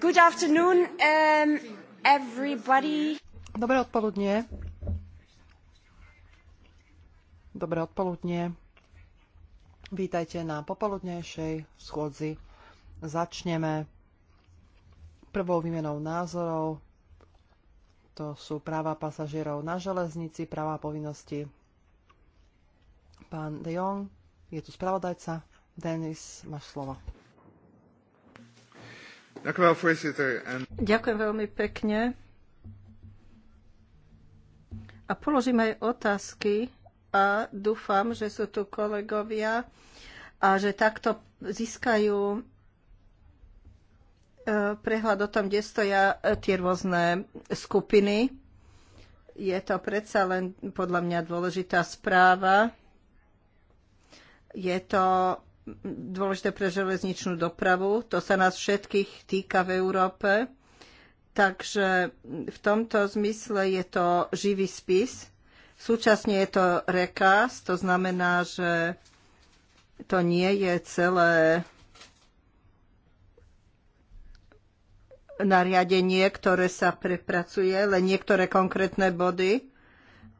Um, Dobré odpoludnie. Dobré odpoludnie. Vítajte na popoludnejšej schôdzi. Začneme prvou výmenou názorov. To sú práva pasažierov na železnici, práva povinnosti. Pán De Jong, je tu spravodajca. Denis, máš slovo. Ďakujem veľmi pekne. A položím aj otázky a dúfam, že sú tu kolegovia a že takto získajú e, prehľad o tom, kde stoja e, tie rôzne skupiny. Je to predsa len podľa mňa dôležitá správa. Je to dôležité pre železničnú dopravu. To sa nás všetkých týka v Európe. Takže v tomto zmysle je to živý spis. Súčasne je to rekaz, to znamená, že to nie je celé nariadenie, ktoré sa prepracuje, len niektoré konkrétne body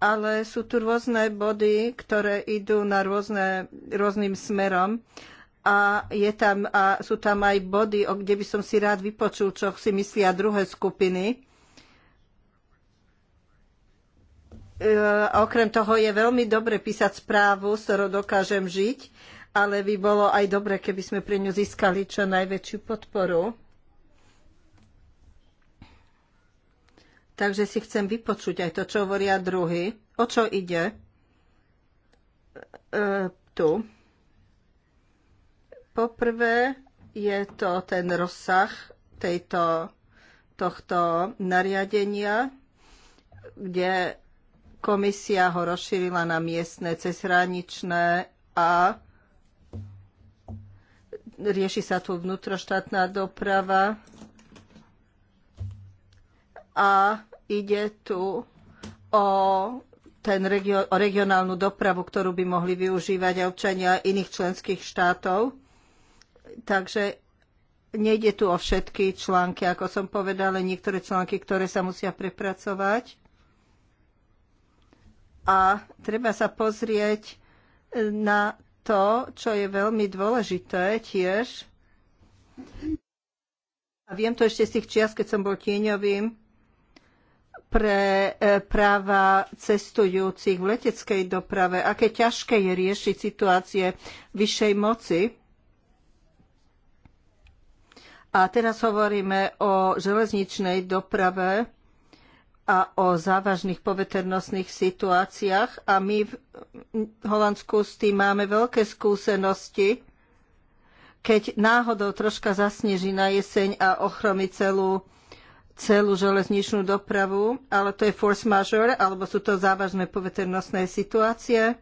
ale sú tu rôzne body, ktoré idú na rôzne, rôznym smerom a, je tam, a sú tam aj body, o kde by som si rád vypočul, čo si myslia druhé skupiny. E, a okrem toho je veľmi dobre písať správu, s ktorou dokážem žiť, ale by bolo aj dobre, keby sme pre ňu získali čo najväčšiu podporu. takže si chcem vypočuť aj to, čo hovoria druhý. O čo ide e, tu? Poprvé je to ten rozsah tejto, tohto nariadenia, kde komisia ho rozšírila na miestne, cezhraničné a rieši sa tu vnútroštátna doprava a Ide tu o ten regio- o regionálnu dopravu, ktorú by mohli využívať aj občania iných členských štátov. Takže nejde tu o všetky články, ako som povedala, niektoré články, ktoré sa musia prepracovať. A treba sa pozrieť na to, čo je veľmi dôležité tiež. A viem to ešte z tých čias, keď som bol tieňovým pre e, práva cestujúcich v leteckej doprave, aké ťažké je riešiť situácie vyššej moci. A teraz hovoríme o železničnej doprave a o závažných poveternostných situáciách a my v Holandsku s tým máme veľké skúsenosti, keď náhodou troška zasneží na jeseň a ochromí celú celú železničnú dopravu, ale to je force majeure, alebo sú to závažné poveternostné situácie,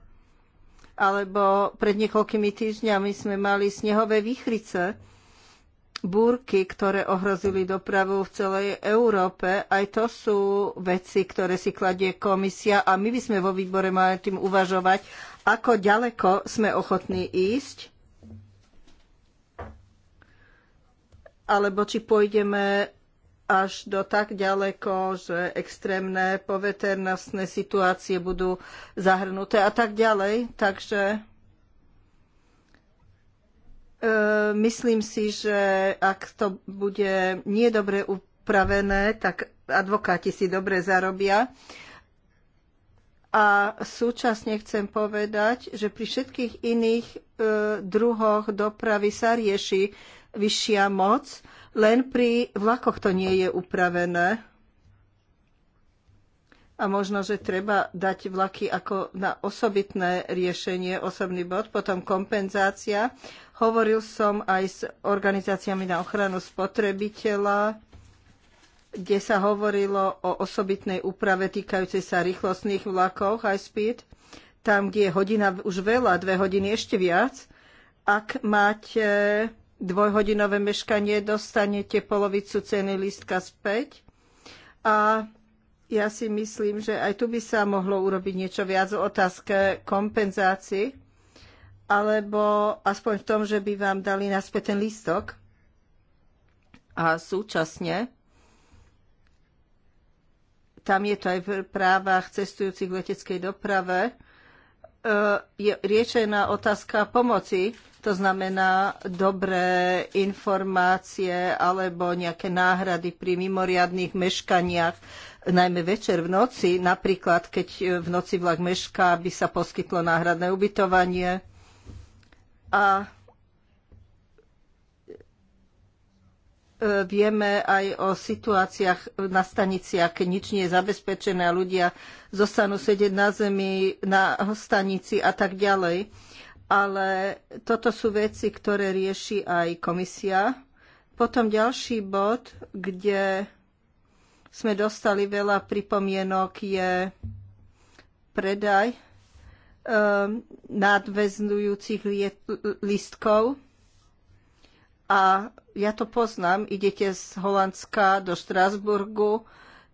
alebo pred niekoľkými týždňami sme mali snehové výchrice, búrky, ktoré ohrozili dopravu v celej Európe. Aj to sú veci, ktoré si kladie komisia a my by sme vo výbore mali tým uvažovať, ako ďaleko sme ochotní ísť, alebo či pôjdeme až do tak ďaleko, že extrémne poveternostné situácie budú zahrnuté a tak ďalej. Takže e, myslím si, že ak to bude nie dobre upravené, tak advokáti si dobre zarobia. A súčasne chcem povedať, že pri všetkých iných e, druhoch dopravy sa rieši vyššia moc len pri vlakoch to nie je upravené. A možno, že treba dať vlaky ako na osobitné riešenie, osobný bod, potom kompenzácia. Hovoril som aj s organizáciami na ochranu spotrebiteľa, kde sa hovorilo o osobitnej úprave týkajúcej sa rýchlostných vlakov high speed, tam, kde je hodina už veľa, dve hodiny ešte viac. Ak máte dvojhodinové meškanie, dostanete polovicu ceny lístka späť. A ja si myslím, že aj tu by sa mohlo urobiť niečo viac o otázke kompenzácií, alebo aspoň v tom, že by vám dali naspäť ten lístok. A súčasne tam je to aj v právach cestujúcich v leteckej doprave, E, je riešená otázka pomoci, to znamená dobré informácie alebo nejaké náhrady pri mimoriadných meškaniach, najmä večer v noci, napríklad keď v noci vlak mešká, by sa poskytlo náhradné ubytovanie. A vieme aj o situáciách na staniciach, keď nič nie je zabezpečené a ľudia zostanú sedieť na zemi, na stanici a tak ďalej. Ale toto sú veci, ktoré rieši aj komisia. Potom ďalší bod, kde sme dostali veľa pripomienok, je predaj um, nadväznujúcich listkov a ja to poznám. Idete z Holandska do Štrasburgu,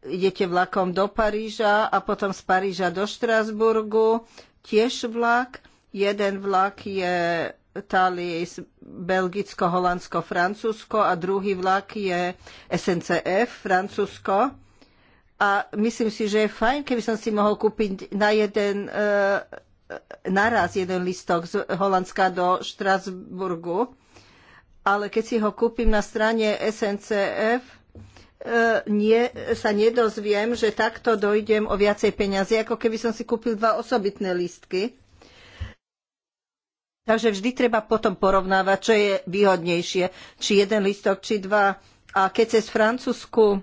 idete vlakom do Paríža a potom z Paríža do Štrasburgu. Tiež vlak. Jeden vlak je Thalys, Belgicko, Holandsko, Francúzsko a druhý vlak je SNCF, Francúzsko. A myslím si, že je fajn, keby som si mohol kúpiť na jeden e, e, naraz jeden listok z Holandska do Štrasburgu ale keď si ho kúpim na strane SNCF, e, nie, sa nedozviem, že takto dojdem o viacej peniazy, ako keby som si kúpil dva osobitné lístky. Takže vždy treba potom porovnávať, čo je výhodnejšie, či jeden lístok, či dva. A keď cez francúzsku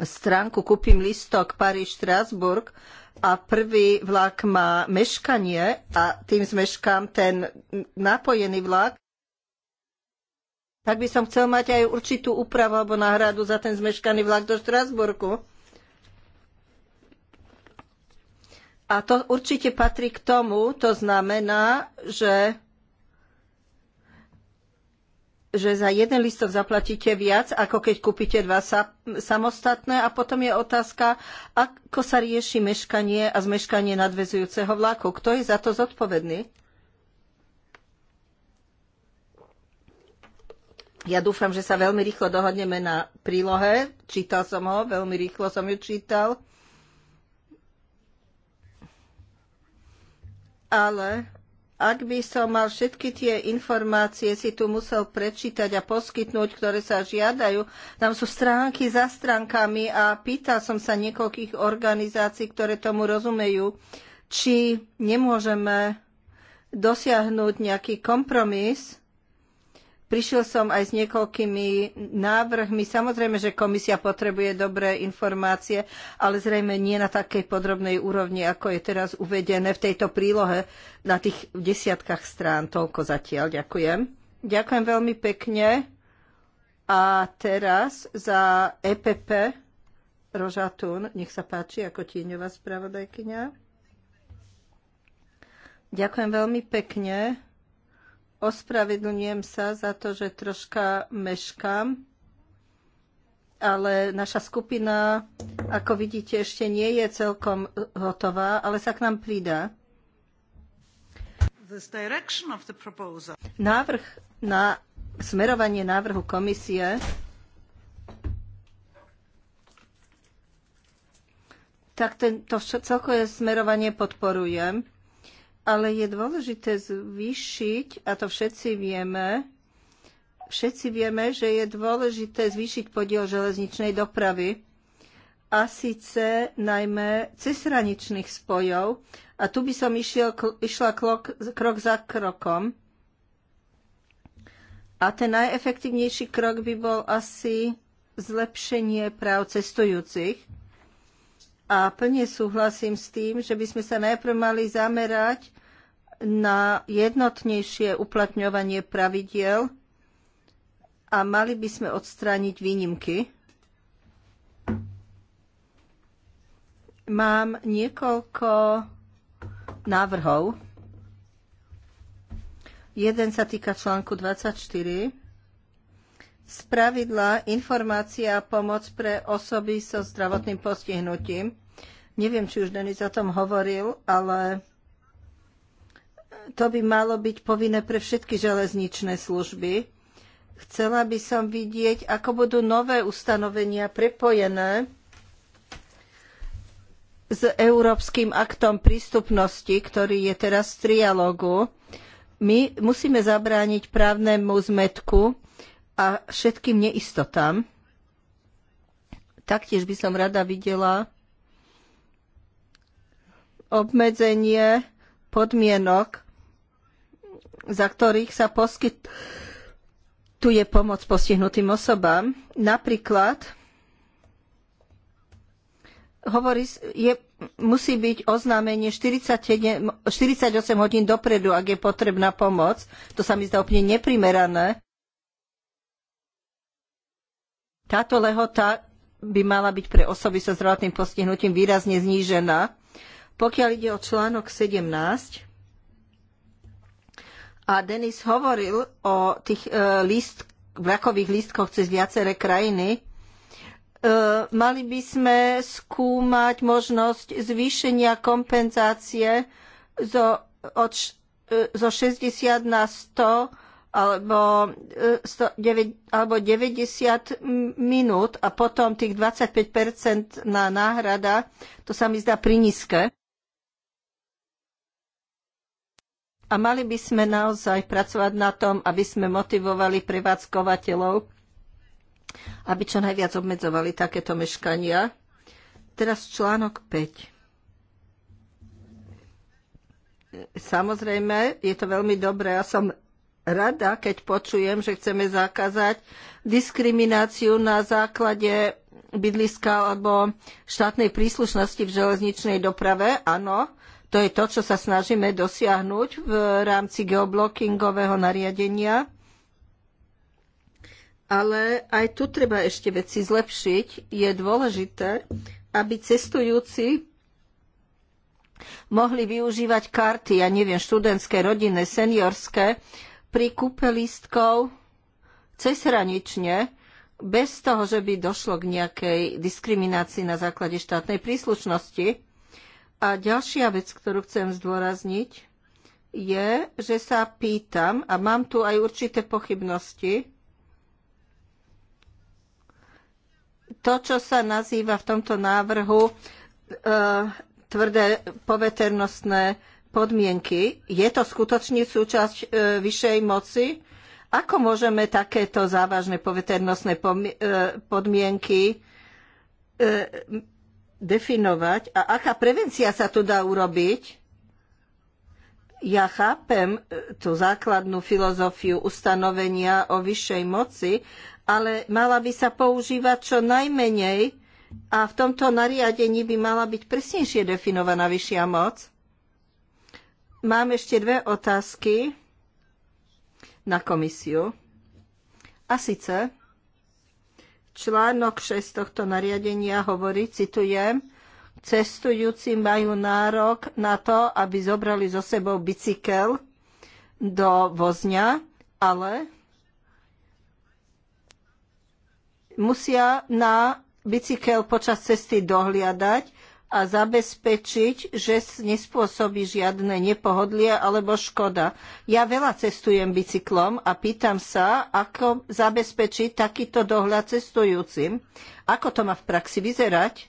stránku kúpim lístok paris Strasbourg a prvý vlak má meškanie a tým zmeškám ten napojený vlak, tak by som chcel mať aj určitú úpravu alebo náhradu za ten zmeškaný vlak do Štrasburku. A to určite patrí k tomu, to znamená, že že za jeden listok zaplatíte viac, ako keď kúpite dva sa, samostatné. A potom je otázka, ako sa rieši meškanie a zmeškanie nadvezujúceho vlaku. Kto je za to zodpovedný? Ja dúfam, že sa veľmi rýchlo dohodneme na prílohe. Čítal som ho, veľmi rýchlo som ju čítal. Ale ak by som mal všetky tie informácie si tu musel prečítať a poskytnúť, ktoré sa žiadajú, tam sú stránky za stránkami a pýtal som sa niekoľkých organizácií, ktoré tomu rozumejú, či nemôžeme dosiahnuť nejaký kompromis, Prišiel som aj s niekoľkými návrhmi. Samozrejme, že komisia potrebuje dobré informácie, ale zrejme nie na takej podrobnej úrovni, ako je teraz uvedené v tejto prílohe na tých desiatkách strán. Toľko zatiaľ. Ďakujem. Ďakujem veľmi pekne. A teraz za EPP Rožatún. Nech sa páči, ako tieňová spravodajkyňa. Ďakujem veľmi pekne. Ospravedlňujem sa za to, že troška meškám, ale naša skupina, ako vidíte, ešte nie je celkom hotová, ale sa k nám pridá. Návrh na smerovanie návrhu komisie tak to celkové smerovanie podporujem ale je dôležité zvýšiť, a to všetci vieme, všetci vieme, že je dôležité zvýšiť podiel železničnej dopravy a síce najmä cezhraničných spojov. A tu by som išiel, išla krok, krok za krokom. A ten najefektívnejší krok by bol asi zlepšenie práv cestujúcich. A plne súhlasím s tým, že by sme sa najprv mali zamerať na jednotnejšie uplatňovanie pravidiel a mali by sme odstrániť výnimky. Mám niekoľko návrhov. Jeden sa týka článku 24. Spravidla informácia a pomoc pre osoby so zdravotným postihnutím. Neviem, či už Denis o tom hovoril, ale to by malo byť povinné pre všetky železničné služby. Chcela by som vidieť, ako budú nové ustanovenia prepojené s Európskym aktom prístupnosti, ktorý je teraz v trialogu. My musíme zabrániť právnemu zmetku a všetkým neistotám. Taktiež by som rada videla obmedzenie podmienok za ktorých sa poskytuje pomoc postihnutým osobám. Napríklad hovorí, je, musí byť oznámenie 47, 48 hodín dopredu, ak je potrebná pomoc. To sa mi zdá úplne neprimerané. Táto lehota by mala byť pre osoby so zdravotným postihnutím výrazne znížená. Pokiaľ ide o článok 17, a Denis hovoril o tých e, list, vlakových lístkoch cez viaceré krajiny. E, mali by sme skúmať možnosť zvýšenia kompenzácie zo, od, e, zo 60 na 100 alebo, 109, alebo 90 minút a potom tých 25 na náhrada, to sa mi zdá prinízke. A mali by sme naozaj pracovať na tom, aby sme motivovali prevádzkovateľov, aby čo najviac obmedzovali takéto meškania. Teraz článok 5. Samozrejme, je to veľmi dobré. Ja som rada, keď počujem, že chceme zakázať diskrimináciu na základe bydliska alebo štátnej príslušnosti v železničnej doprave. Áno, to je to, čo sa snažíme dosiahnuť v rámci geoblockingového nariadenia. Ale aj tu treba ešte veci zlepšiť. Je dôležité, aby cestujúci mohli využívať karty, ja neviem, študentské, rodinné, seniorské, pri kúpe lístkov cezhranične, bez toho, že by došlo k nejakej diskriminácii na základe štátnej príslušnosti. A ďalšia vec, ktorú chcem zdôrazniť, je, že sa pýtam, a mám tu aj určité pochybnosti, to, čo sa nazýva v tomto návrhu e, tvrdé poveternostné podmienky, je to skutočne súčasť e, vyššej moci? Ako môžeme takéto závažné poveternostné e, podmienky e, definovať a aká prevencia sa tu dá urobiť. Ja chápem e, tú základnú filozofiu ustanovenia o vyššej moci, ale mala by sa používať čo najmenej a v tomto nariadení by mala byť presnejšie definovaná vyššia moc. Mám ešte dve otázky na komisiu. A síce, Článok 6 tohto nariadenia hovorí, citujem, cestujúci majú nárok na to, aby zobrali so sebou bicykel do vozňa, ale musia na bicykel počas cesty dohliadať a zabezpečiť, že nespôsobí žiadne nepohodlie alebo škoda. Ja veľa cestujem bicyklom a pýtam sa, ako zabezpečiť takýto dohľad cestujúcim. Ako to má v praxi vyzerať?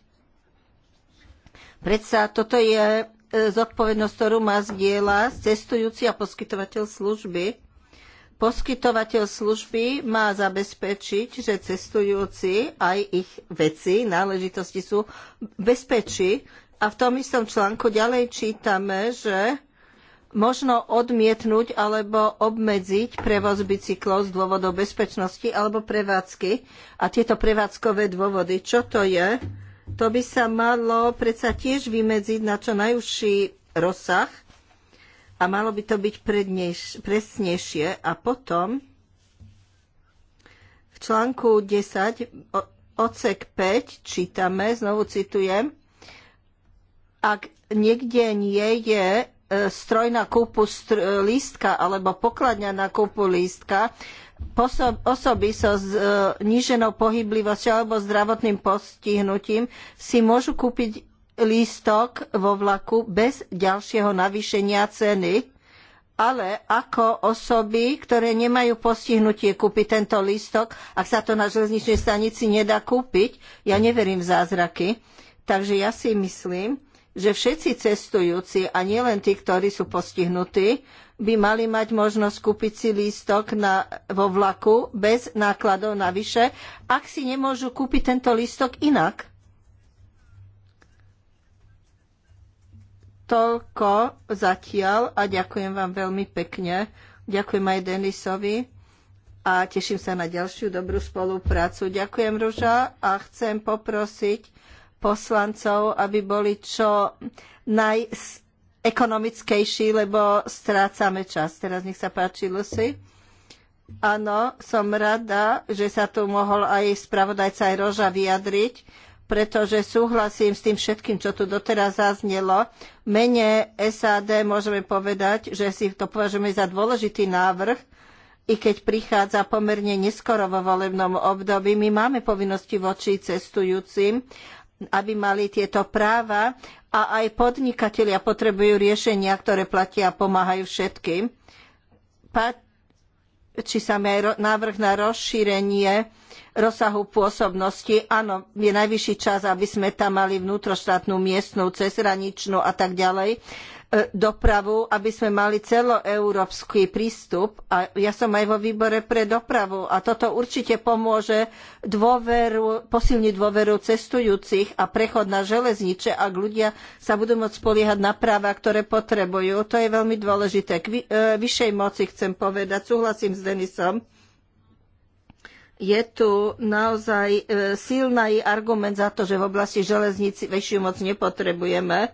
Predsa toto je e, zodpovednosť, ktorú má zdieľa cestujúci a poskytovateľ služby. Poskytovateľ služby má zabezpečiť, že cestujúci aj ich veci, náležitosti sú bezpečí. A v tom istom článku ďalej čítame, že možno odmietnúť alebo obmedziť prevoz bicyklov z dôvodov bezpečnosti alebo prevádzky a tieto prevádzkové dôvody. Čo to je? To by sa malo predsa tiež vymedziť na čo najúžší rozsah a malo by to byť presnejšie. A potom v článku 10 odsek 5 čítame, znovu citujem, ak niekde nie je e, stroj na kúpu str- e, lístka alebo pokladňa na kúpu lístka, osoby so zníženou e, pohyblivosťou alebo zdravotným postihnutím si môžu kúpiť lístok vo vlaku bez ďalšieho navýšenia ceny, ale ako osoby, ktoré nemajú postihnutie kúpiť tento lístok, ak sa to na železničnej stanici nedá kúpiť, ja neverím v zázraky. Takže ja si myslím, že všetci cestujúci a nielen tí, ktorí sú postihnutí, by mali mať možnosť kúpiť si lístok na, vo vlaku bez nákladov navyše, ak si nemôžu kúpiť tento lístok inak. toľko zatiaľ a ďakujem vám veľmi pekne. Ďakujem aj Denisovi a teším sa na ďalšiu dobrú spoluprácu. Ďakujem, Ruža, a chcem poprosiť poslancov, aby boli čo najekonomickejší, lebo strácame čas. Teraz nech sa páči, Lucy. Áno, som rada, že sa tu mohol aj spravodajca aj Roža vyjadriť pretože súhlasím s tým všetkým, čo tu doteraz zaznelo. Mene SAD môžeme povedať, že si to považujeme za dôležitý návrh, i keď prichádza pomerne neskoro vo volebnom období. My máme povinnosti voči cestujúcim, aby mali tieto práva a aj podnikatelia potrebujú riešenia, ktoré platia a pomáhajú všetkým. či sa mi aj návrh na rozšírenie rozsahu pôsobnosti. Áno, je najvyšší čas, aby sme tam mali vnútroštátnu, miestnu, cezhraničnú a tak ďalej e, dopravu, aby sme mali celoeurópsky prístup. A ja som aj vo výbore pre dopravu a toto určite pomôže dôveru, posilniť dôveru cestujúcich a prechod na železnice, ak ľudia sa budú môcť spoliehať na práva, ktoré potrebujú. To je veľmi dôležité. K e, vyššej moci chcem povedať, súhlasím s Denisom, je tu naozaj e, silný argument za to, že v oblasti železnici väčšiu moc nepotrebujeme.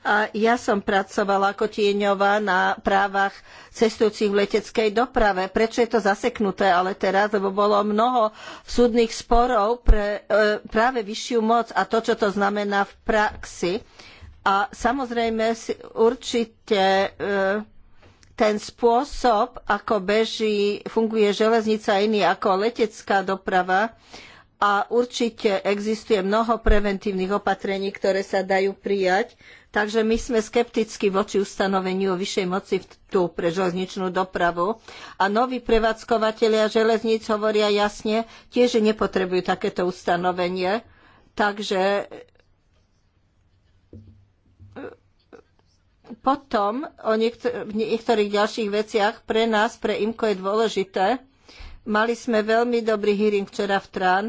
A ja som pracovala ako tieňová na právach cestujúcich v leteckej doprave. Prečo je to zaseknuté ale teraz? Lebo bolo mnoho súdnych sporov pre e, práve vyššiu moc a to, čo to znamená v praxi. A samozrejme určite e, ten spôsob, ako beží, funguje železnica iný ako letecká doprava a určite existuje mnoho preventívnych opatrení, ktoré sa dajú prijať. Takže my sme skeptickí voči ustanoveniu o vyššej moci tu pre železničnú dopravu. A noví prevádzkovateľia železníc hovoria jasne, tiež nepotrebujú takéto ustanovenie. Takže potom o niektor- v niektorých ďalších veciach pre nás, pre IMKO je dôležité. Mali sme veľmi dobrý hearing včera v Trán.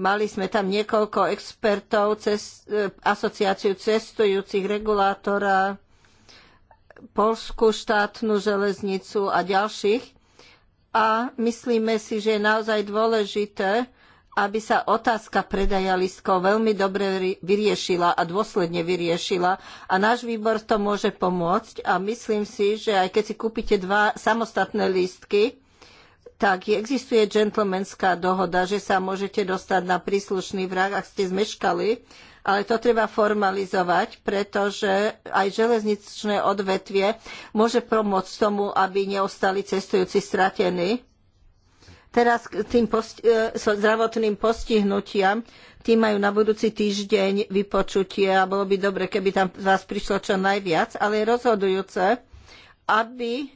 Mali sme tam niekoľko expertov, cez, asociáciu cestujúcich, regulátora, Polskú štátnu železnicu a ďalších. A myslíme si, že je naozaj dôležité, aby sa otázka predaja lístkov veľmi dobre vyriešila a dôsledne vyriešila a náš výbor to môže pomôcť a myslím si, že aj keď si kúpite dva samostatné lístky, tak existuje gentlemanská dohoda, že sa môžete dostať na príslušný vrah, ak ste zmeškali, ale to treba formalizovať, pretože aj železničné odvetvie môže pomôcť tomu, aby neostali cestujúci stratení Teraz k tým posti- e, zdravotným postihnutiam, tí majú na budúci týždeň vypočutie a bolo by dobre, keby tam vás prišlo čo najviac, ale je rozhodujúce, aby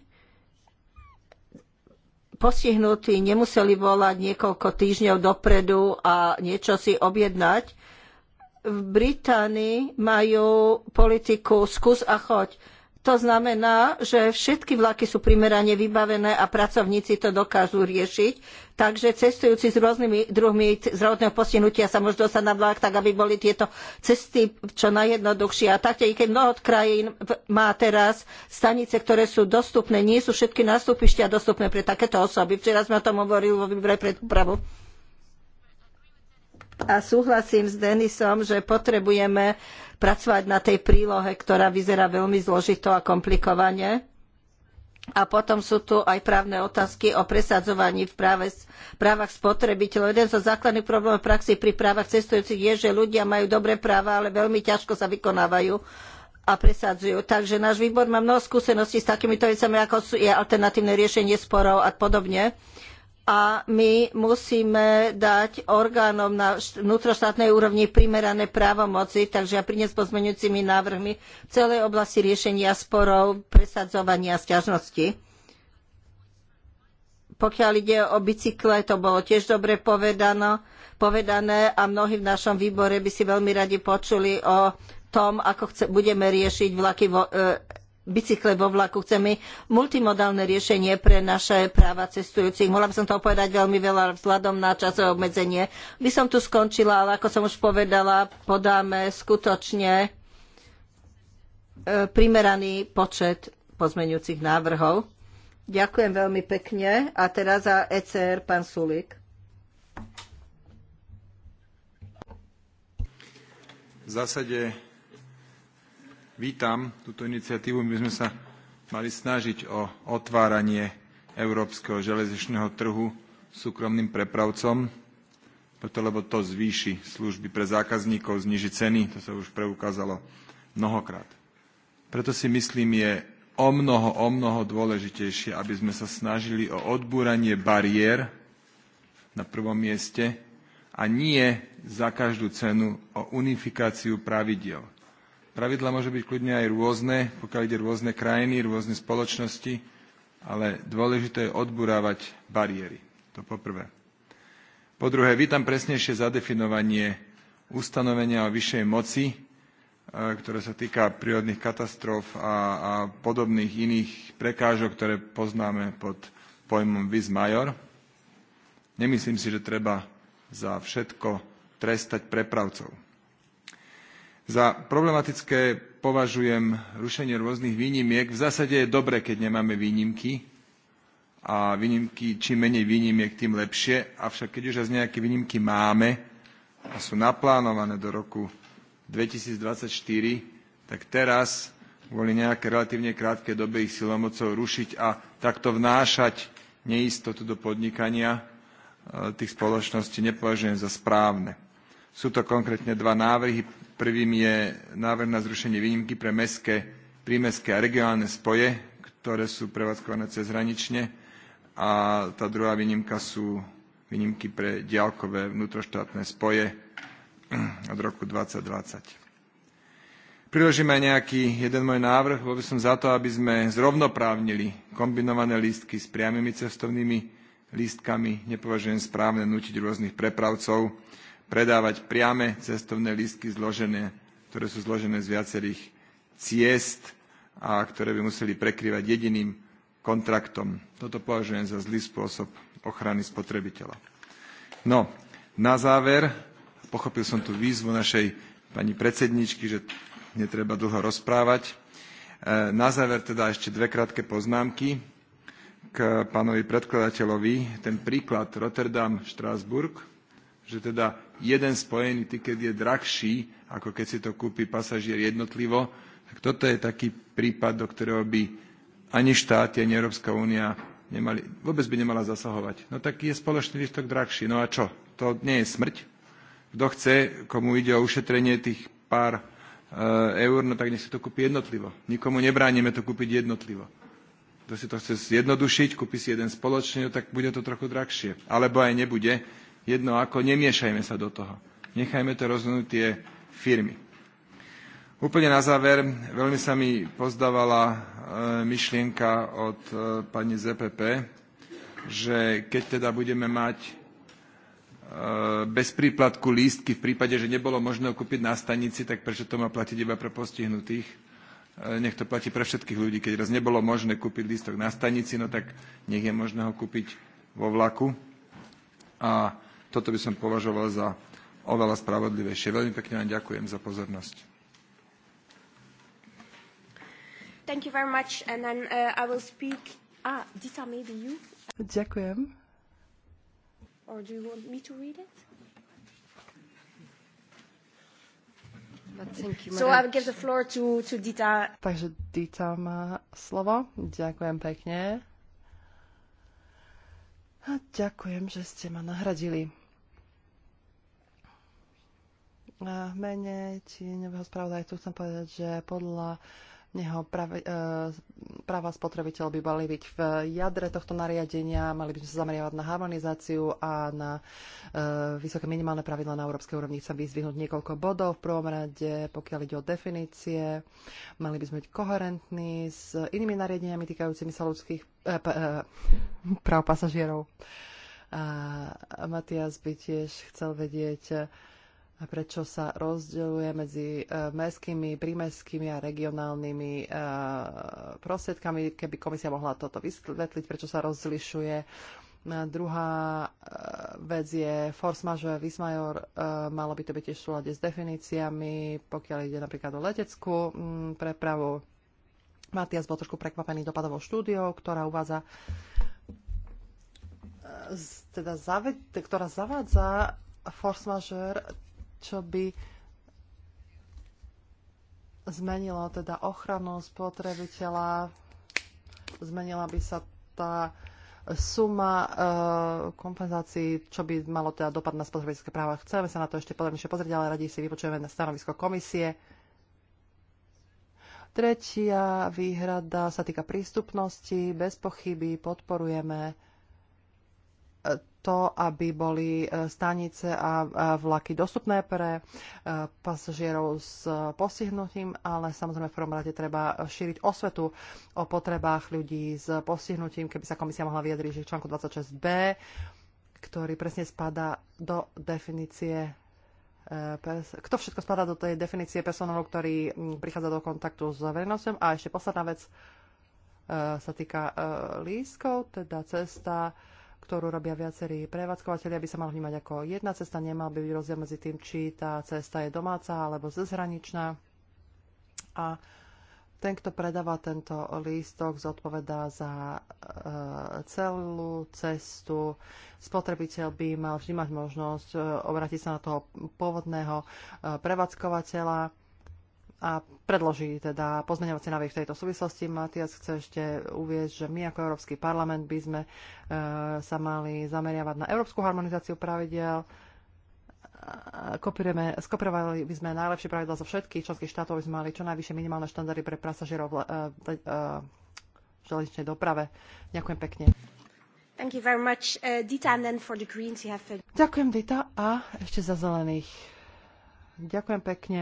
postihnutí nemuseli volať niekoľko týždňov dopredu a niečo si objednať. V Británii majú politiku skús a choď to znamená, že všetky vlaky sú primerane vybavené a pracovníci to dokážu riešiť. Takže cestujúci s rôznymi druhmi zdravotného postihnutia sa môžu dostať na vlak, tak aby boli tieto cesty čo najjednoduchšie. A taktiež, keď mnoho krajín má teraz stanice, ktoré sú dostupné, nie sú všetky nástupištia dostupné pre takéto osoby. Včera sme o tom hovorili vo výbore pre dopravu a súhlasím s Denisom, že potrebujeme pracovať na tej prílohe, ktorá vyzerá veľmi zložito a komplikovane. A potom sú tu aj právne otázky o presadzovaní v práve, právach spotrebiteľov. Jeden zo základných problémov praxi pri právach cestujúcich je, že ľudia majú dobré práva, ale veľmi ťažko sa vykonávajú a presadzujú. Takže náš výbor má mnoho skúseností s takýmito vecami, ako sú je alternatívne riešenie sporov a podobne a my musíme dať orgánom na vnútroštátnej úrovni primerané právomoci, takže ja priniesť pozmeňujúcimi návrhmi v celej oblasti riešenia sporov, presadzovania sťažnosti. Pokiaľ ide o bicykle, to bolo tiež dobre povedano, povedané a mnohí v našom výbore by si veľmi radi počuli o tom, ako chce, budeme riešiť vlaky vo, e, bicykle vo vlaku, chceme multimodálne riešenie pre naše práva cestujúcich. Mohla by som toho povedať veľmi veľa vzhľadom na časové obmedzenie. By som tu skončila, ale ako som už povedala, podáme skutočne e, primeraný počet pozmeňujúcich návrhov. Ďakujem veľmi pekne. A teraz za ECR pán Sulik. V zásade vítam túto iniciatívu. My sme sa mali snažiť o otváranie európskeho železničného trhu súkromným prepravcom, preto lebo to zvýši služby pre zákazníkov, zniží ceny, to sa už preukázalo mnohokrát. Preto si myslím, je o mnoho, o mnoho dôležitejšie, aby sme sa snažili o odbúranie bariér na prvom mieste a nie za každú cenu o unifikáciu pravidiel. Pravidla môžu byť kľudne aj rôzne, pokiaľ ide rôzne krajiny, rôzne spoločnosti, ale dôležité je odburávať bariéry. To poprvé. Po druhé, vítam presnejšie zadefinovanie ustanovenia o vyššej moci, e, ktoré sa týka prírodných katastrof a, a podobných iných prekážok, ktoré poznáme pod pojmom vis major. Nemyslím si, že treba za všetko trestať prepravcov za problematické považujem rušenie rôznych výnimiek. V zásade je dobre, keď nemáme výnimky, a výnimky, čím menej výnimiek, tým lepšie. Avšak keď už aj nejaké výnimky máme a sú naplánované do roku 2024, tak teraz kvôli nejaké relatívne krátkej dobe ich silomocou rušiť a takto vnášať neistotu do podnikania e, tých spoločností nepovažujem za správne. Sú to konkrétne dva návrhy. Prvým je návrh na zrušenie výnimky pre mestské, prímestské a regionálne spoje, ktoré sú prevádzkované cez hranične, a tá druhá výnimka sú výnimky pre diaľkové vnútroštátne spoje od roku 2020 priložím aj nejaký jeden môj návrh. Bol by som za to, aby sme zrovnoprávnili kombinované lístky s priamými cestovnými lístkami. Nepovažujem správne nutiť rôznych prepravcov predávať priame cestovné lístky, zložené, ktoré sú zložené z viacerých ciest a ktoré by museli prekrývať jediným kontraktom. Toto považujem za zlý spôsob ochrany spotrebiteľa. No, na záver, pochopil som tú výzvu našej pani predsedničky, že netreba dlho rozprávať. E, na záver teda ešte dve krátke poznámky k pánovi predkladateľovi. Ten príklad rotterdam Strasburg že teda jeden spojený tiket je drahší, ako keď si to kúpi pasažier jednotlivo. Tak toto je taký prípad, do ktorého by ani štáty, ani Európska únia nemali, vôbec by nemala zasahovať. No tak je spoločný listok drahší. No a čo? To nie je smrť. Kto chce, komu ide o ušetrenie tých pár e, eur, no tak nech si to kúpi jednotlivo. Nikomu nebránime to kúpiť jednotlivo. Kto si to chce zjednodušiť, kúpi si jeden spoločne, no tak bude to trochu drahšie. Alebo aj nebude, jedno ako, nemiešajme sa do toho. Nechajme to rozhodnúť tie firmy. Úplne na záver, veľmi sa mi pozdávala e, myšlienka od e, pani ZPP, že keď teda budeme mať e, bez príplatku lístky v prípade, že nebolo možné kúpiť na stanici, tak prečo to má platiť iba pre postihnutých? Nech to platí pre všetkých ľudí. Keď raz nebolo možné kúpiť lístok na stanici, no tak nech je možné ho kúpiť vo vlaku. A toto by som považoval za oveľa spravodlivejšie. Veľmi pekne vám ďakujem za pozornosť. Thank you very much and then uh, I will speak Ah, Dita, maybe you? Ďakujem. Or do you want me to read it? No, so give the floor to, to Dita. Takže Dita má slovo. Ďakujem pekne. A ďakujem, že ste ma nahradili. V eh, mene tieňového spravodajcu chcem povedať, že podľa neho práve, e, eh, práva spotrebiteľ by mali byť v jadre tohto nariadenia, mali by sme sa zameriavať na harmonizáciu a na e, vysoké minimálne pravidla na európskej úrovni. Chcem vyzvihnúť niekoľko bodov. V prvom rade, pokiaľ ide o definície, mali by sme byť koherentní s inými nariadeniami týkajúcimi sa ľudských e, p, e, práv pasažierov. A Matias by tiež chcel vedieť, e, prečo sa rozdeľuje medzi e, mestskými, prímestskými a regionálnymi e, prostriedkami. Keby komisia mohla toto vysvetliť, prečo sa rozlišuje. A druhá e, vec je force majeure, vis major, malo by to byť tiež v súlade s definíciami, pokiaľ ide napríklad o leteckú mm, prepravu. Matias bol trošku prekvapený dopadovou štúdiou, ktorá uvádza teda zaved, ktorá zavádza force majeure čo by zmenilo teda ochranu spotrebiteľa, zmenila by sa tá suma e, kompenzácií, čo by malo teda dopad na spotrebiteľské práva. Chceme sa na to ešte podrobnejšie pozrieť, ale radi si vypočujeme na stanovisko komisie. Tretia výhrada sa týka prístupnosti. Bez pochyby podporujeme to, aby boli e, stanice a vlaky dostupné pre e, pasažierov s postihnutím, ale samozrejme v prvom rade treba šíriť osvetu o potrebách ľudí s postihnutím, keby sa komisia mohla vyjadriť, že v článku 26b, ktorý presne spadá do definície e, kto všetko spadá do tej definície personálu, ktorý prichádza do kontaktu s verejnosťou. A ešte posledná vec, sa týka lískov, teda cesta ktorú robia viacerí prevádzkovateľi, aby sa mal vnímať ako jedna cesta. Nemal by byť rozdiel medzi tým, či tá cesta je domáca alebo zezhraničná. A ten, kto predáva tento lístok, zodpovedá za e, celú cestu. Spotrebiteľ by mal vždy mať možnosť e, obrátiť sa na toho pôvodného e, prevádzkovateľa a predloží teda pozmeňovací návrh v tejto súvislosti. Matias chce ešte uvieť, že my ako Európsky parlament by sme e, sa mali zameriavať na európsku harmonizáciu pravidel. Kopírujeme, skopírovali by sme najlepšie pravidla zo všetkých členských štátov, by sme mali čo najvyššie minimálne štandardy pre pasažierov v, e, e, železničnej doprave. Ďakujem pekne. Thank you very much, uh, Dita, and then for the Greens you have... Ďakujem, Dita, a ešte za zelených. Ďakujem pekne.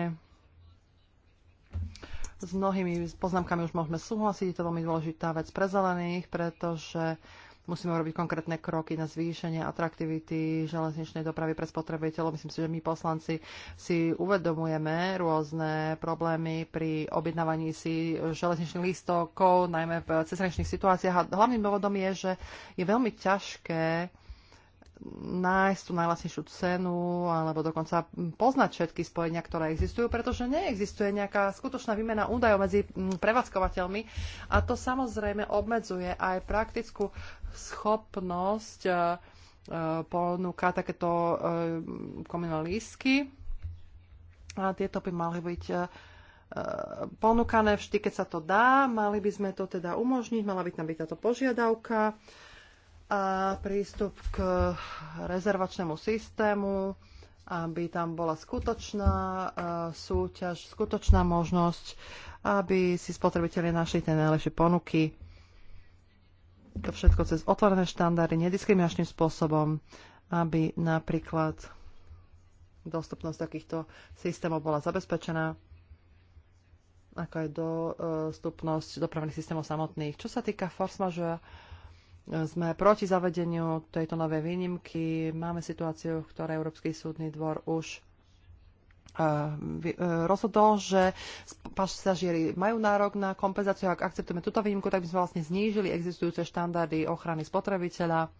S mnohými poznámkami už môžeme súhlasiť, je to veľmi dôležitá vec pre zelených, pretože musíme urobiť konkrétne kroky na zvýšenie atraktivity železničnej dopravy pre spotrebiteľov. Myslím si, že my poslanci si uvedomujeme rôzne problémy pri objednávaní si železničných lístokov, najmä v cezhraničných situáciách. A hlavným dôvodom je, že je veľmi ťažké nájsť tú najlasnejšiu cenu alebo dokonca poznať všetky spojenia, ktoré existujú, pretože neexistuje nejaká skutočná výmena údajov medzi mm, prevádzkovateľmi a to samozrejme obmedzuje aj praktickú schopnosť e, e, ponúka takéto e, komunálne lístky. A tieto by mali byť e, ponúkané vždy, keď sa to dá. Mali by sme to teda umožniť, mala by tam byť táto požiadavka a prístup k rezervačnému systému, aby tam bola skutočná e, súťaž, skutočná možnosť, aby si spotrebitelia našli tie najlepšie ponuky. To všetko cez otvorené štandardy, nediskriminačným spôsobom, aby napríklad dostupnosť takýchto systémov bola zabezpečená, ako aj dostupnosť dopravných systémov samotných. Čo sa týka force majeure, sme proti zavedeniu tejto novej výnimky. Máme situáciu, v ktorej Európsky súdny dvor už e, e, rozhodol, že pasažieri majú nárok na kompenzáciu. Ak akceptujeme túto výnimku, tak by sme vlastne znížili existujúce štandardy ochrany spotrebiteľa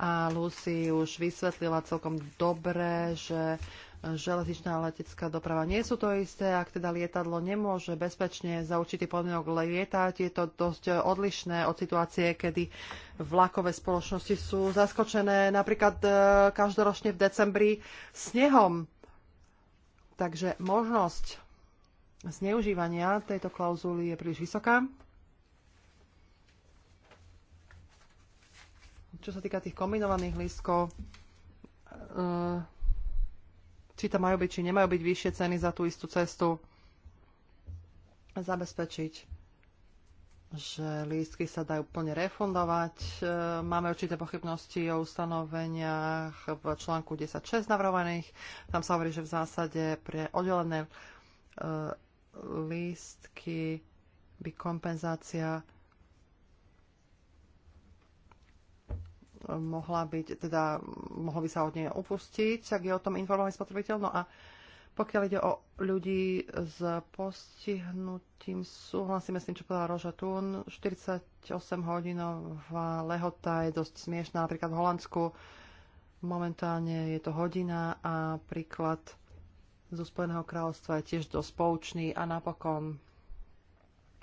a Lucy už vysvetlila celkom dobre, že železničná letecká doprava nie sú to isté. Ak teda lietadlo nemôže bezpečne za určitý podmienok lietať, je to dosť odlišné od situácie, kedy vlakové spoločnosti sú zaskočené napríklad e, každoročne v decembri snehom. Takže možnosť zneužívania tejto klauzuly je príliš vysoká. čo sa týka tých kombinovaných lístkov, eh, či tam majú byť, či nemajú byť vyššie ceny za tú istú cestu, zabezpečiť, že lístky sa dajú plne refundovať. Eh, máme určité pochybnosti o ustanoveniach v článku 10.6 navrhovaných. Tam sa hovorí, že v zásade pre oddelené eh, lístky by kompenzácia mohla byť, teda mohlo by sa od nej opustiť, ak je o tom informovaný spotrebiteľ. No a pokiaľ ide o ľudí s postihnutím, súhlasíme s tým, čo povedala Roža Thun. 48 hodinová lehota je dosť smiešná. Napríklad v Holandsku momentálne je to hodina a príklad zo Spojeného kráľovstva je tiež dosť poučný a napokon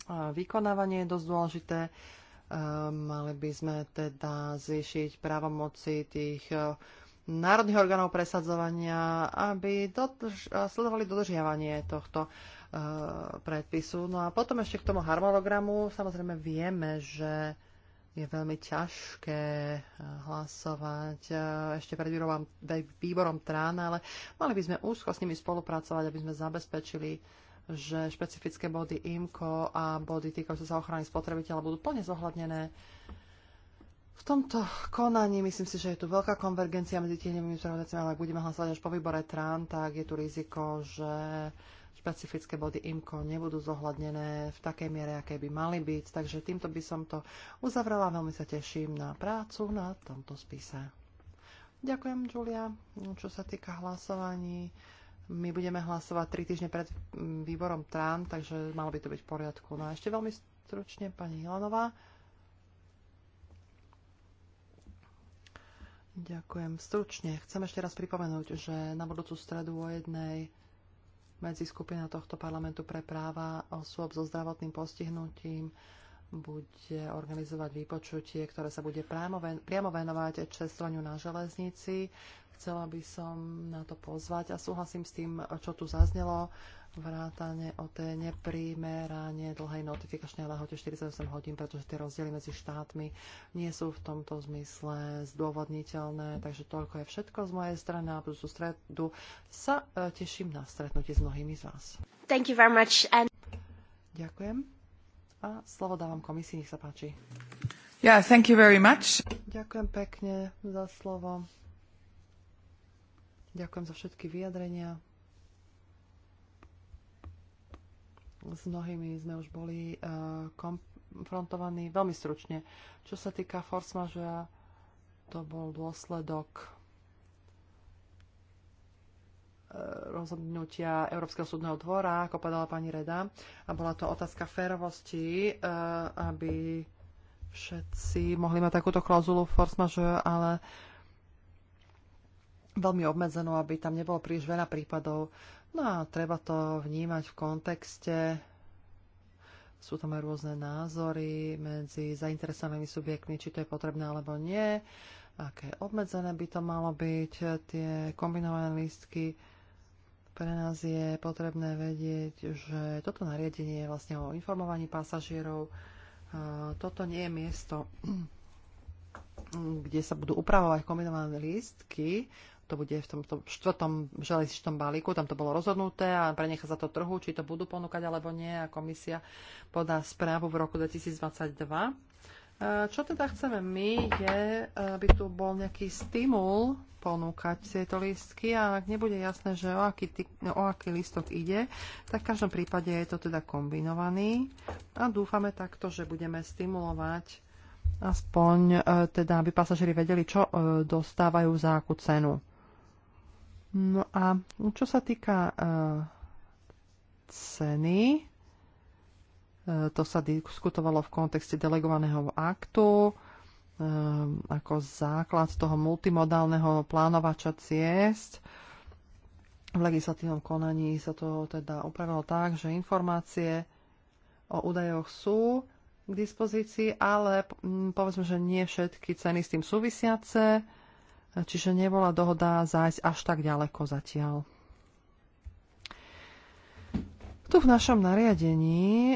výkonávanie je dosť dôležité. Ehm, mali by sme teda zvýšiť právomoci tých eh, národných orgánov presadzovania, aby dodrž- eh, sledovali dodržiavanie tohto eh, predpisu. No a potom ešte k tomu harmonogramu. Samozrejme vieme, že je veľmi ťažké hlasovať ešte pred výborom, výborom Trána, ale mali by sme úzko s nimi spolupracovať, aby sme zabezpečili že špecifické body IMCO a body týkajúce sa ochrany spotrebiteľa budú plne zohľadnené. V tomto konaní myslím si, že je tu veľká konvergencia medzi tieňovými spravodajcami, ale ak budeme hlasovať až po výbore TRAN, tak je tu riziko, že špecifické body IMCO nebudú zohľadnené v takej miere, aké by mali byť. Takže týmto by som to uzavrela. Veľmi sa teším na prácu na tomto spise. Ďakujem, Julia. Čo sa týka hlasovaní, my budeme hlasovať tri týždne pred mm, výborom TRAN, takže malo by to byť v poriadku. No a ešte veľmi stručne pani Hilanová. Ďakujem. Stručne chcem ešte raz pripomenúť, že na budúcu stredu o jednej medzi skupina tohto parlamentu pre práva osôb so zdravotným postihnutím bude organizovať výpočutie, ktoré sa bude priamo venovať čestovaniu na železnici. Chcela by som na to pozvať a súhlasím s tým, čo tu zaznelo, vrátane o tej neprimerane dlhej notifikačnej lehote 48 hodín, pretože tie rozdiely medzi štátmi nie sú v tomto zmysle zdôvodniteľné. Takže toľko je všetko z mojej strany a budúcu stredu sa e, teším na stretnutie s mnohými z vás. Thank you very much and... Ďakujem. A slovo dávam komisii, nech sa páči. Yeah, thank you very much. Ďakujem pekne za slovo. Ďakujem za všetky vyjadrenia. S mnohými sme už boli uh, konfrontovaní veľmi stručne. Čo sa týka force majeure, to bol dôsledok Eh, rozhodnutia Európskeho súdneho dvora, ako povedala pani Reda. A bola to otázka férovosti, eh, aby všetci mohli mať takúto klauzulu force majeure, ale veľmi obmedzenú, aby tam nebolo príliš veľa prípadov. No a treba to vnímať v kontexte. Sú tam aj rôzne názory medzi zainteresovanými subjektmi, či to je potrebné alebo nie, aké obmedzené by to malo byť, tie kombinované lístky pre nás je potrebné vedieť, že toto nariadenie je vlastne o informovaní pasažierov. Toto nie je miesto, kde sa budú upravovať kombinované lístky. To bude v tomto štvrtom železničnom balíku, tam to bolo rozhodnuté a prenecha sa to trhu, či to budú ponúkať alebo nie. A komisia podá správu v roku 2022 Eh, čo teda chceme my, je, eh, aby tu bol nejaký stimul ponúkať tieto lístky a ak nebude jasné, že o aký, typ, o aký listok ide, tak v každom prípade je to teda kombinovaný a dúfame takto, že budeme stimulovať aspoň eh, teda, aby pasažieri vedeli, čo dostávajú za akú cenu. No a čo sa týka ceny, E, to sa diskutovalo v kontexte delegovaného aktu e, ako základ toho multimodálneho plánovača ciest. V legislatívnom konaní sa to teda upravilo tak, že informácie o údajoch sú k dispozícii, ale povedzme, že nie všetky ceny s tým súvisiace, e, čiže nebola dohoda zájsť až tak ďaleko zatiaľ. Tu v našom nariadení, e,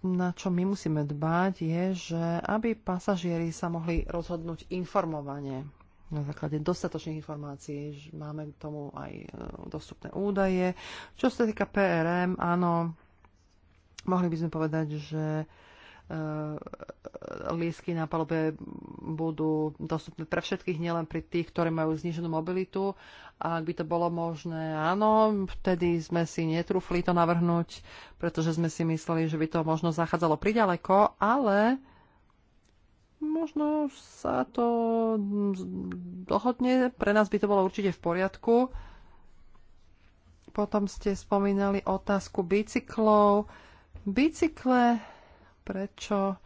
na čo my musíme dbať, je, že aby pasažieri sa mohli rozhodnúť informovane na základe dostatočných informácií. že Máme k tomu aj e, dostupné údaje. Čo sa týka PRM, áno, mohli by sme povedať, že E, lísky na palube budú dostupné pre všetkých, nielen pri tých, ktorí majú zniženú mobilitu. A ak by to bolo možné, áno, vtedy sme si netrúfli to navrhnúť, pretože sme si mysleli, že by to možno zachádzalo priďaleko, ale možno sa to dohodne. Pre nás by to bolo určite v poriadku. Potom ste spomínali otázku bicyklov. Bicykle Prečo e,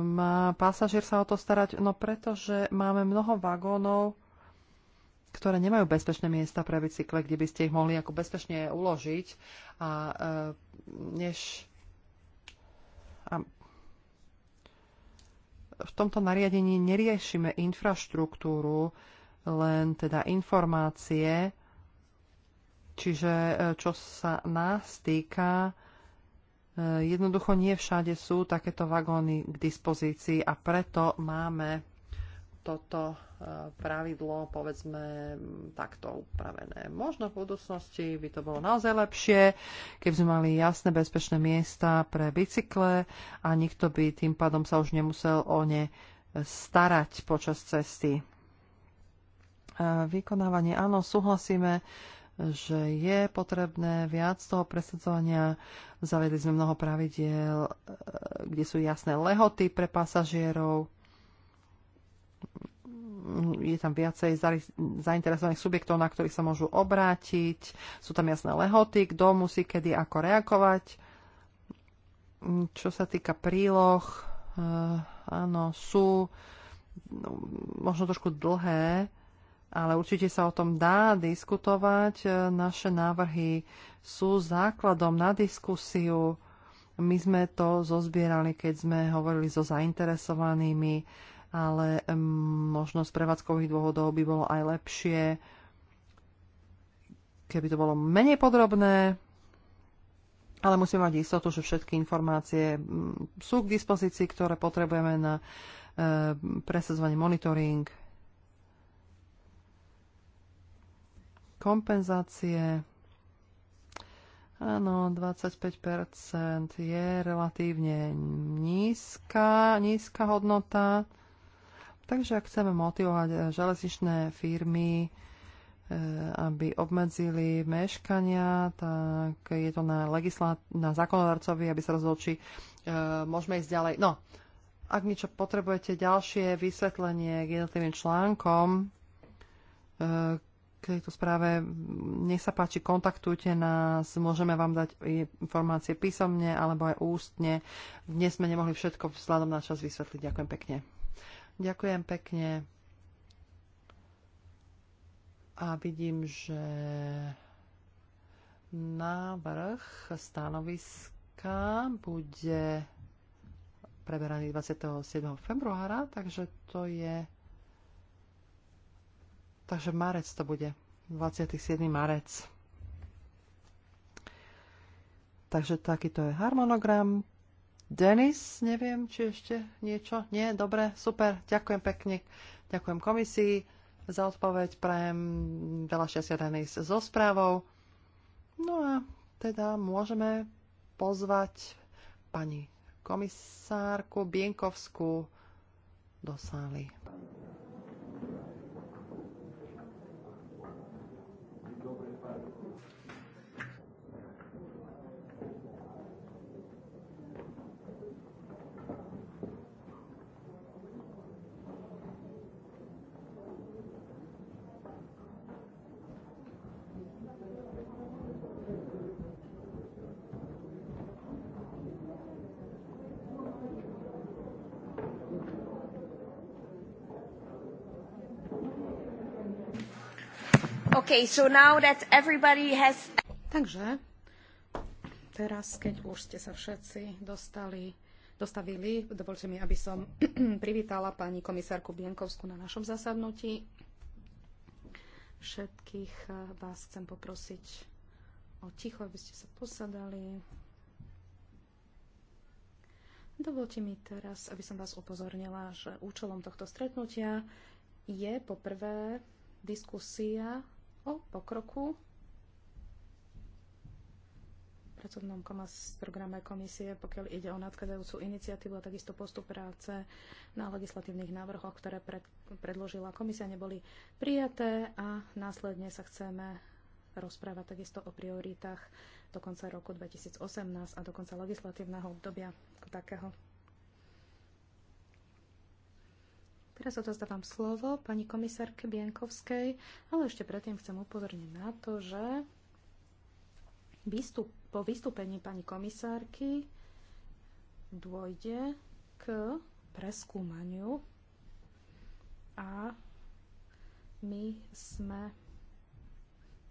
má pasažier sa o to starať? No pretože máme mnoho vagónov, ktoré nemajú bezpečné miesta pre bicykle, kde by ste ich mohli ako bezpečne uložiť. A e, než... A v tomto nariadení neriešime infraštruktúru, len teda informácie, čiže e, čo sa nás týka, E, jednoducho nie všade sú takéto vagóny k dispozícii a preto máme toto e, pravidlo, povedzme, takto upravené. Možno v budúcnosti by to bolo naozaj lepšie, keby sme mali jasné bezpečné miesta pre bicykle a nikto by tým pádom sa už nemusel o ne starať počas cesty. E, vykonávanie, áno, súhlasíme že je potrebné viac toho presadzovania. Zavedli sme mnoho pravidiel, e, kde sú jasné lehoty pre pasažierov. Je tam viacej zainteresovaných subjektov, na ktorých sa môžu obrátiť. Sú tam jasné lehoty, kto musí kedy ako reagovať. Čo sa týka príloh, e, áno, sú no, možno trošku dlhé, ale určite sa o tom dá diskutovať. E, naše návrhy sú základom na diskusiu. My sme to zozbierali, keď sme hovorili so zainteresovanými, ale možno z prevádzkových dôvodov by bolo aj lepšie, keby to bolo menej podrobné, ale musíme mať istotu, že všetky informácie sú k dispozícii, ktoré potrebujeme na e, presadzovanie monitoring kompenzácie. Áno, 25% je relatívne nízka, nízka hodnota. Takže ak chceme motivovať eh, železničné firmy, eh, aby obmedzili meškania, tak je to na, legislát- na zákonodarcovi, aby sa rozhodol, či e, môžeme ísť ďalej. No, ak niečo potrebujete, ďalšie vysvetlenie k jednotlivým článkom, e, k tejto správe. Nech sa páči, kontaktujte nás, môžeme vám dať informácie písomne alebo aj ústne. Dnes sme nemohli všetko vzhľadom na čas vysvetliť. Ďakujem pekne. Ďakujem pekne. A vidím, že návrh stanoviska bude preberaný 27. februára, takže to je Takže marec to bude. 27. marec. Takže takýto je harmonogram. Denis, neviem, či ešte niečo? Nie? Dobre, super. Ďakujem pekne. Ďakujem komisii za odpoveď. Prajem veľa šťastia Denis so správou. No a teda môžeme pozvať pani komisárku Bienkovskú do sály. Okay, so now that everybody has... Takže, teraz, keď už ste sa všetci dostali, dostavili, dovolte mi, aby som privítala pani komisárku Bienkovskú na našom zasadnutí. Všetkých eh, vás chcem poprosiť o ticho, aby ste sa posadali. Dovolte mi teraz, aby som vás upozornila, že účelom tohto stretnutia je poprvé diskusia o pokroku pracovnom programe komisie, pokiaľ ide o nadchádzajúcu iniciatívu a takisto postup práce na legislatívnych návrhoch, ktoré pred, predložila komisia, neboli prijaté a následne sa chceme rozprávať takisto o prioritách do konca roku 2018 a do konca legislatívneho obdobia takého. Teraz odozdávam slovo pani komisárke Bienkovskej, ale ešte predtým chcem upozorniť na to, že výstup, po vystúpení pani komisárky dôjde k preskúmaniu a my sme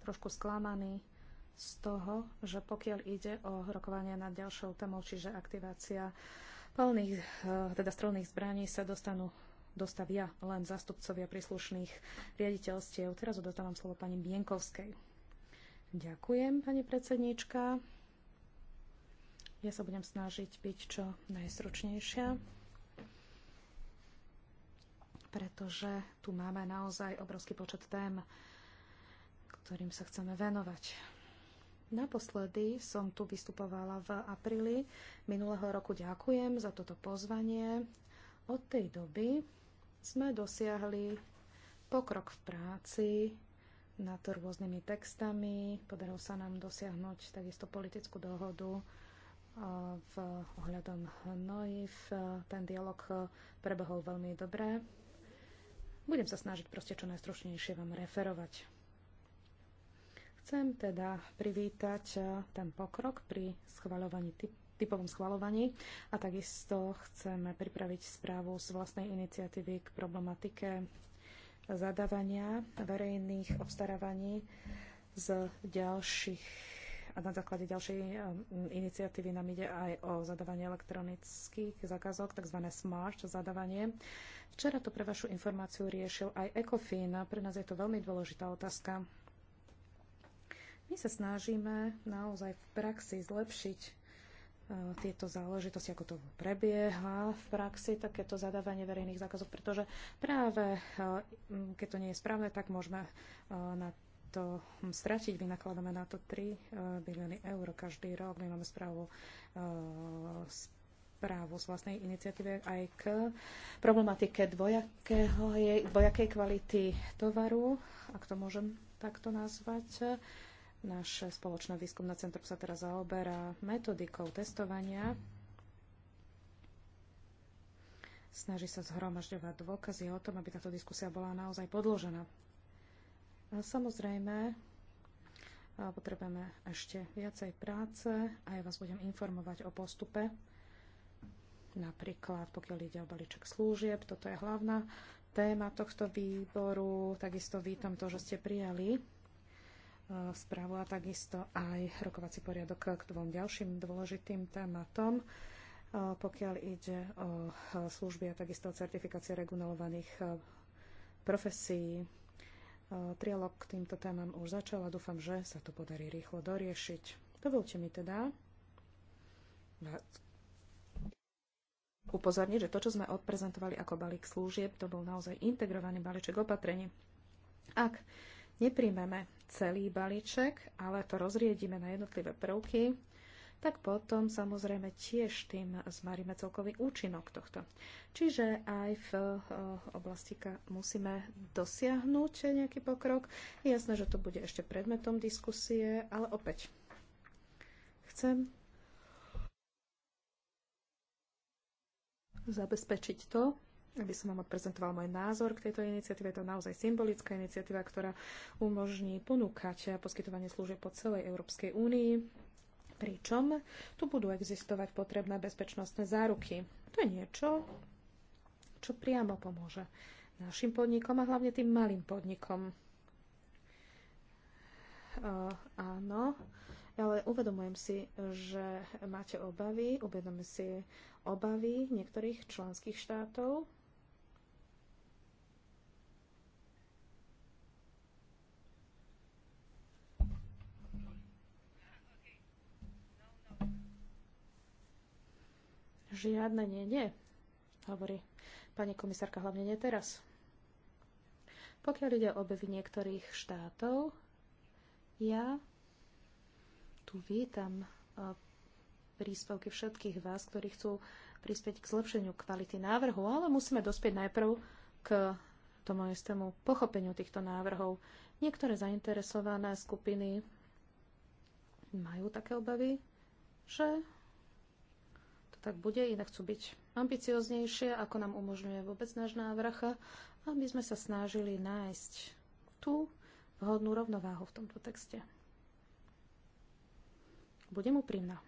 trošku sklamaní z toho, že pokiaľ ide o rokovanie nad ďalšou témou, čiže aktivácia plných eh, teda strelných zbraní, sa dostanú dostavia len zastupcovia príslušných riaditeľstiev. Teraz odostávam slovo pani Bienkovskej. Ďakujem, pani predsedníčka. Ja sa budem snažiť byť čo najstručnejšia, pretože tu máme naozaj obrovský počet tém, ktorým sa chceme venovať. Naposledy som tu vystupovala v apríli minulého roku. Ďakujem za toto pozvanie. Od tej doby sme dosiahli pokrok v práci nad rôznymi textami. Podarilo sa nám dosiahnuť takisto politickú dohodu e, v ohľadom hnojiv. Ten dialog prebehol veľmi dobre. Budem sa snažiť proste čo najstručnejšie vám referovať. Chcem teda privítať e, ten pokrok pri schvaľovaní typu typovom schvalovaní a takisto chceme pripraviť správu z vlastnej iniciatívy k problematike zadávania verejných obstarávaní z ďalších a na základe ďalšej um, iniciatívy nám ide aj o zadávanie elektronických zákazok, tzv. smart zadávanie. Včera to pre vašu informáciu riešil aj ECOFIN. Pre nás je to veľmi dôležitá otázka. My sa snažíme naozaj v praxi zlepšiť tieto záležitosti, ako to prebieha v praxi, takéto zadávanie verejných zákazov, pretože práve eh, keď to nie je správne, tak môžeme eh, na to stratiť. Vynakladáme na to 3 eh, bilióny eur každý rok. My máme správu správu z vlastnej iniciatívy aj k problematike dvojakého, dvojakej kvality tovaru, ak to môžem takto nazvať naše spoločné výskumné centrum sa teraz zaoberá metodikou testovania. Snaží sa zhromažďovať dôkazy o tom, aby táto diskusia bola naozaj podložená. A samozrejme, potrebujeme ešte viacej práce a ja vás budem informovať o postupe. Napríklad, pokiaľ ide o balíček služieb, toto je hlavná téma tohto výboru. Takisto vítam to, že ste prijali správu a takisto aj rokovací poriadok k dvom ďalším dôležitým tématom e, pokiaľ ide o služby a takisto o certifikácie regulovaných e, profesí. E, trialog k týmto témam už začal a dúfam, že sa to podarí rýchlo doriešiť. Dovolte mi teda upozorniť, že to, čo sme odprezentovali ako balík služieb, to bol naozaj integrovaný balíček opatrení. Ak nepríjmeme celý balíček, ale to rozriedíme na jednotlivé prvky, tak potom samozrejme tiež tým zmaríme celkový účinok tohto. Čiže aj v eh, oblasti musíme dosiahnuť nejaký pokrok. Je jasné, že to bude ešte predmetom diskusie, ale opäť chcem zabezpečiť to, aby som vám odprezentoval môj názor k tejto iniciatíve. Je to naozaj symbolická iniciatíva, ktorá umožní ponúkať poskytovanie služieb po celej Európskej únii, pričom tu budú existovať potrebné bezpečnostné záruky. To je niečo, čo priamo pomôže našim podnikom a hlavne tým malým podnikom. Uh, áno, ale uvedomujem si, že máte obavy, uvedomujem si obavy niektorých členských štátov, Žiadne nie, nie, hovorí pani komisárka, hlavne nie teraz. Pokiaľ ide o obevy niektorých štátov, ja tu vítam príspevky všetkých vás, ktorí chcú prispieť k zlepšeniu kvality návrhu, ale musíme dospieť najprv k tomu istému pochopeniu týchto návrhov. Niektoré zainteresované skupiny majú také obavy, že tak bude, inak chcú byť ambicioznejšie, ako nám umožňuje vôbec náš návrh, aby sme sa snažili nájsť tú vhodnú rovnováhu v tomto texte. Budem úprimná.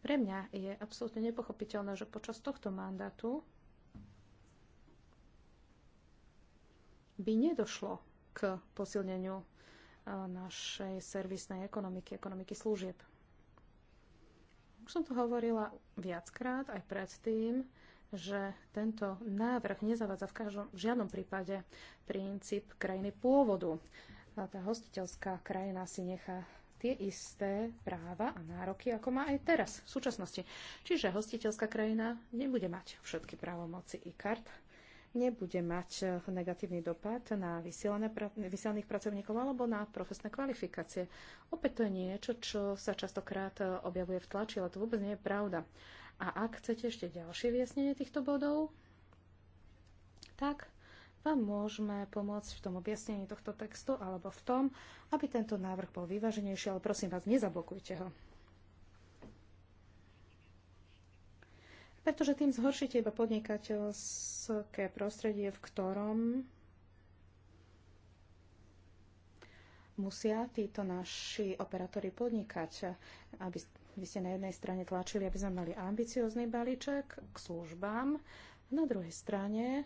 Pre mňa je absolútne nepochopiteľné, že počas tohto mandátu by nedošlo k posilneniu eh, našej servisnej ekonomiky, ekonomiky služieb. Už som to hovorila viackrát aj predtým, že tento návrh nezavádza v, každom, v žiadnom prípade princíp krajiny pôvodu. A tá hostiteľská krajina si nechá tie isté práva a nároky, ako má aj teraz, v súčasnosti. Čiže hostiteľská krajina nebude mať všetky právomoci i kart, nebude mať eh, negatívny dopad na vysielaných pracovníkov alebo na profesné kvalifikácie. Opäť to je niečo, čo sa častokrát eh, objavuje v tlači, ale to vôbec nie je pravda. A ak chcete ešte ďalšie vyjasnenie týchto bodov, tak vám môžeme pomôcť v tom objasnení tohto textu alebo v tom, aby tento návrh bol vyváženejší, ale prosím vás, nezablokujte ho. pretože tým zhoršíte iba podnikateľské prostredie, v ktorom musia títo naši operátori podnikať, aby vy ste na jednej strane tlačili, aby sme mali ambiciózny balíček k službám, na druhej strane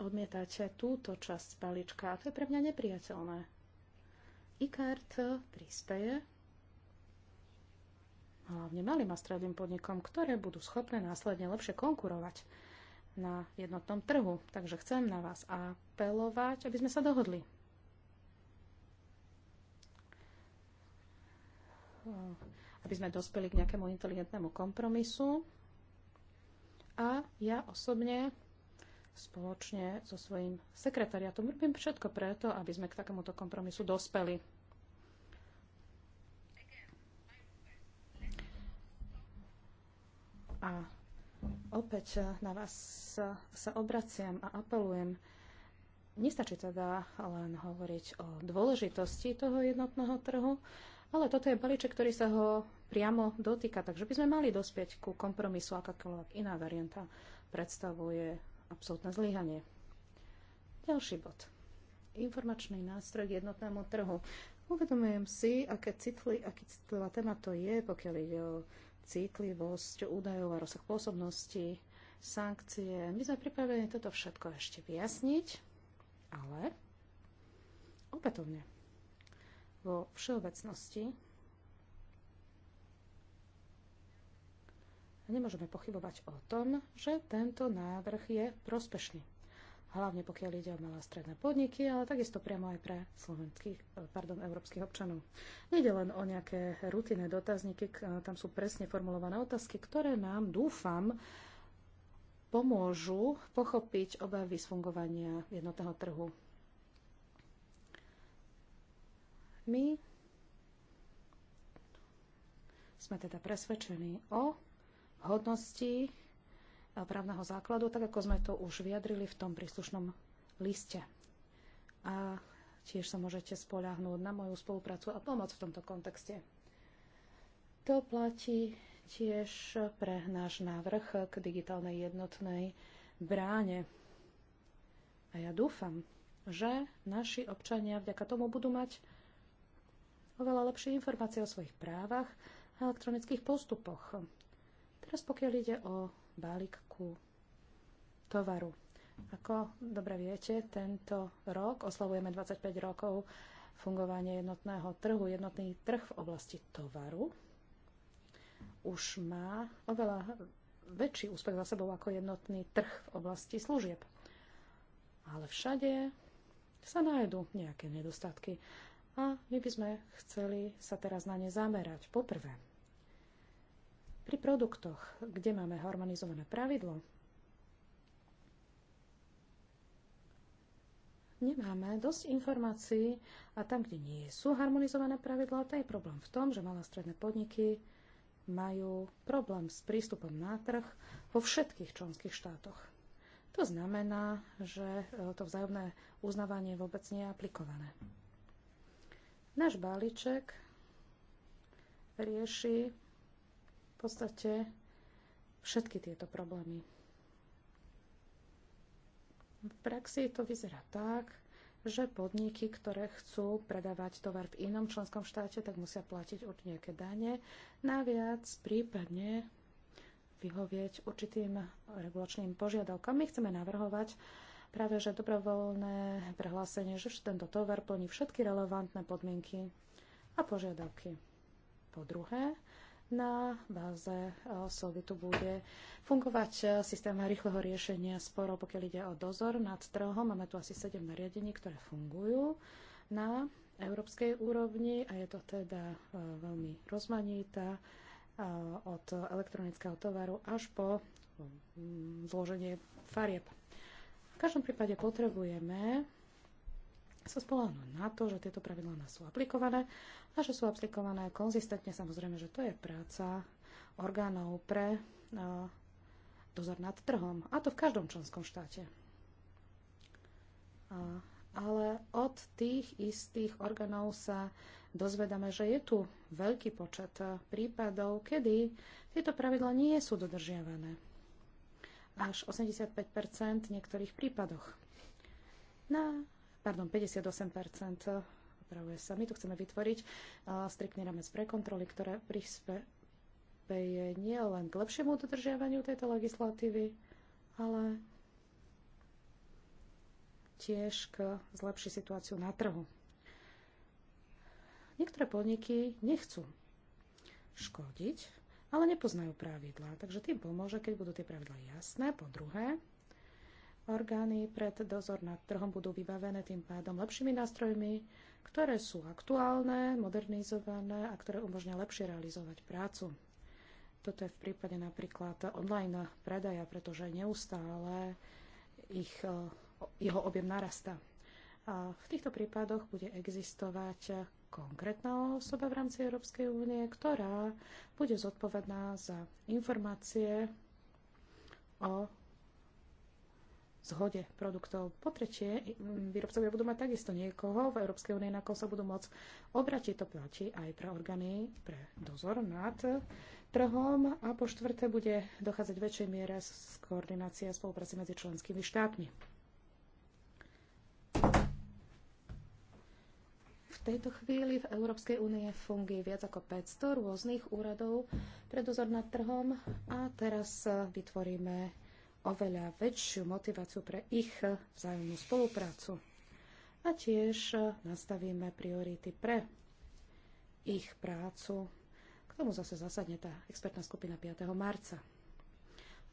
odmietate túto časť balíčka a to je pre mňa nepriateľné. IKART prispieje hlavne malým a stredným podnikom, ktoré budú schopné následne lepšie konkurovať na jednotnom trhu. Takže chcem na vás apelovať, aby sme sa dohodli. Aby sme dospeli k nejakému inteligentnému kompromisu. A ja osobne spoločne so svojím sekretariatom robím všetko preto, aby sme k takémuto kompromisu dospeli. A opäť na vás sa obraciam a apelujem. Nestačí teda len hovoriť o dôležitosti toho jednotného trhu, ale toto je balíček, ktorý sa ho priamo dotýka, takže by sme mali dospieť ku kompromisu, akákoľvek iná varianta predstavuje absolútne zlyhanie. Ďalší bod. Informačný nástroj k jednotnému trhu. Uvedomujem si, aké citli, aké citlivá téma to je, pokiaľ ide o citlivosť údajov a rozsah pôsobnosti, sankcie. My sme pripravení toto všetko ešte vyjasniť, ale opätovne vo všeobecnosti nemôžeme pochybovať o tom, že tento návrh je prospešný hlavne pokiaľ ide o malé a stredné podniky, ale takisto priamo aj pre slovenských, eh, pardon, európskych občanov. Nejde len o nejaké rutinné dotazníky, eh, tam sú presne formulované otázky, ktoré nám, dúfam, pomôžu pochopiť obavy z fungovania jednotného trhu. My sme teda presvedčení o hodnosti právneho základu, tak ako sme to už vyjadrili v tom príslušnom liste. A tiež sa môžete spoľahnúť na moju spoluprácu a pomoc v tomto kontexte. To platí tiež pre náš návrh k digitálnej jednotnej bráne. A ja dúfam, že naši občania vďaka tomu budú mať oveľa lepšie informácie o svojich právach a elektronických postupoch. Teraz pokiaľ ide o balík ku tovaru. Ako dobre viete, tento rok oslavujeme 25 rokov fungovania jednotného trhu. Jednotný trh v oblasti tovaru už má oveľa väčší úspech za sebou ako jednotný trh v oblasti služieb. Ale všade sa nájdu nejaké nedostatky a my by sme chceli sa teraz na ne zamerať. Poprvé, pri produktoch, kde máme harmonizované pravidlo, nemáme dosť informácií a tam, kde nie sú harmonizované pravidlá, to je problém v tom, že malé stredné podniky majú problém s prístupom na trh vo všetkých členských štátoch. To znamená, že e, to vzájomné uznávanie vôbec nie je aplikované. Náš balíček rieši podstate všetky tieto problémy. V praxi to vyzerá tak, že podniky, ktoré chcú predávať tovar v inom členskom štáte, tak musia platiť od nejaké dane. Naviac prípadne vyhovieť určitým regulačným požiadavkám. My chceme navrhovať práve že dobrovoľné prehlásenie, že tento tovar plní všetky relevantné podmienky a požiadavky. Po druhé, na báze eh, Solvitu bude fungovať eh, systém rýchleho riešenia sporov, pokiaľ ide o dozor nad trhom. Máme tu asi 7 nariadení, ktoré fungujú na európskej úrovni a je to teda eh, veľmi rozmanitá od elektronického tovaru až po mm, zloženie farieb. V každom prípade potrebujeme sa spolahnú na to, že tieto pravidlá sú aplikované a že sú aplikované konzistentne. Samozrejme, že to je práca orgánov pre uh, dozor nad trhom, a to v každom členskom štáte. A, ale od tých istých orgánov sa dozvedame, že je tu veľký počet prípadov, kedy tieto pravidla nie sú dodržiavané. Až 85 v niektorých prípadoch. Na pardon, 58 opravuje sa. My tu chceme vytvoriť striktný rámec pre kontroly, ktoré nie nielen k lepšiemu dodržiavaniu tejto legislatívy, ale tiež k zlepší situáciu na trhu. Niektoré podniky nechcú škodiť, ale nepoznajú pravidlá, takže tým pomôže, keď budú tie pravidlá jasné. Po druhé, orgány pred dozor nad trhom budú vybavené tým pádom lepšími nástrojmi, ktoré sú aktuálne, modernizované a ktoré umožňujú lepšie realizovať prácu. Toto je v prípade napríklad online predaja, pretože neustále ich, e, jeho objem narastá. A v týchto prípadoch bude existovať konkrétna osoba v rámci Európskej únie, ktorá bude zodpovedná za informácie o zhode produktov. Po tretie, výrobcovia budú mať takisto niekoho v Európskej unii na koho sa budú môcť obratiť. To platí aj pre orgány, pre dozor nad trhom. A po štvrté, bude dochádzať väčšej miere z koordinácie a spolupráce medzi členskými štátmi. V tejto chvíli v Európskej únie funguje viac ako 500 rôznych úradov pre dozor nad trhom a teraz vytvoríme oveľa väčšiu motiváciu pre ich vzájomnú spoluprácu. A tiež nastavíme priority pre ich prácu. K tomu zase zasadne tá expertná skupina 5. marca.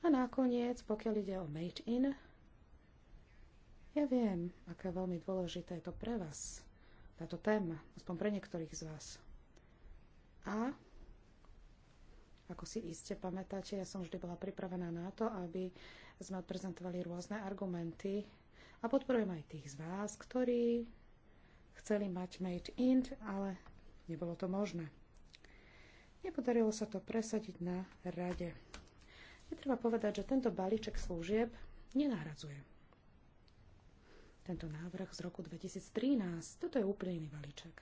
A nakoniec, pokiaľ ide o Made In, ja viem, aké veľmi dôležité je to pre vás, táto téma, aspoň pre niektorých z vás. A ako si iste pamätáte, ja som vždy bola pripravená na to, aby sme odprezentovali rôzne argumenty a podporujem aj tých z vás, ktorí chceli mať Made in, ale nebolo to možné. Nepodarilo sa to presadiť na rade. Je treba povedať, že tento balíček služieb nenahradzuje. Tento návrh z roku 2013, toto je úplne iný balíček.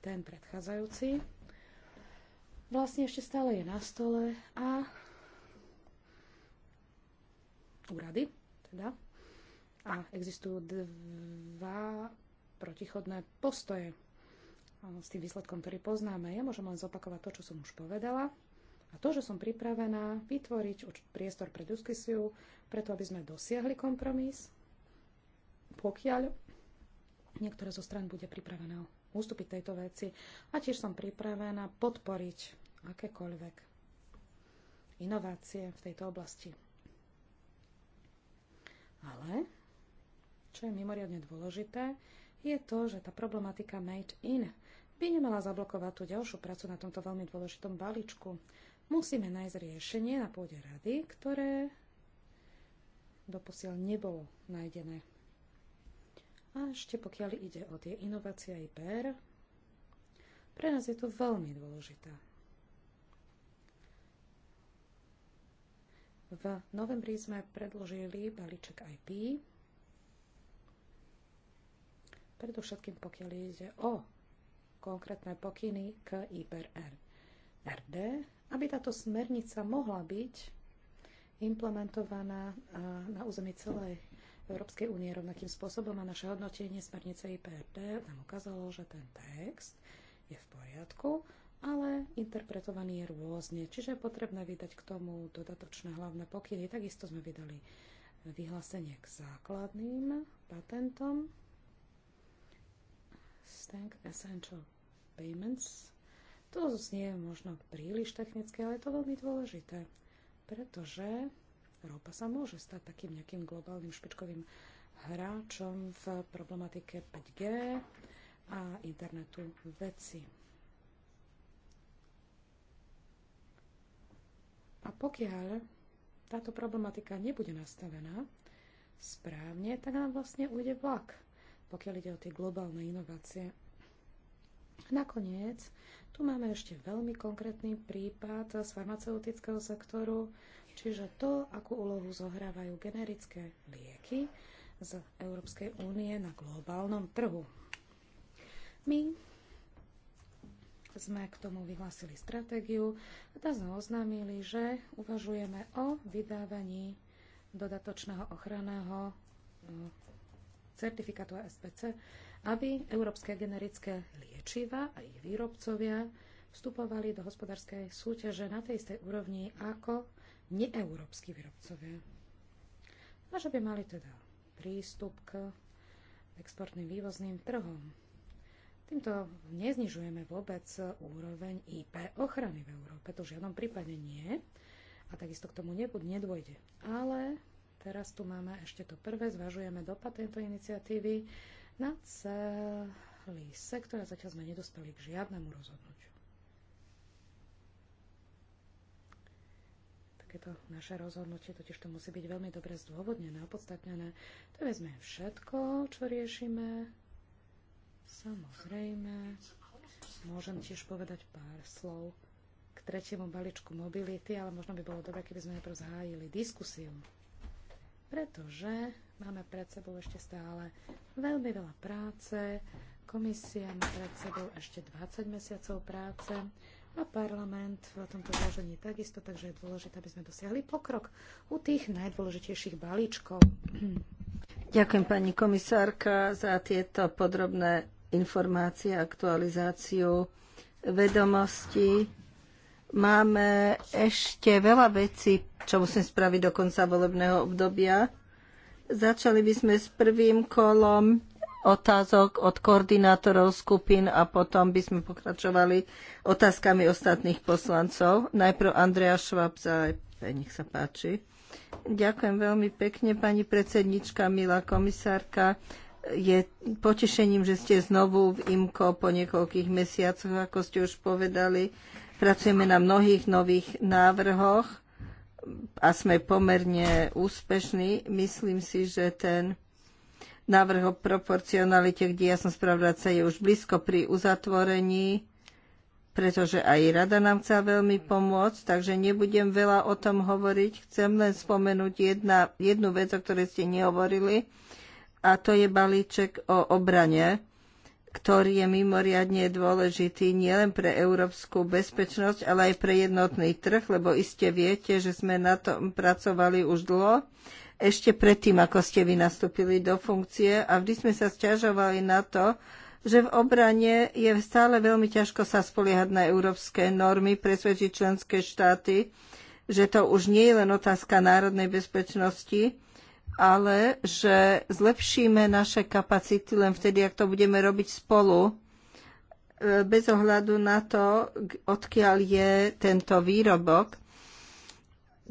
Ten predchádzajúci vlastne ešte stále je na stole a úrady teda a existujú dva protichodné postoje s tým výsledkom, ktorý poznáme. Ja môžem len zopakovať to, čo som už povedala. A to, že som pripravená vytvoriť priestor pre diskusiu, preto aby sme dosiahli kompromis, pokiaľ niektorá zo stran bude pripravená ustúpiť tejto veci. A tiež som pripravená podporiť akékoľvek inovácie v tejto oblasti. Ale, čo je mimoriadne dôležité, je to, že tá problematika Made in by nemala zablokovať tú ďalšiu prácu na tomto veľmi dôležitom balíčku. Musíme nájsť riešenie na pôde rady, ktoré doposiaľ nebolo nájdené. A ešte pokiaľ ide o tie inovácie IPR, pre nás je to veľmi dôležité. V novembri sme predložili balíček IP, predovšetkým pokiaľ ide o konkrétne pokyny k IBR RD, aby táto smernica mohla byť implementovaná na území celej Európskej únie rovnakým spôsobom a naše hodnotenie smernice IPRD nám ukázalo, že ten text je v poriadku ale interpretovaný je rôzne, čiže je potrebné vydať k tomu dodatočné hlavné pokyny. Takisto sme vydali vyhlásenie k základným patentom Stank Essential Payments. To znie možno príliš technické, ale je to veľmi dôležité, pretože ropa sa môže stať takým nejakým globálnym špičkovým hráčom v problematike 5G a internetu veci A pokiaľ táto problematika nebude nastavená správne, tak nám vlastne ujde vlak, pokiaľ ide o tie globálne inovácie. Nakoniec, tu máme ešte veľmi konkrétny prípad z farmaceutického sektoru, čiže to, akú úlohu zohrávajú generické lieky z Európskej únie na globálnom trhu. My sme k tomu vyhlásili stratégiu a tam sme oznámili, že uvažujeme o vydávaní dodatočného ochranného eh, certifikátu SPC, aby európske generické liečiva a ich výrobcovia vstupovali do hospodárskej súťaže na tej istej úrovni ako neeurópsky výrobcovia. A že by mali teda prístup k exportným vývozným trhom. Týmto neznižujeme vôbec úroveň IP ochrany v Európe, to v žiadnom prípade nie. A takisto k tomu nebud, nedôjde. Ale teraz tu máme ešte to prvé, zvažujeme dopad tejto iniciatívy na celý sektor a zatiaľ sme nedospeli k žiadnemu rozhodnutiu. Takéto naše rozhodnutie totiž to musí byť veľmi dobre zdôvodnené, opodstatnené. To vezme všetko, čo riešime Samozrejme, môžem tiež povedať pár slov k tretiemu balíčku mobility, ale možno by bolo dobre, keby sme najprv zahájili diskusiu. Pretože máme pred sebou ešte stále veľmi veľa práce, komisia má pred sebou ešte 20 mesiacov práce a parlament v tomto zložení takisto, takže je dôležité, aby sme dosiahli pokrok u tých najdôležitejších balíčkov. Ďakujem pani komisárka za tieto podrobné informácie, aktualizáciu vedomostí. Máme ešte veľa vecí, čo musím spraviť do konca volebného obdobia. Začali by sme s prvým kolom otázok od koordinátorov skupín a potom by sme pokračovali otázkami ostatných poslancov. Najprv Andrea Švab za e nech sa páči. Ďakujem veľmi pekne, pani predsednička, milá komisárka. Je potešením, že ste znovu v IMKO po niekoľkých mesiacoch, ako ste už povedali. Pracujeme na mnohých nových návrhoch a sme pomerne úspešní. Myslím si, že ten návrh o proporcionalite, kde ja som spravodajca, je už blízko pri uzatvorení pretože aj rada nám chcela veľmi pomôcť, takže nebudem veľa o tom hovoriť. Chcem len spomenúť jedna, jednu vec, o ktorej ste nehovorili, a to je balíček o obrane, ktorý je mimoriadne dôležitý nielen pre európsku bezpečnosť, ale aj pre jednotný trh, lebo iste viete, že sme na tom pracovali už dlho, ešte predtým, ako ste vy nastúpili do funkcie a vždy sme sa sťažovali na to, že v obrane je stále veľmi ťažko sa spoliehať na európske normy, presvedčiť členské štáty, že to už nie je len otázka národnej bezpečnosti, ale že zlepšíme naše kapacity len vtedy, ak to budeme robiť spolu, e, bez ohľadu na to, odkiaľ je tento výrobok.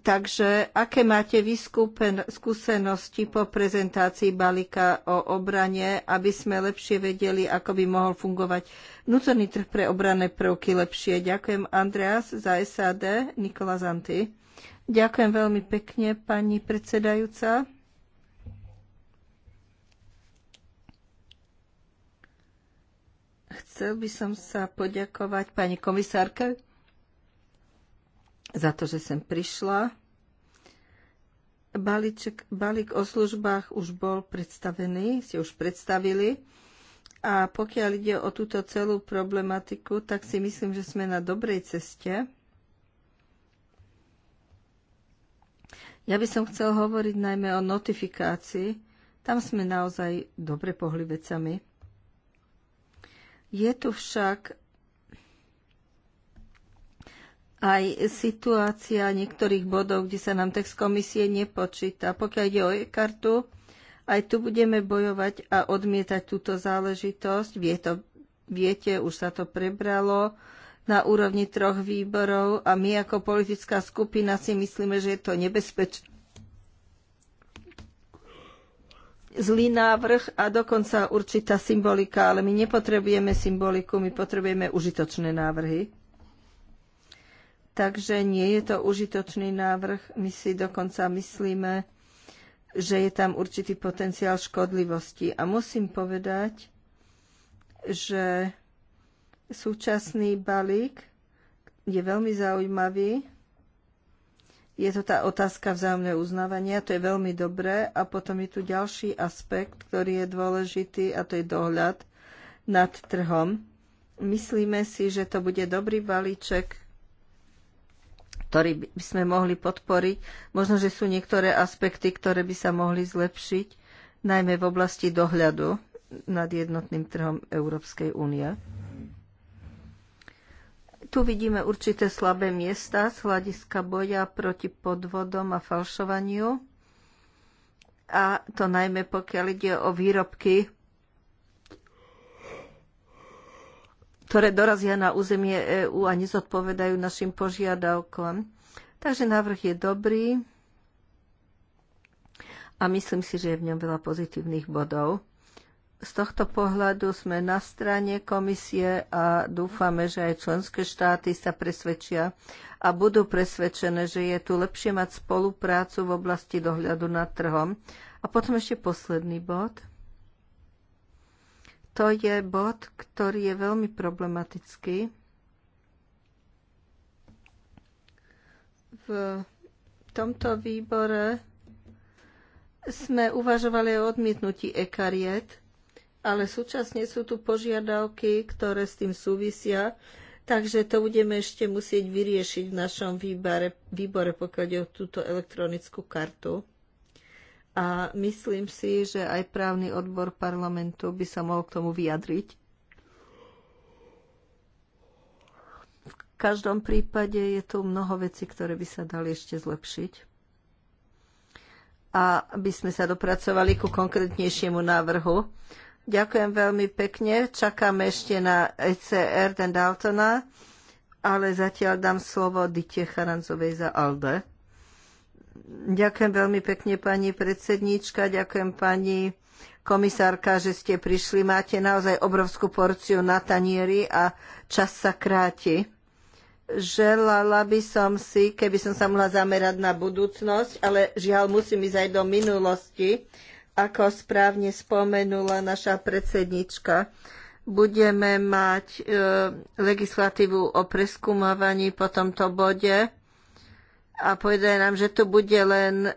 Takže aké máte vy skúsenosti po prezentácii balíka o obrane, aby sme lepšie vedeli, ako by mohol fungovať vnútorný trh pre obranné prvky lepšie? Ďakujem Andreas za SAD, Nikola Zanty. Ďakujem veľmi pekne, pani predsedajúca. Chcel by som sa poďakovať pani komisárke za to, že sem prišla. Balíček, balík o službách už bol predstavený, ste už predstavili. A pokiaľ ide o túto celú problematiku, tak si myslím, že sme na dobrej ceste. Ja by som chcel hovoriť najmä o notifikácii. Tam sme naozaj dobre pohli vecami. Je tu však aj situácia niektorých bodov, kde sa nám text komisie nepočíta. Pokiaľ ide o e-kartu, aj tu budeme bojovať a odmietať túto záležitosť. Vie to, viete, už sa to prebralo na úrovni troch výborov a my ako politická skupina si myslíme, že je to nebezpečné. Zlý návrh a dokonca určitá symbolika, ale my nepotrebujeme symboliku, my potrebujeme užitočné návrhy takže nie je to užitočný návrh. My si dokonca myslíme, že je tam určitý potenciál škodlivosti. A musím povedať, že súčasný balík je veľmi zaujímavý. Je to tá otázka vzájomného uznávania, to je veľmi dobré. A potom je tu ďalší aspekt, ktorý je dôležitý, a to je dohľad nad trhom. Myslíme si, že to bude dobrý balíček, ktorý by sme mohli podporiť. Možno, že sú niektoré aspekty, ktoré by sa mohli zlepšiť, najmä v oblasti dohľadu nad jednotným trhom Európskej únie. Tu vidíme určité slabé miesta z hľadiska boja proti podvodom a falšovaniu. A to najmä pokiaľ ide o výrobky ktoré dorazia na územie EÚ a nezodpovedajú našim požiadavkom. Takže návrh je dobrý a myslím si, že je v ňom veľa pozitívnych bodov. Z tohto pohľadu sme na strane komisie a dúfame, že aj členské štáty sa presvedčia a budú presvedčené, že je tu lepšie mať spoluprácu v oblasti dohľadu nad trhom. A potom ešte posledný bod – to je bod, ktorý je veľmi problematický. V tomto výbore sme uvažovali o odmietnutí ekariet, ale súčasne sú tu požiadavky, ktoré s tým súvisia, takže to budeme ešte musieť vyriešiť v našom výbore, výbore pokiaľ ide o túto elektronickú kartu. A myslím si, že aj právny odbor parlamentu by sa mohol k tomu vyjadriť. V každom prípade je tu mnoho vecí, ktoré by sa dali ešte zlepšiť. A aby sme sa dopracovali ku konkrétnejšiemu návrhu. Ďakujem veľmi pekne. Čakáme ešte na ECR, ten Daltona, ale zatiaľ dám slovo Dite Charanzovej za ALDE. Ďakujem veľmi pekne, pani predsedníčka, ďakujem pani komisárka, že ste prišli. Máte naozaj obrovskú porciu na tanieri a čas sa kráti. Želala by som si, keby som sa mohla zamerať na budúcnosť, ale žiaľ musím ísť aj do minulosti, ako správne spomenula naša predsednička budeme mať e, legislatívu o preskúmovaní po tomto bode a povedali nám, že to bude len e,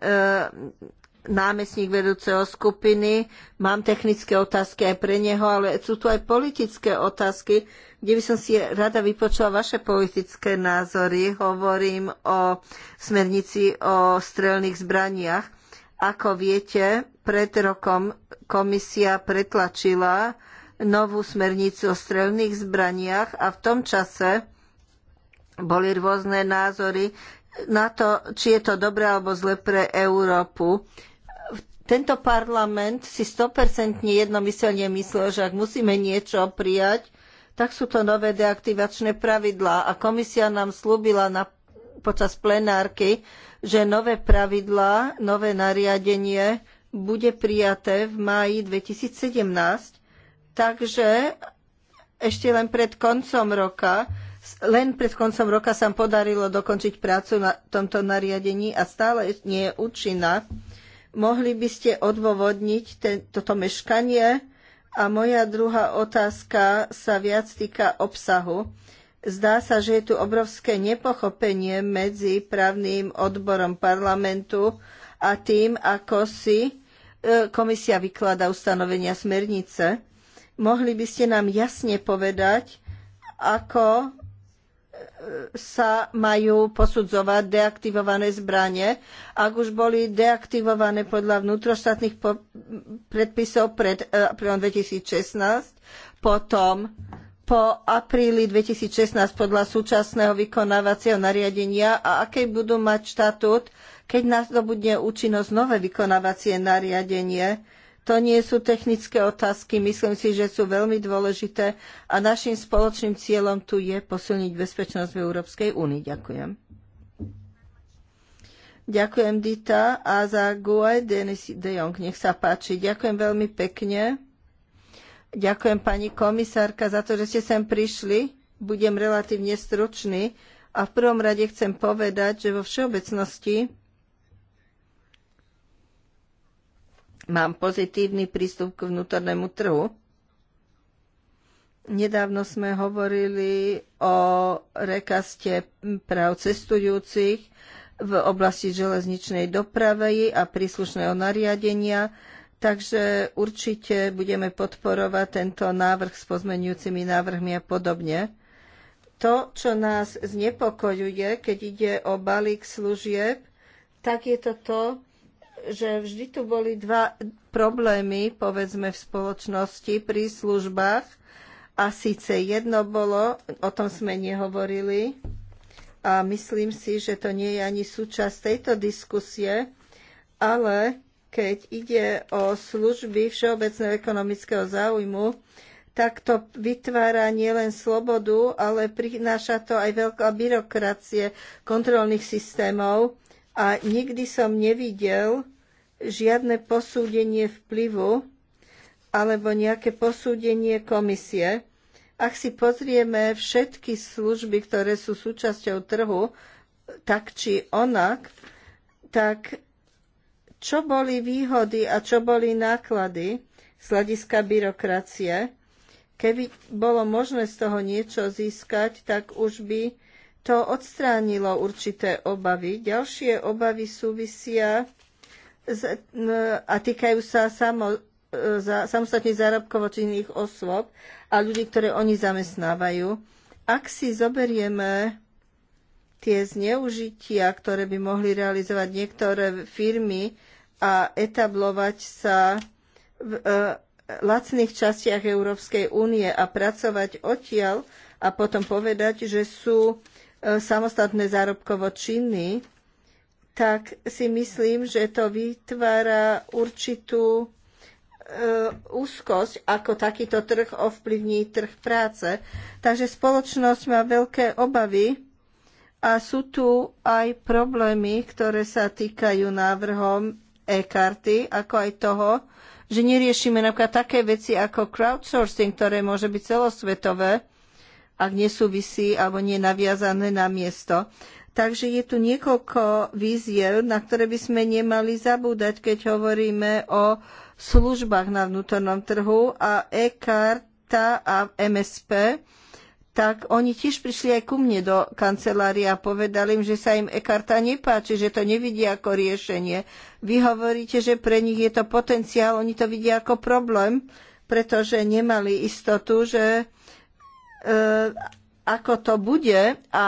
námestník vedúceho skupiny. Mám technické otázky aj pre neho, ale sú tu aj politické otázky, kde by som si rada vypočula vaše politické názory. Hovorím o smernici o strelných zbraniach. Ako viete, pred rokom komisia pretlačila novú smernicu o strelných zbraniach a v tom čase boli rôzne názory, na to, či je to dobré alebo zle pre Európu. Tento parlament si 100% jednomyselne myslel, že ak musíme niečo prijať, tak sú to nové deaktivačné pravidlá. A komisia nám slúbila na, počas plenárky, že nové pravidlá, nové nariadenie bude prijaté v máji 2017. Takže ešte len pred koncom roka len pred koncom roka sa podarilo dokončiť prácu na tomto nariadení a stále nie je účinná. Mohli by ste odôvodniť ten, toto meškanie? A moja druhá otázka sa viac týka obsahu. Zdá sa, že je tu obrovské nepochopenie medzi právnym odborom parlamentu a tým, ako si e, komisia vyklada ustanovenia smernice. Mohli by ste nám jasne povedať, ako sa majú posudzovať deaktivované zbranie, ak už boli deaktivované podľa vnútroštátnych predpisov pred e, aprílom 2016, potom po apríli 2016 podľa súčasného vykonávacieho nariadenia a aký budú mať štatút, keď nadobudne účinnosť nové vykonávacie nariadenie, to nie sú technické otázky, myslím si, že sú veľmi dôležité a našim spoločným cieľom tu je posilniť bezpečnosť v Európskej únii. Ďakujem. Ďakujem Dita a za Guaj, Denis de Jong. Nech sa páči. Ďakujem veľmi pekne. Ďakujem pani komisárka za to, že ste sem prišli. Budem relatívne stručný a v prvom rade chcem povedať, že vo všeobecnosti Mám pozitívny prístup k vnútornému trhu. Nedávno sme hovorili o rekaste práv cestujúcich v oblasti železničnej dopravy a príslušného nariadenia, takže určite budeme podporovať tento návrh s pozmenujúcimi návrhmi a podobne. To, čo nás znepokojuje, keď ide o balík služieb, tak je to to, že vždy tu boli dva problémy, povedzme, v spoločnosti pri službách. A síce jedno bolo, o tom sme nehovorili, a myslím si, že to nie je ani súčasť tejto diskusie, ale keď ide o služby všeobecného ekonomického záujmu, tak to vytvára nielen slobodu, ale prináša to aj veľká byrokracie kontrolných systémov. A nikdy som nevidel, žiadne posúdenie vplyvu alebo nejaké posúdenie komisie. Ak si pozrieme všetky služby, ktoré sú súčasťou trhu, tak či onak, tak čo boli výhody a čo boli náklady z hľadiska byrokracie? Keby bolo možné z toho niečo získať, tak už by to odstránilo určité obavy. Ďalšie obavy súvisia a týkajú sa samo, e, za, samostatne zárobkovo činných osôb a ľudí, ktoré oni zamestnávajú. Ak si zoberieme tie zneužitia, ktoré by mohli realizovať niektoré firmy a etablovať sa v uh, lacných častiach Európskej únie a pracovať odtiaľ a potom povedať, že sú uh, samostatné zárobkovo činní, tak si myslím, že to vytvára určitú e, úzkosť, ako takýto trh ovplyvní trh práce. Takže spoločnosť má veľké obavy a sú tu aj problémy, ktoré sa týkajú návrhom e-karty, ako aj toho, že neriešime napríklad také veci ako crowdsourcing, ktoré môže byť celosvetové, ak nesúvisí alebo nie naviazané na miesto. Takže je tu niekoľko víziev, na ktoré by sme nemali zabúdať, keď hovoríme o službách na vnútornom trhu a e-karta a MSP tak oni tiež prišli aj ku mne do kancelárie a povedali im, že sa im e-karta nepáči, že to nevidia ako riešenie. Vy hovoríte, že pre nich je to potenciál, oni to vidia ako problém, pretože nemali istotu, že e, ako to bude a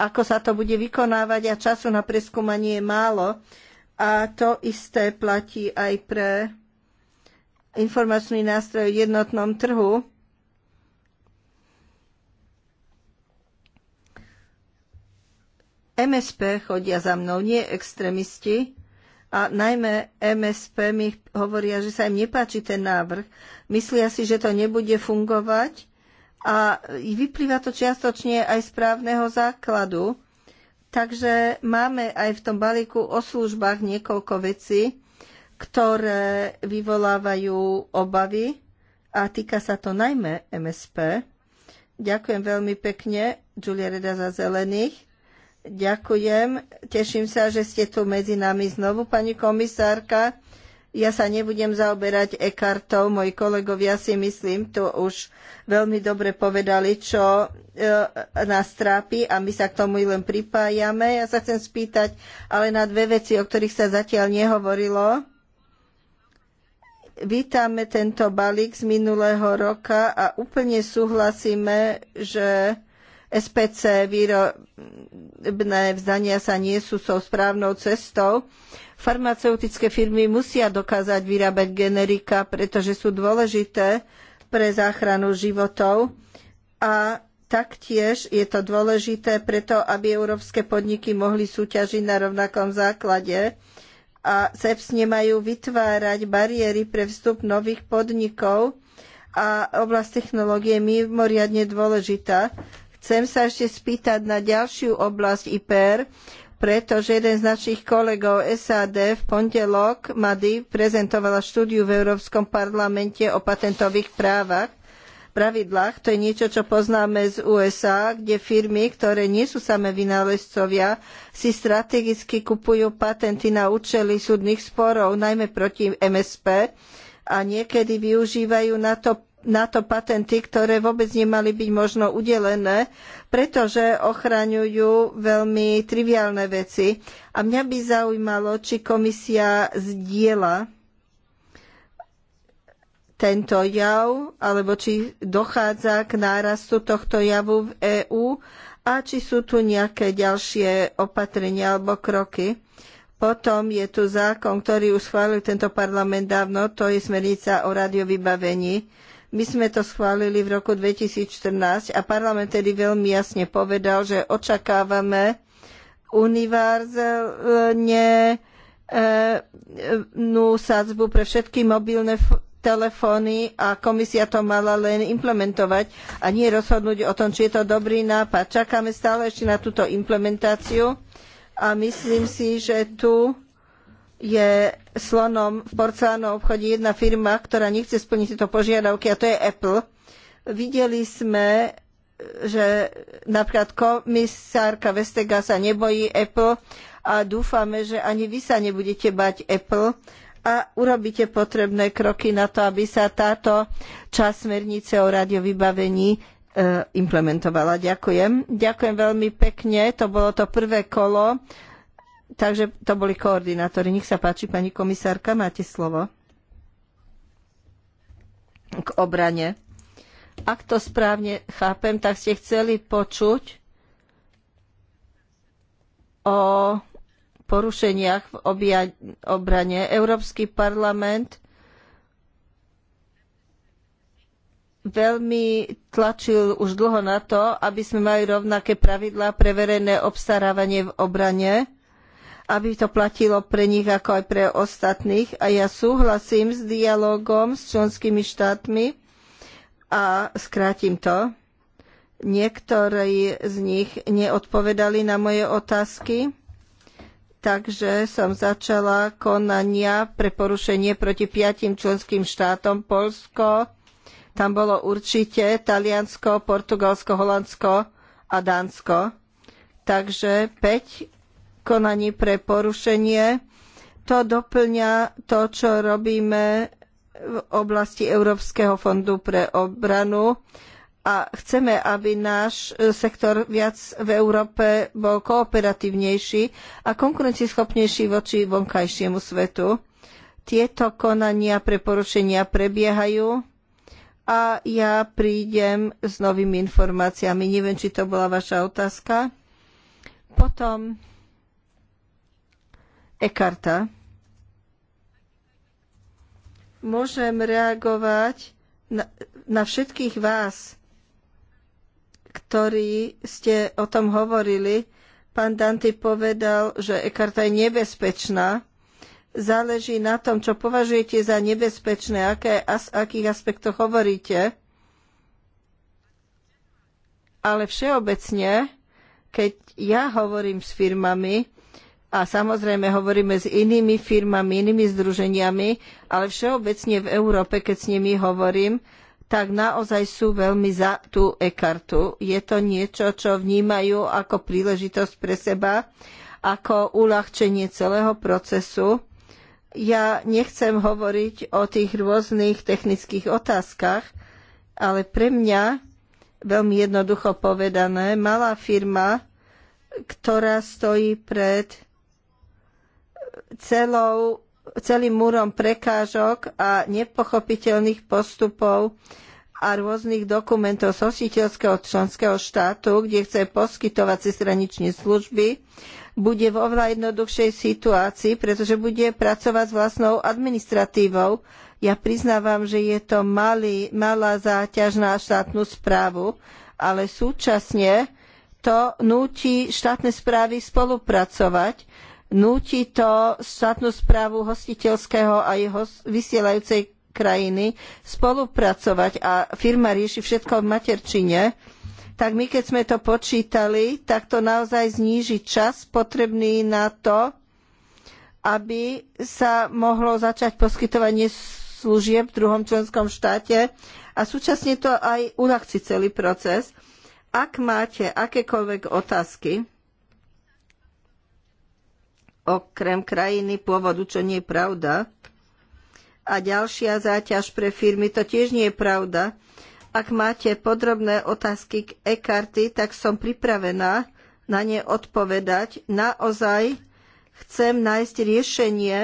ako sa to bude vykonávať a času na preskúmanie je málo. A to isté platí aj pre informačný nástroj v jednotnom trhu. MSP chodia za mnou, nie extrémisti. A najmä MSP mi hovoria, že sa im nepáči ten návrh. Myslia si, že to nebude fungovať a vyplýva to čiastočne aj z právneho základu. Takže máme aj v tom balíku o službách niekoľko vecí, ktoré vyvolávajú obavy a týka sa to najmä MSP. Ďakujem veľmi pekne, Julia Reda za zelených. Ďakujem, teším sa, že ste tu medzi nami znovu, pani komisárka. Ja sa nebudem zaoberať e-kartou, moji kolegovia si myslím, to už veľmi dobre povedali, čo e, nás trápi a my sa k tomu len pripájame. Ja sa chcem spýtať ale na dve veci, o ktorých sa zatiaľ nehovorilo. Vítame tento balík z minulého roka a úplne súhlasíme, že SPC výrobné vzdania sa nie sú so správnou cestou Farmaceutické firmy musia dokázať vyrábať generika, pretože sú dôležité pre záchranu životov a taktiež je to dôležité preto, aby európske podniky mohli súťažiť na rovnakom základe a CEPS nemajú vytvárať bariéry pre vstup nových podnikov a oblasť technológie je mimoriadne dôležitá. Chcem sa ešte spýtať na ďalšiu oblasť IPR, pretože jeden z našich kolegov SAD v pondelok Mady prezentovala štúdiu v Európskom parlamente o patentových právach, pravidlách. To je niečo, čo poznáme z USA, kde firmy, ktoré nie sú samé vynálezcovia, si strategicky kupujú patenty na účely súdnych sporov, najmä proti MSP, a niekedy využívajú na to na to patenty, ktoré vôbec nemali byť možno udelené, pretože ochraňujú veľmi triviálne veci. A mňa by zaujímalo, či komisia zdieľa tento jav, alebo či dochádza k nárastu tohto javu v EÚ a či sú tu nejaké ďalšie opatrenia alebo kroky. Potom je tu zákon, ktorý už schválil tento parlament dávno, to je smernica o radiovybavení. My sme to schválili v roku 2014 a parlament tedy veľmi jasne povedal, že očakávame univerzálne eh, nú sadzbu pre všetky mobilné telefóny a komisia to mala len implementovať a nie rozhodnúť o tom, či je to dobrý nápad. Čakáme stále ešte na túto implementáciu a myslím si, že tu je slonom v porcelánovom obchode jedna firma, ktorá nechce splniť tieto požiadavky a to je Apple. Videli sme, že napríklad komisárka Vestega sa nebojí Apple a dúfame, že ani vy sa nebudete bať Apple a urobíte potrebné kroky na to, aby sa táto časť smernice o radiovybavení e, implementovala. Ďakujem. Ďakujem veľmi pekne. To bolo to prvé kolo Takže to boli koordinátori. Nech sa páči, pani komisárka, máte slovo k obrane. Ak to správne chápem, tak ste chceli počuť o porušeniach v obrane. Európsky parlament veľmi tlačil už dlho na to, aby sme mali rovnaké pravidlá pre verejné obstarávanie v obrane aby to platilo pre nich ako aj pre ostatných. A ja súhlasím s dialogom s členskými štátmi a skrátim to. Niektorí z nich neodpovedali na moje otázky, takže som začala konania pre porušenie proti piatim členským štátom Polsko, tam bolo určite Taliansko, Portugalsko, Holandsko a Dánsko. Takže 5 konaní pre porušenie. To doplňa to, čo robíme v oblasti Európskeho fondu pre obranu a chceme, aby náš sektor viac v Európe bol kooperatívnejší a konkurencieschopnejší voči vonkajšiemu svetu. Tieto konania pre porušenia prebiehajú a ja prídem s novými informáciami. Neviem, či to bola vaša otázka. Potom Ekarta. Môžem reagovať na, na všetkých vás, ktorí ste o tom hovorili. Pán Danty povedal, že Ekarta je nebezpečná. Záleží na tom, čo považujete za nebezpečné, aké, as, akých aspektoch hovoríte. Ale všeobecne, keď ja hovorím s firmami, a samozrejme hovoríme s inými firmami, inými združeniami, ale všeobecne v Európe, keď s nimi hovorím, tak naozaj sú veľmi za tú e-kartu. Je to niečo, čo vnímajú ako príležitosť pre seba, ako uľahčenie celého procesu. Ja nechcem hovoriť o tých rôznych technických otázkach, ale pre mňa, veľmi jednoducho povedané, malá firma, ktorá stojí pred celou, celým múrom prekážok a nepochopiteľných postupov a rôznych dokumentov z hostiteľského členského štátu, kde chce poskytovať cezhraničné služby, bude v oveľa jednoduchšej situácii, pretože bude pracovať s vlastnou administratívou. Ja priznávam, že je to malý, malá záťaž na štátnu správu, ale súčasne to núti štátne správy spolupracovať Núti to štátnu správu hostiteľského a jeho vysielajúcej krajiny spolupracovať a firma rieši všetko v materčine, tak my keď sme to počítali, tak to naozaj zníži čas potrebný na to, aby sa mohlo začať poskytovanie služieb v druhom členskom štáte a súčasne to aj uľahčí celý proces. Ak máte akékoľvek otázky, okrem krajiny pôvodu, čo nie je pravda. A ďalšia záťaž pre firmy, to tiež nie je pravda. Ak máte podrobné otázky k e-karty, tak som pripravená na ne odpovedať. Naozaj chcem nájsť riešenie,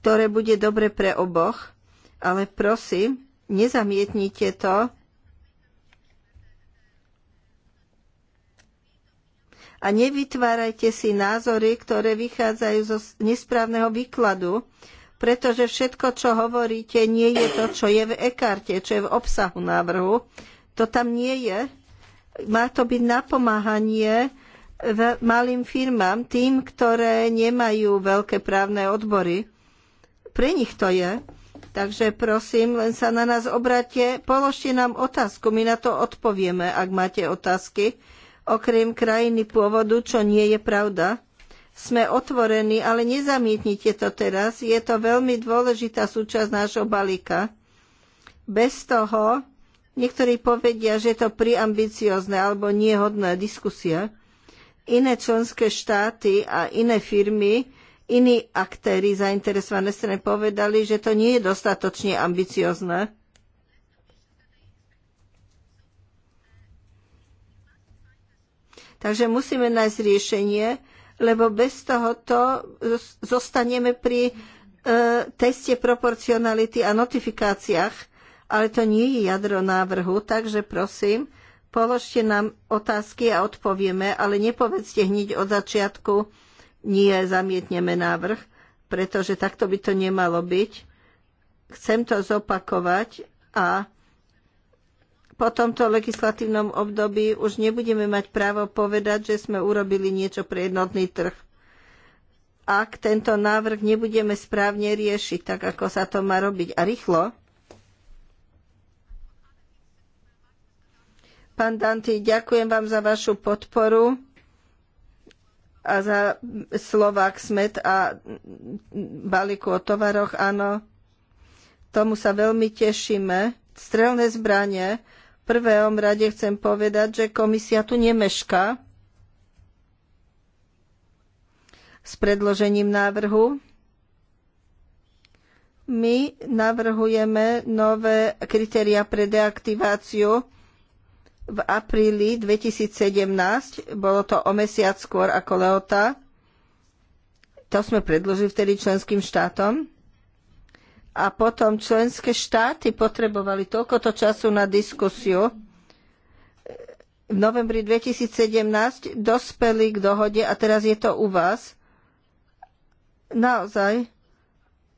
ktoré bude dobre pre oboch, ale prosím, nezamietnite to, a nevytvárajte si názory, ktoré vychádzajú zo nesprávneho výkladu, pretože všetko, čo hovoríte, nie je to, čo je v ekarte, čo je v obsahu návrhu. To tam nie je. Má to byť napomáhanie malým firmám, tým, ktoré nemajú veľké právne odbory. Pre nich to je. Takže prosím, len sa na nás obrate, položte nám otázku, my na to odpovieme, ak máte otázky okrem krajiny pôvodu, čo nie je pravda. Sme otvorení, ale nezamietnite to teraz. Je to veľmi dôležitá súčasť nášho balíka. Bez toho niektorí povedia, že je to priambiciozne alebo niehodná diskusia. Iné členské štáty a iné firmy iní aktéri zainteresované strany povedali, že to nie je dostatočne ambiciozne. Takže musíme nájsť riešenie, lebo bez tohoto zostaneme pri e, teste proporcionality a notifikáciách, ale to nie je jadro návrhu, takže prosím, položte nám otázky a odpovieme, ale nepovedzte hneď od začiatku, nie, zamietneme návrh, pretože takto by to nemalo byť. Chcem to zopakovať a po tomto legislatívnom období už nebudeme mať právo povedať, že sme urobili niečo pre jednotný trh. Ak tento návrh nebudeme správne riešiť, tak ako sa to má robiť a rýchlo, Pán Danty, ďakujem vám za vašu podporu a za Slovák Smet a balíku o tovaroch. Áno, tomu sa veľmi tešíme. Strelné zbranie, prvom rade chcem povedať, že komisia tu nemeška s predložením návrhu. My navrhujeme nové kritéria pre deaktiváciu v apríli 2017. Bolo to o mesiac skôr ako Leota. To sme predložili vtedy členským štátom a potom členské štáty potrebovali toľkoto času na diskusiu. V novembri 2017 dospeli k dohode a teraz je to u vás. Naozaj,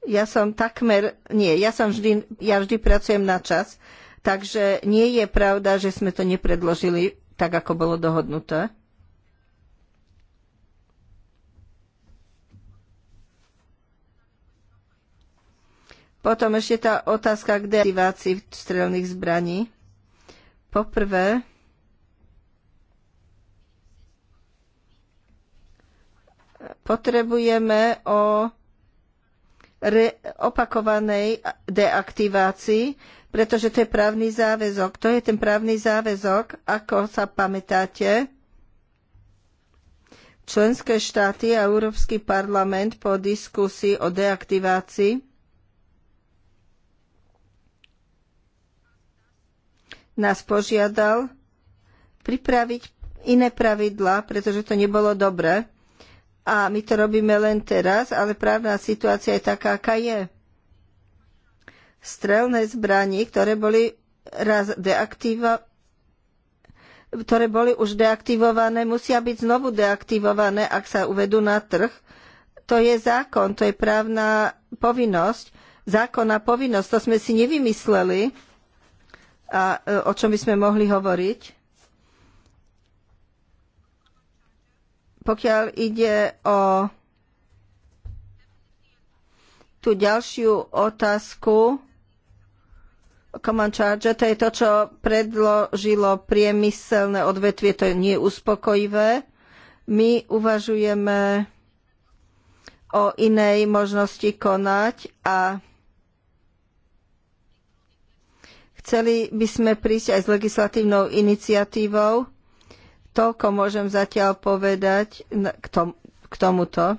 ja som takmer, nie, ja som vždy, ja vždy pracujem na čas, takže nie je pravda, že sme to nepredložili tak, ako bolo dohodnuté. Potom ešte tá otázka k derivácii strelných zbraní. Poprvé, potrebujeme o opakovanej deaktivácii, pretože to je právny záväzok. To je ten právny záväzok, ako sa pamätáte. Členské štáty a Európsky parlament po diskusii o deaktivácii nás požiadal pripraviť iné pravidlá, pretože to nebolo dobré. A my to robíme len teraz, ale právna situácia je taká, aká je. Strelné zbraní, ktoré boli raz deaktiva, ktoré boli už deaktivované, musia byť znovu deaktivované, ak sa uvedú na trh. To je zákon, to je právna povinnosť, zákonná povinnosť, to sme si nevymysleli a e, o čom by sme mohli hovoriť. Pokiaľ ide o tú ďalšiu otázku, Common Charger, to je to, čo predložilo priemyselné odvetvie, to nie je uspokojivé. My uvažujeme o inej možnosti konať a Chceli by sme prísť aj s legislatívnou iniciatívou. Toľko môžem zatiaľ povedať k, tom, k tomuto.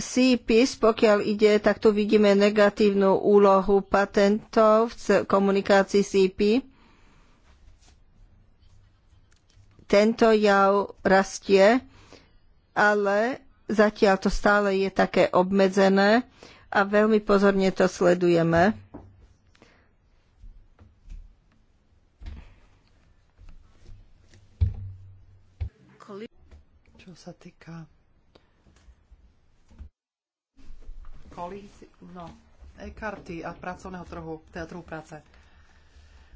CPIS, pokiaľ ide, tak tu vidíme negatívnu úlohu patentov v komunikácii CP. Tento jav rastie, ale Zatiaľ to stále je také obmedzené a veľmi pozorne to sledujeme. Čo sa týka no, e-karty a pracovného trhu, teda trhu práce.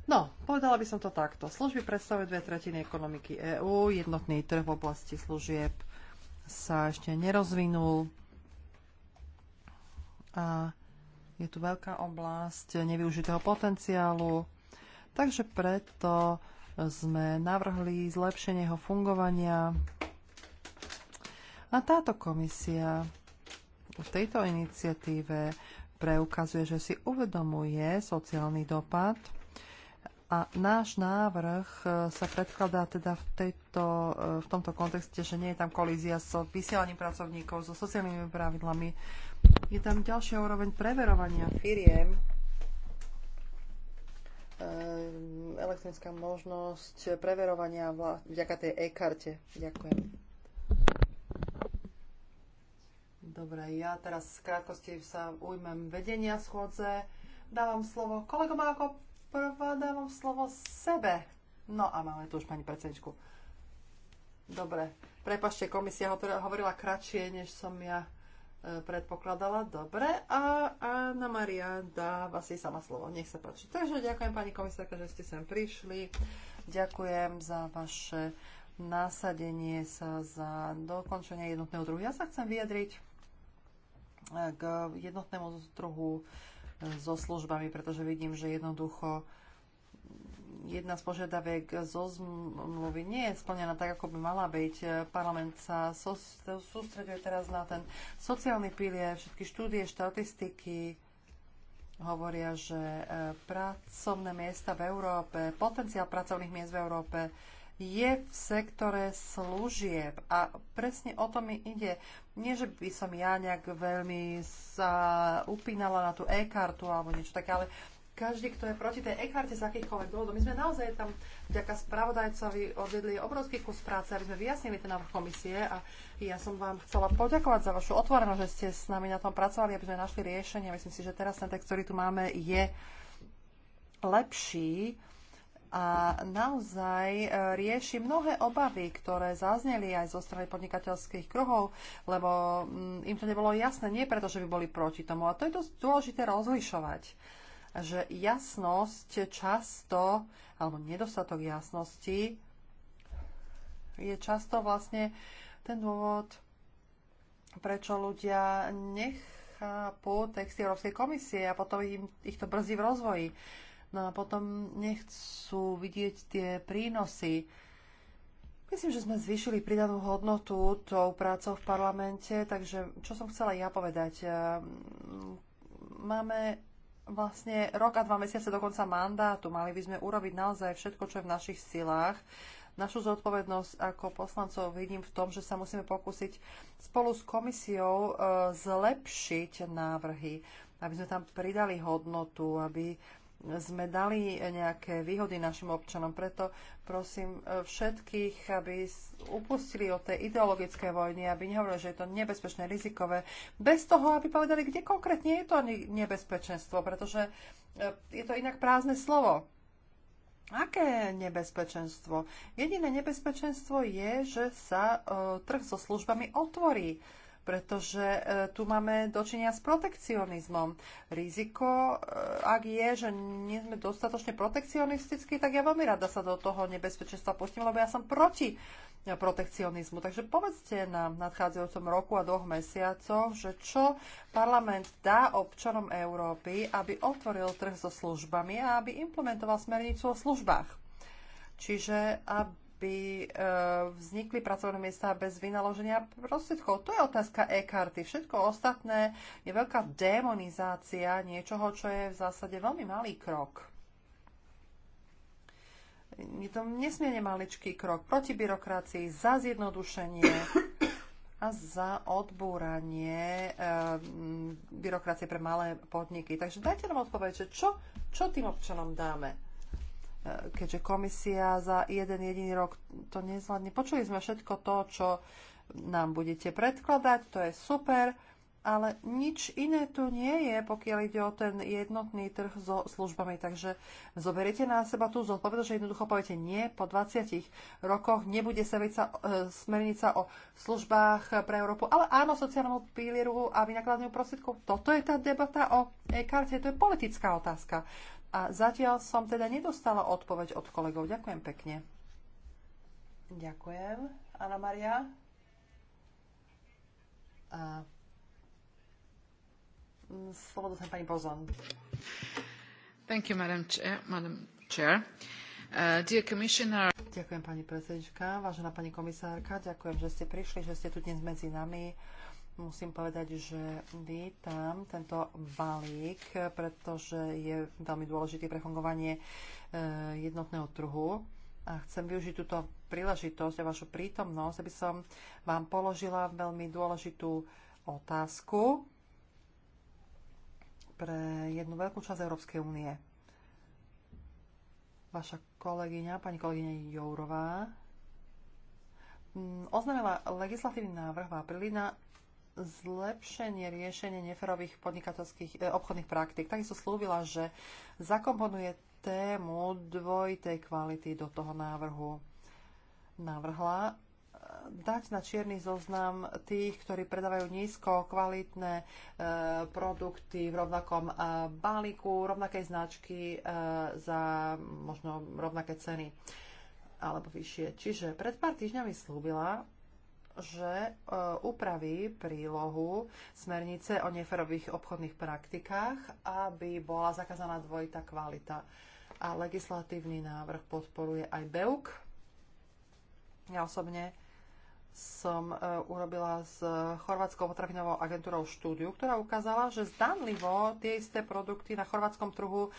No, povedala by som to takto. Služby predstavujú dve tretiny ekonomiky EÚ, jednotný trh v oblasti služieb sa ešte nerozvinul a je tu veľká oblasť nevyužitého potenciálu, takže preto sme navrhli zlepšenie jeho fungovania. A táto komisia v tejto iniciatíve preukazuje, že si uvedomuje sociálny dopad a náš návrh e, sa predkladá teda v, tejto, e, v tomto kontexte, že nie je tam kolízia so vysielaním pracovníkov, so sociálnymi pravidlami. Je tam ďalšia úroveň preverovania firiem, ehm, elektronická možnosť preverovania vďaka tej e-karte. Ďakujem. Dobre, ja teraz v krátkosti sa ujmem vedenia schôdze. Dávam slovo kolegom ako prvá dávam slovo sebe. No a máme tu už pani predsedničku. Dobre, prepašte, komisia hovorila kratšie, než som ja e, predpokladala. Dobre, a Anna Maria dáva si sama slovo. Nech sa páči. Takže ďakujem pani komisárka, že ste sem prišli. Ďakujem za vaše nasadenie sa za dokončenie jednotného druhu. Ja sa chcem vyjadriť e, k jednotnému druhu so službami, pretože vidím, že jednoducho jedna z požiadaviek zo zmluvy nie je splnená tak, ako by mala byť. Parlament sa sústreduje teraz na ten sociálny pilier, všetky štúdie, štatistiky hovoria, že eh, pracovné miesta v Európe, potenciál pracovných miest v Európe je v sektore služieb. A presne o to mi ide. Nie, že by som ja nejak veľmi sa upínala na tú e-kartu alebo niečo také, ale každý, kto je proti tej e-karte z akýchkoľvek dôvodov. My sme naozaj tam vďaka spravodajcovi odvedli obrovský kus práce, aby sme vyjasnili ten návrh komisie a ja som vám chcela poďakovať za vašu otvorenosť, že ste s nami na tom pracovali, aby sme našli riešenie. Myslím si, že teraz ten text, ktorý tu máme, je lepší a naozaj e, rieši mnohé obavy, ktoré zazneli aj zo strany podnikateľských kruhov, lebo mm, im to nebolo jasné, nie preto, že by boli proti tomu. A to je dosť dôležité rozlišovať, že jasnosť často, alebo nedostatok jasnosti je často vlastne ten dôvod, prečo ľudia nechápu texty Európskej komisie a potom im, ich to brzdí v rozvoji. No a potom nechcú vidieť tie prínosy. Myslím, že sme zvýšili pridanú hodnotu tou prácou v parlamente, takže čo som chcela ja povedať? Ehm, máme vlastne rok a dva mesiace do konca mandátu. Mali by sme urobiť naozaj všetko, čo je v našich silách. Našu zodpovednosť ako poslancov vidím v tom, že sa musíme pokúsiť spolu s komisiou e, zlepšiť návrhy, aby sme tam pridali hodnotu, aby sme dali nejaké výhody našim občanom. Preto prosím všetkých, aby upustili od tej ideologickej vojny, aby nehovorili, že je to nebezpečné, rizikové, bez toho, aby povedali, kde konkrétne je to nebezpečenstvo, pretože eh, je to inak prázdne slovo. Aké nebezpečenstvo? Jediné nebezpečenstvo je, že sa eh, trh so službami otvorí pretože e, tu máme dočinia s protekcionizmom. Riziko, e, ak je, že nie sme dostatočne protekcionistickí, tak ja veľmi rada sa do toho nebezpečenstva pustím, lebo ja som proti e, protekcionizmu. Takže povedzte nám v nadchádzajúcom roku a dvoch mesiacoch, že čo parlament dá občanom Európy, aby otvoril trh so službami a aby implementoval smernicu o službách. Čiže aby aby e, vznikli pracovné miesta bez vynaloženia prostriedkov. To je otázka e-karty. Všetko ostatné je veľká demonizácia niečoho, čo je v zásade veľmi malý krok. Je to nesmierne maličký krok proti byrokracii, za zjednodušenie a za odbúranie e, byrokracie pre malé podniky. Takže dajte nám odpoveď, že čo, čo tým občanom dáme keďže komisia za jeden jediný rok to nezvládne. Počuli sme všetko to, čo nám budete predkladať, to je super, ale nič iné tu nie je, pokiaľ ide o ten jednotný trh so službami. Takže zoberiete na seba tú zodpovednosť, že jednoducho poviete nie, po 20 rokoch nebude sa sa, e, smernica o službách pre Európu, ale áno, sociálnemu pilieru a vynakladnému prostriedku. Toto je tá debata o e-karte, to je politická otázka. A zatiaľ som teda nedostala odpoveď od kolegov. Ďakujem pekne. Ďakujem. Anna Maria? A... Slovo sa pani Pozon. Thank you, Madam Chair. Madam Chair. Uh, dear Commissioner... Ďakujem pani predsednička, vážená pani komisárka, ďakujem, že ste prišli, že ste tu dnes medzi nami. Uh, musím povedať, že vítam tento balík, pretože je veľmi dôležitý pre fungovanie e, jednotného trhu. A chcem využiť túto príležitosť a vašu prítomnosť, aby som vám položila veľmi dôležitú otázku pre jednu veľkú časť Európskej únie. Vaša kolegyňa, pani kolegyňa Jourová, mm, oznámila legislatívny návrh v apríli na zlepšenie riešenie neferových podnikateľských e, obchodných praktík. Takisto slúbila, že zakomponuje tému dvojitej kvality do toho návrhu. Navrhla e, dať na čierny zoznam tých, ktorí predávajú nízko kvalitné e, produkty v rovnakom e, balíku, rovnakej značky e, za možno rovnaké ceny alebo vyššie. Čiže pred pár týždňami slúbila, že e, upraví prílohu smernice o neferových obchodných praktikách, aby bola zakázaná dvojitá kvalita. A legislatívny návrh podporuje aj BEUK. Ja osobne som e, urobila s chorvátskou potravinovou agentúrou štúdiu, ktorá ukázala, že zdanlivo tie isté produkty na chorvátskom trhu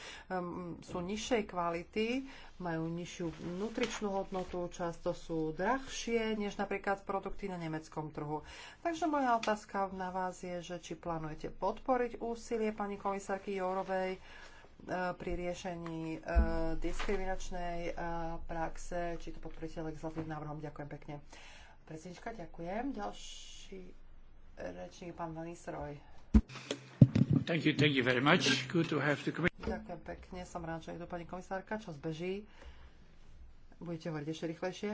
sú nižšej kvality, majú nižšiu nutričnú hodnotu, často sú drahšie než napríklad produkty na nemeckom trhu. Takže moja otázka na vás je, že či plánujete podporiť úsilie pani komisárky Jourovej e, pri riešení e, diskriminačnej praxe, či to podporíte legislatívnym návrhom. Ďakujem pekne. Pesnička, ďakujem. Ďalší rečník, je pán Vanisroj. Thank you, thank you very much. Good to have the Ďakujem pekne, som rád, že je tu pani komisárka, čas beží. Budete hovoriť ešte rýchlejšie?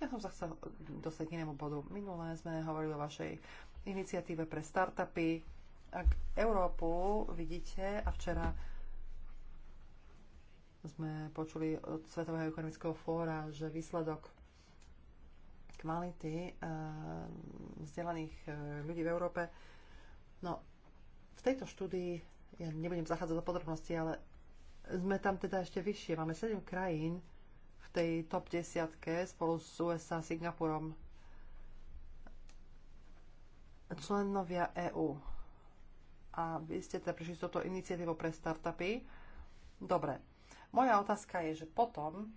Ja som sa chcel dostať k inému bodu. Minulé sme hovorili o vašej iniciatíve pre startupy. Ak Európu vidíte, a včera sme počuli od Svetového ekonomického fóra, že výsledok kvality eh, vzdelaných eh, ľudí v Európe. No, v tejto štúdii, ja nebudem zachádzať do podrobností, ale sme tam teda ešte vyššie. Máme 7 krajín v tej top desiatke spolu s USA, Singapurom, členovia EÚ. A vy ste teda prišli s touto iniciatívou pre startupy. Dobre, moja otázka je, že potom,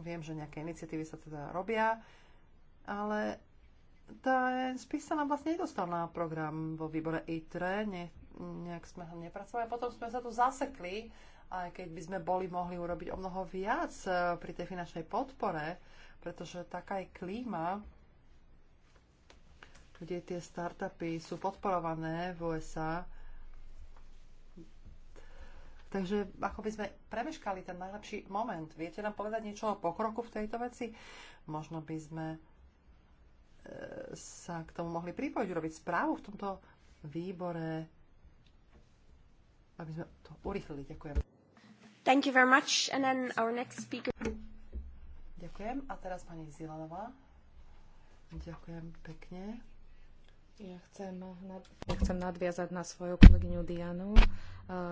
viem, že nejaké iniciatívy sa teda robia, ale ten spis sa nám vlastne nedostal na program vo výbore ITRE, ne, nejak sme ho nepracovali. Potom sme sa tu zasekli, aj keď by sme boli mohli urobiť o mnoho viac e, pri tej finančnej podpore, pretože taká je klíma, kde tie startupy sú podporované v USA, Takže ako by sme premeškali ten najlepší moment. Viete nám povedať niečo o pokroku v tejto veci? Možno by sme e, sa k tomu mohli pripojiť, urobiť správu v tomto výbore, aby sme to urýchlili. Ďakujem. Thank you very much. And then our next speaker. Ďakujem. A teraz pani Zilanová. Ďakujem pekne. Ja chcem, ja chcem nadviazať na svoju kolegyňu Dianu. E,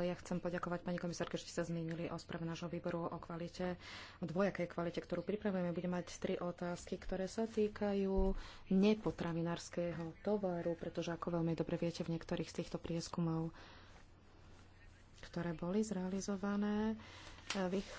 ja chcem poďakovať pani komisárke, že ste sa zmienili o správe nášho výboru o kvalite, o dvojakej kvalite, ktorú pripravujeme. Budem mať tri otázky, ktoré sa týkajú nepotravinárskeho tovaru, pretože ako veľmi dobre viete, v niektorých z týchto prieskumov, ktoré boli zrealizované, e, vych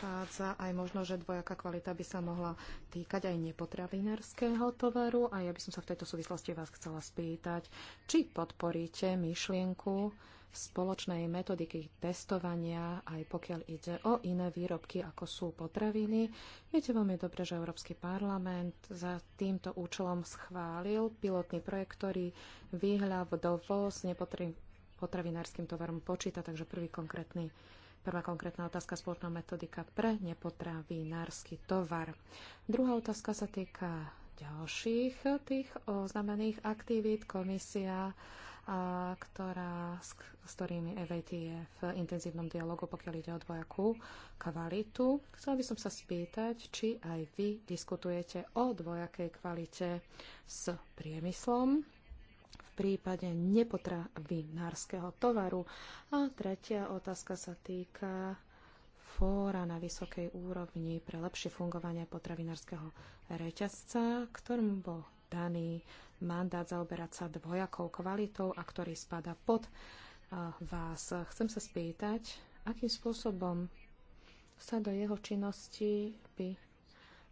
nachádza aj možno, že dvojaká kvalita by sa mohla týkať aj nepotravinárskeho tovaru a ja by som sa v tejto súvislosti vás chcela spýtať, či podporíte myšlienku spoločnej metodiky testovania, aj pokiaľ ide o iné výrobky, ako sú potraviny. Viete veľmi dobre, že Európsky parlament za týmto účelom schválil pilotný projekt, ktorý výhľav dovoz nepotravinárskym tovarom počíta, takže prvý konkrétny Prvá konkrétna otázka spoločná metodika pre nepotravinársky tovar. Druhá otázka sa týka ďalších tých oznamených aktivít. Komisia a, ktorá, s, s ktorými EVT je v intenzívnom dialogu, pokiaľ ide o dvojakú kvalitu. Chcela by som sa spýtať, či aj vy diskutujete o dvojakej kvalite s priemyslom v prípade nepotravinárskeho tovaru. A tretia otázka sa týka fóra na vysokej úrovni pre lepšie fungovanie potravinárskeho reťazca, ktorému bol daný mandát zaoberať sa dvojakou kvalitou a ktorý spada pod vás. Chcem sa spýtať, akým spôsobom sa do jeho činnosti by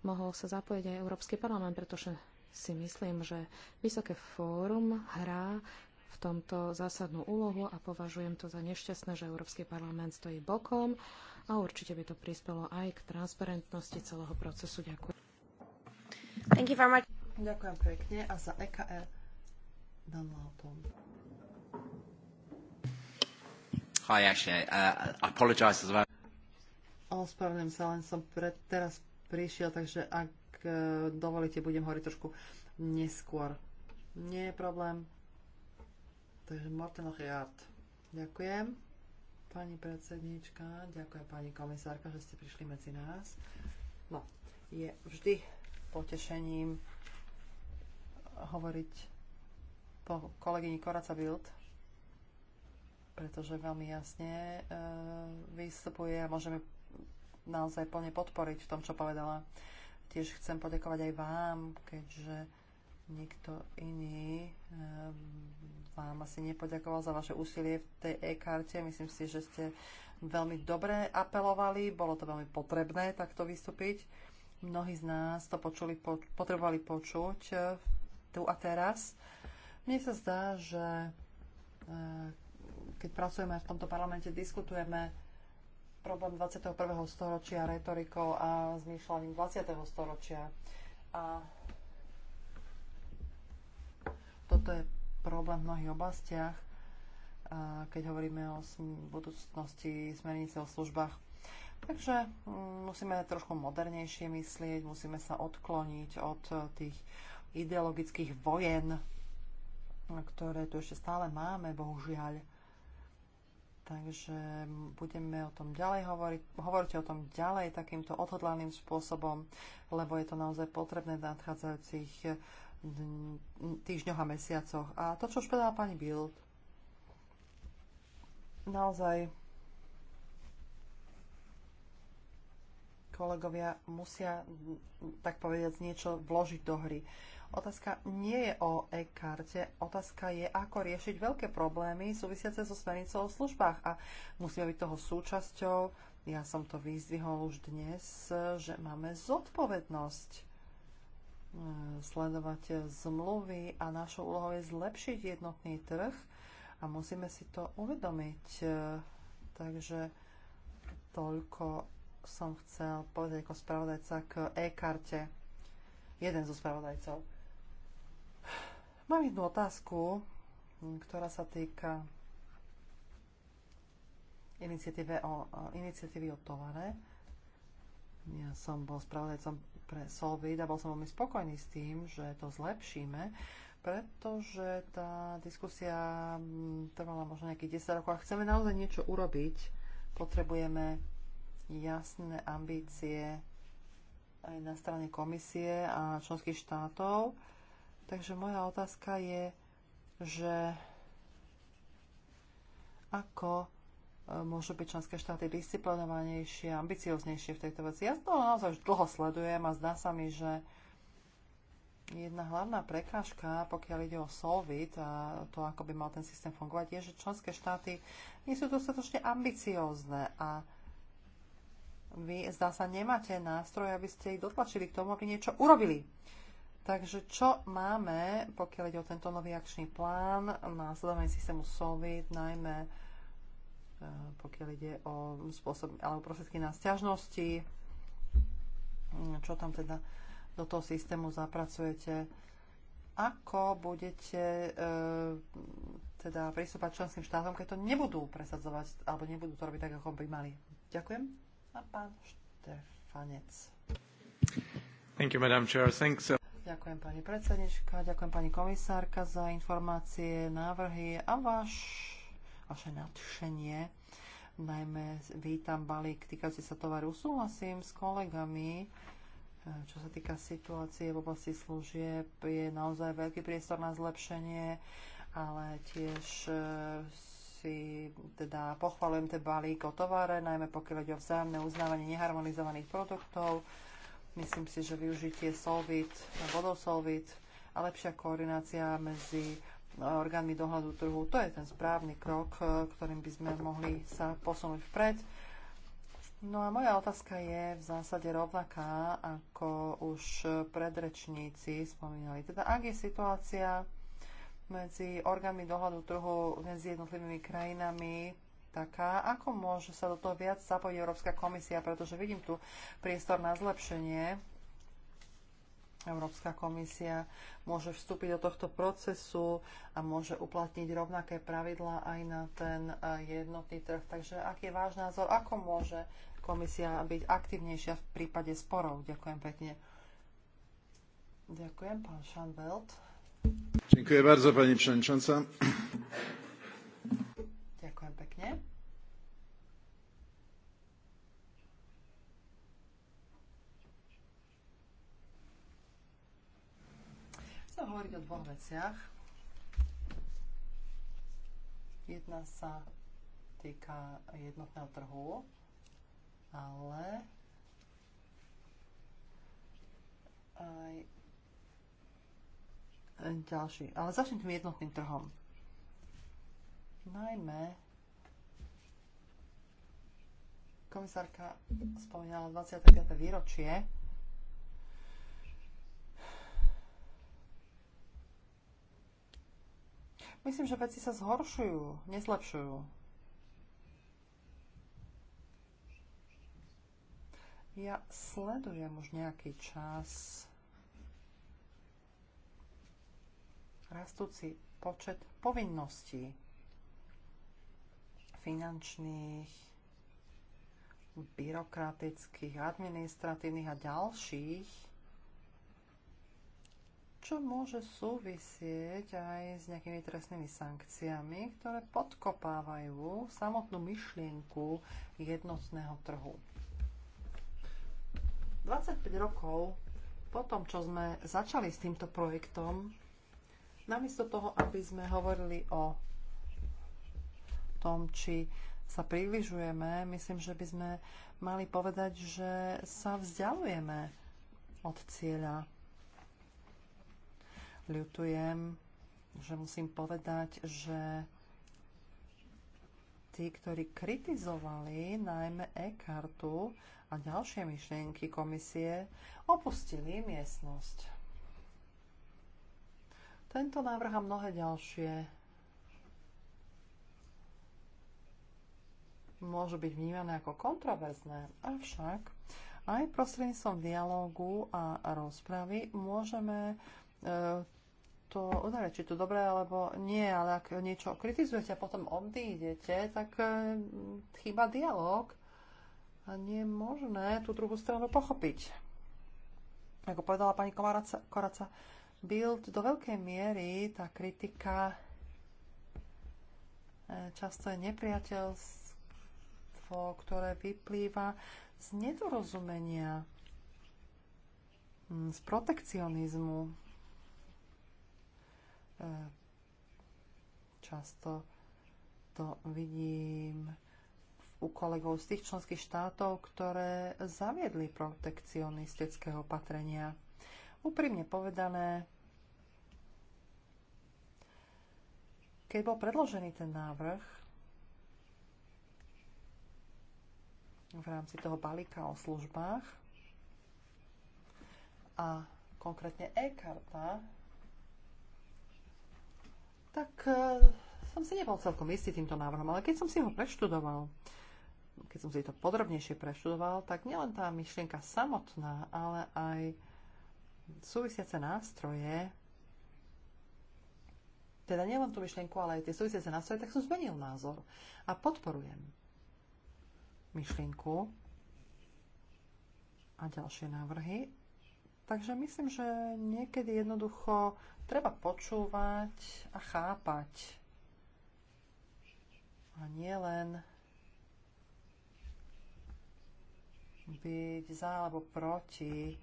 mohol sa zapojiť aj Európsky parlament, pretože si myslím, že Vysoké fórum hrá v tomto zásadnú úlohu a považujem to za nešťastné, že Európsky parlament stojí bokom a určite by to prispelo aj k transparentnosti celého procesu. Ďakujem. Thank you very much. Ďakujem pekne a za EKR e Dan Lauton. Hi, actually, uh, I apologize as well. Ospravedlňujem sa, len som pred, teraz prišiel, takže ak E, dovolíte, budem hovoriť trošku neskôr. Nie je problém. Takže Morten Ochiart. Ďakujem. Pani predsedníčka, ďakujem pani komisárka, že ste prišli medzi nás. No, je vždy potešením hovoriť po kolegyni Koraca Bild, pretože veľmi jasne e, vystupuje a môžeme naozaj plne podporiť v tom, čo povedala. E, Tiež chcem podakovať aj vám, keďže nikto iný ehm, vám asi nepoďakoval za vaše úsilie v tej e-karte. Myslím si, že ste veľmi dobre apelovali, bolo to veľmi potrebné takto vystúpiť. Mnohí z nás to počuli, po, potrebovali počuť e, tu a teraz. Mne sa zdá, že e, keď pracujeme v tomto parlamente, diskutujeme problém 21. storočia retorikou a zmýšľaním 20. storočia. A toto je problém v mnohých oblastiach, keď hovoríme o budúcnosti smernice o službách. Takže mm, musíme trošku modernejšie myslieť, musíme sa odkloniť od tých ideologických vojen, ktoré tu ešte stále máme, bohužiaľ. Takže budeme o tom ďalej hovoriť, hovorte o tom ďalej takýmto odhodlaným spôsobom, lebo je to naozaj potrebné v nadchádzajúcich týždňoch a mesiacoch. A to, čo už povedala pani Bild, naozaj kolegovia musia, tak povediať, niečo vložiť do hry. Uh, Otázka nie je o e-karte, otázka je, ako riešiť veľké problémy súvisiace so smernicou o službách a musíme byť toho súčasťou. Ja som to vyzdvihol už dnes, že máme zodpovednosť e, sledovať zmluvy a našou úlohou je zlepšiť jednotný trh a musíme si to uvedomiť. E, takže toľko som chcel povedať ako spravodajca k e-karte. Jeden zo spravodajcov. Mám jednu otázku, ktorá sa týka iniciatívy o, iniciatívy o tovare. Ja som bol spravodajcom pre Solvit a bol som veľmi spokojný s tým, že to zlepšíme, pretože tá diskusia trvala možno nejakých 10 rokov a chceme naozaj niečo urobiť. Potrebujeme jasné ambície aj na strane komisie a členských štátov Takže moja otázka je, že ako e, môžu byť členské štáty disciplinovanejšie, ambicioznejšie v tejto veci. Ja to naozaj už dlho sledujem a zdá sa mi, že jedna hlavná prekážka, pokiaľ ide o Solvit a to, ako by mal ten systém fungovať, je, že členské štáty nie sú dostatočne ambiciózne a vy, zdá sa, nemáte nástroj, aby ste ich dotlačili k tomu, aby niečo urobili. Takže čo máme, pokiaľ ide o tento nový akčný plán na sledovanie systému SOVID, najmä e, pokiaľ ide o spôsob alebo prostriedky na stiažnosti, mm, čo tam teda do toho systému zapracujete, ako budete e, teda pristúpať členským štátom, keď to nebudú presadzovať alebo nebudú to robiť tak, ako by mali. Ďakujem. A pán Štefanec. Thank you, Madam Chair. Thanks. Ďakujem pani predsednička, ďakujem pani komisárka za informácie, návrhy a vaš, vaše nadšenie. Najmä vítam balík týkajúci sa tovaru. Súhlasím s kolegami, čo sa týka situácie v oblasti služieb, je naozaj veľký priestor na zlepšenie, ale tiež e, si teda pochvalujem ten balík o tovare, najmä pokiaľ ide o vzájomné uznávanie neharmonizovaných produktov, Myslím si, že využitie Solvit, vodou Solvit a lepšia koordinácia medzi e, orgánmi dohľadu trhu, to je ten správny krok, e, ktorým by sme mohli sa posunúť vpred. No a moja otázka je v zásade rovnaká, ako už predrečníci spomínali. Teda ak je situácia medzi orgánmi dohľadu trhu medzi jednotlivými krajinami taká, ako môže sa do toho viac zapojiť Európska komisia, pretože vidím tu priestor na zlepšenie. Európska komisia môže vstúpiť do tohto procesu a môže uplatniť rovnaké pravidlá aj na ten eh, jednotný trh. Takže aký je váš názor, ako môže komisia byť aktívnejšia v prípade sporov? Ďakujem pekne. Ďakujem, pán Schanveld. Ďakujem bardzo, pani przewodnicząca. hovoriť o dvoch veciach. Jedna sa týka jednotného trhu, ale aj ďalší. Ale začnem tým jednotným trhom. Najmä komisárka spomínala 25. výročie Myslím, že veci sa zhoršujú, nezlepšujú. Ja sledujem už nejaký čas rastúci počet povinností finančných, byrokratických, administratívnych a ďalších čo môže súvisieť aj s nejakými trestnými sankciami, ktoré podkopávajú samotnú myšlienku jednotného trhu. 25 rokov po tom, čo sme začali s týmto projektom, namiesto toho, aby sme hovorili o tom, či sa približujeme, myslím, že by sme mali povedať, že sa vzdialujeme od cieľa Ľutujem, že musím povedať, že tí, ktorí kritizovali najmä e-kartu a ďalšie myšlienky komisie, opustili miestnosť. Tento návrh a mnohé ďalšie môžu byť vnímané ako kontroverzné, avšak aj prostredníctvom dialógu a rozpravy môžeme e, to odhľadať, či je to dobré alebo nie, ale ak niečo kritizujete a potom odídete, tak eh, chýba dialog a nie je možné tú druhú stranu pochopiť. Ako povedala pani Komaraca, Koraca, Build do veľkej miery tá kritika eh, často je nepriateľstvo, ktoré vyplýva z nedorozumenia, hm, z protekcionizmu, Eh, často to vidím u kolegov z tých členských štátov, ktoré zaviedli protekcionistické opatrenia. Úprimne povedané, keď bol predložený ten návrh v rámci toho balíka o službách a konkrétne e-karta, tak e, som si nebol celkom istý týmto návrhom, ale keď som si ho preštudoval, keď som si to podrobnejšie preštudoval, tak nielen tá myšlienka samotná, ale aj súvisiace nástroje, teda nielen tú myšlienku, ale aj tie súvisiace nástroje, tak som zmenil názor a podporujem myšlienku a ďalšie návrhy Takže myslím, že niekedy jednoducho treba počúvať a chápať. A nie len byť za alebo proti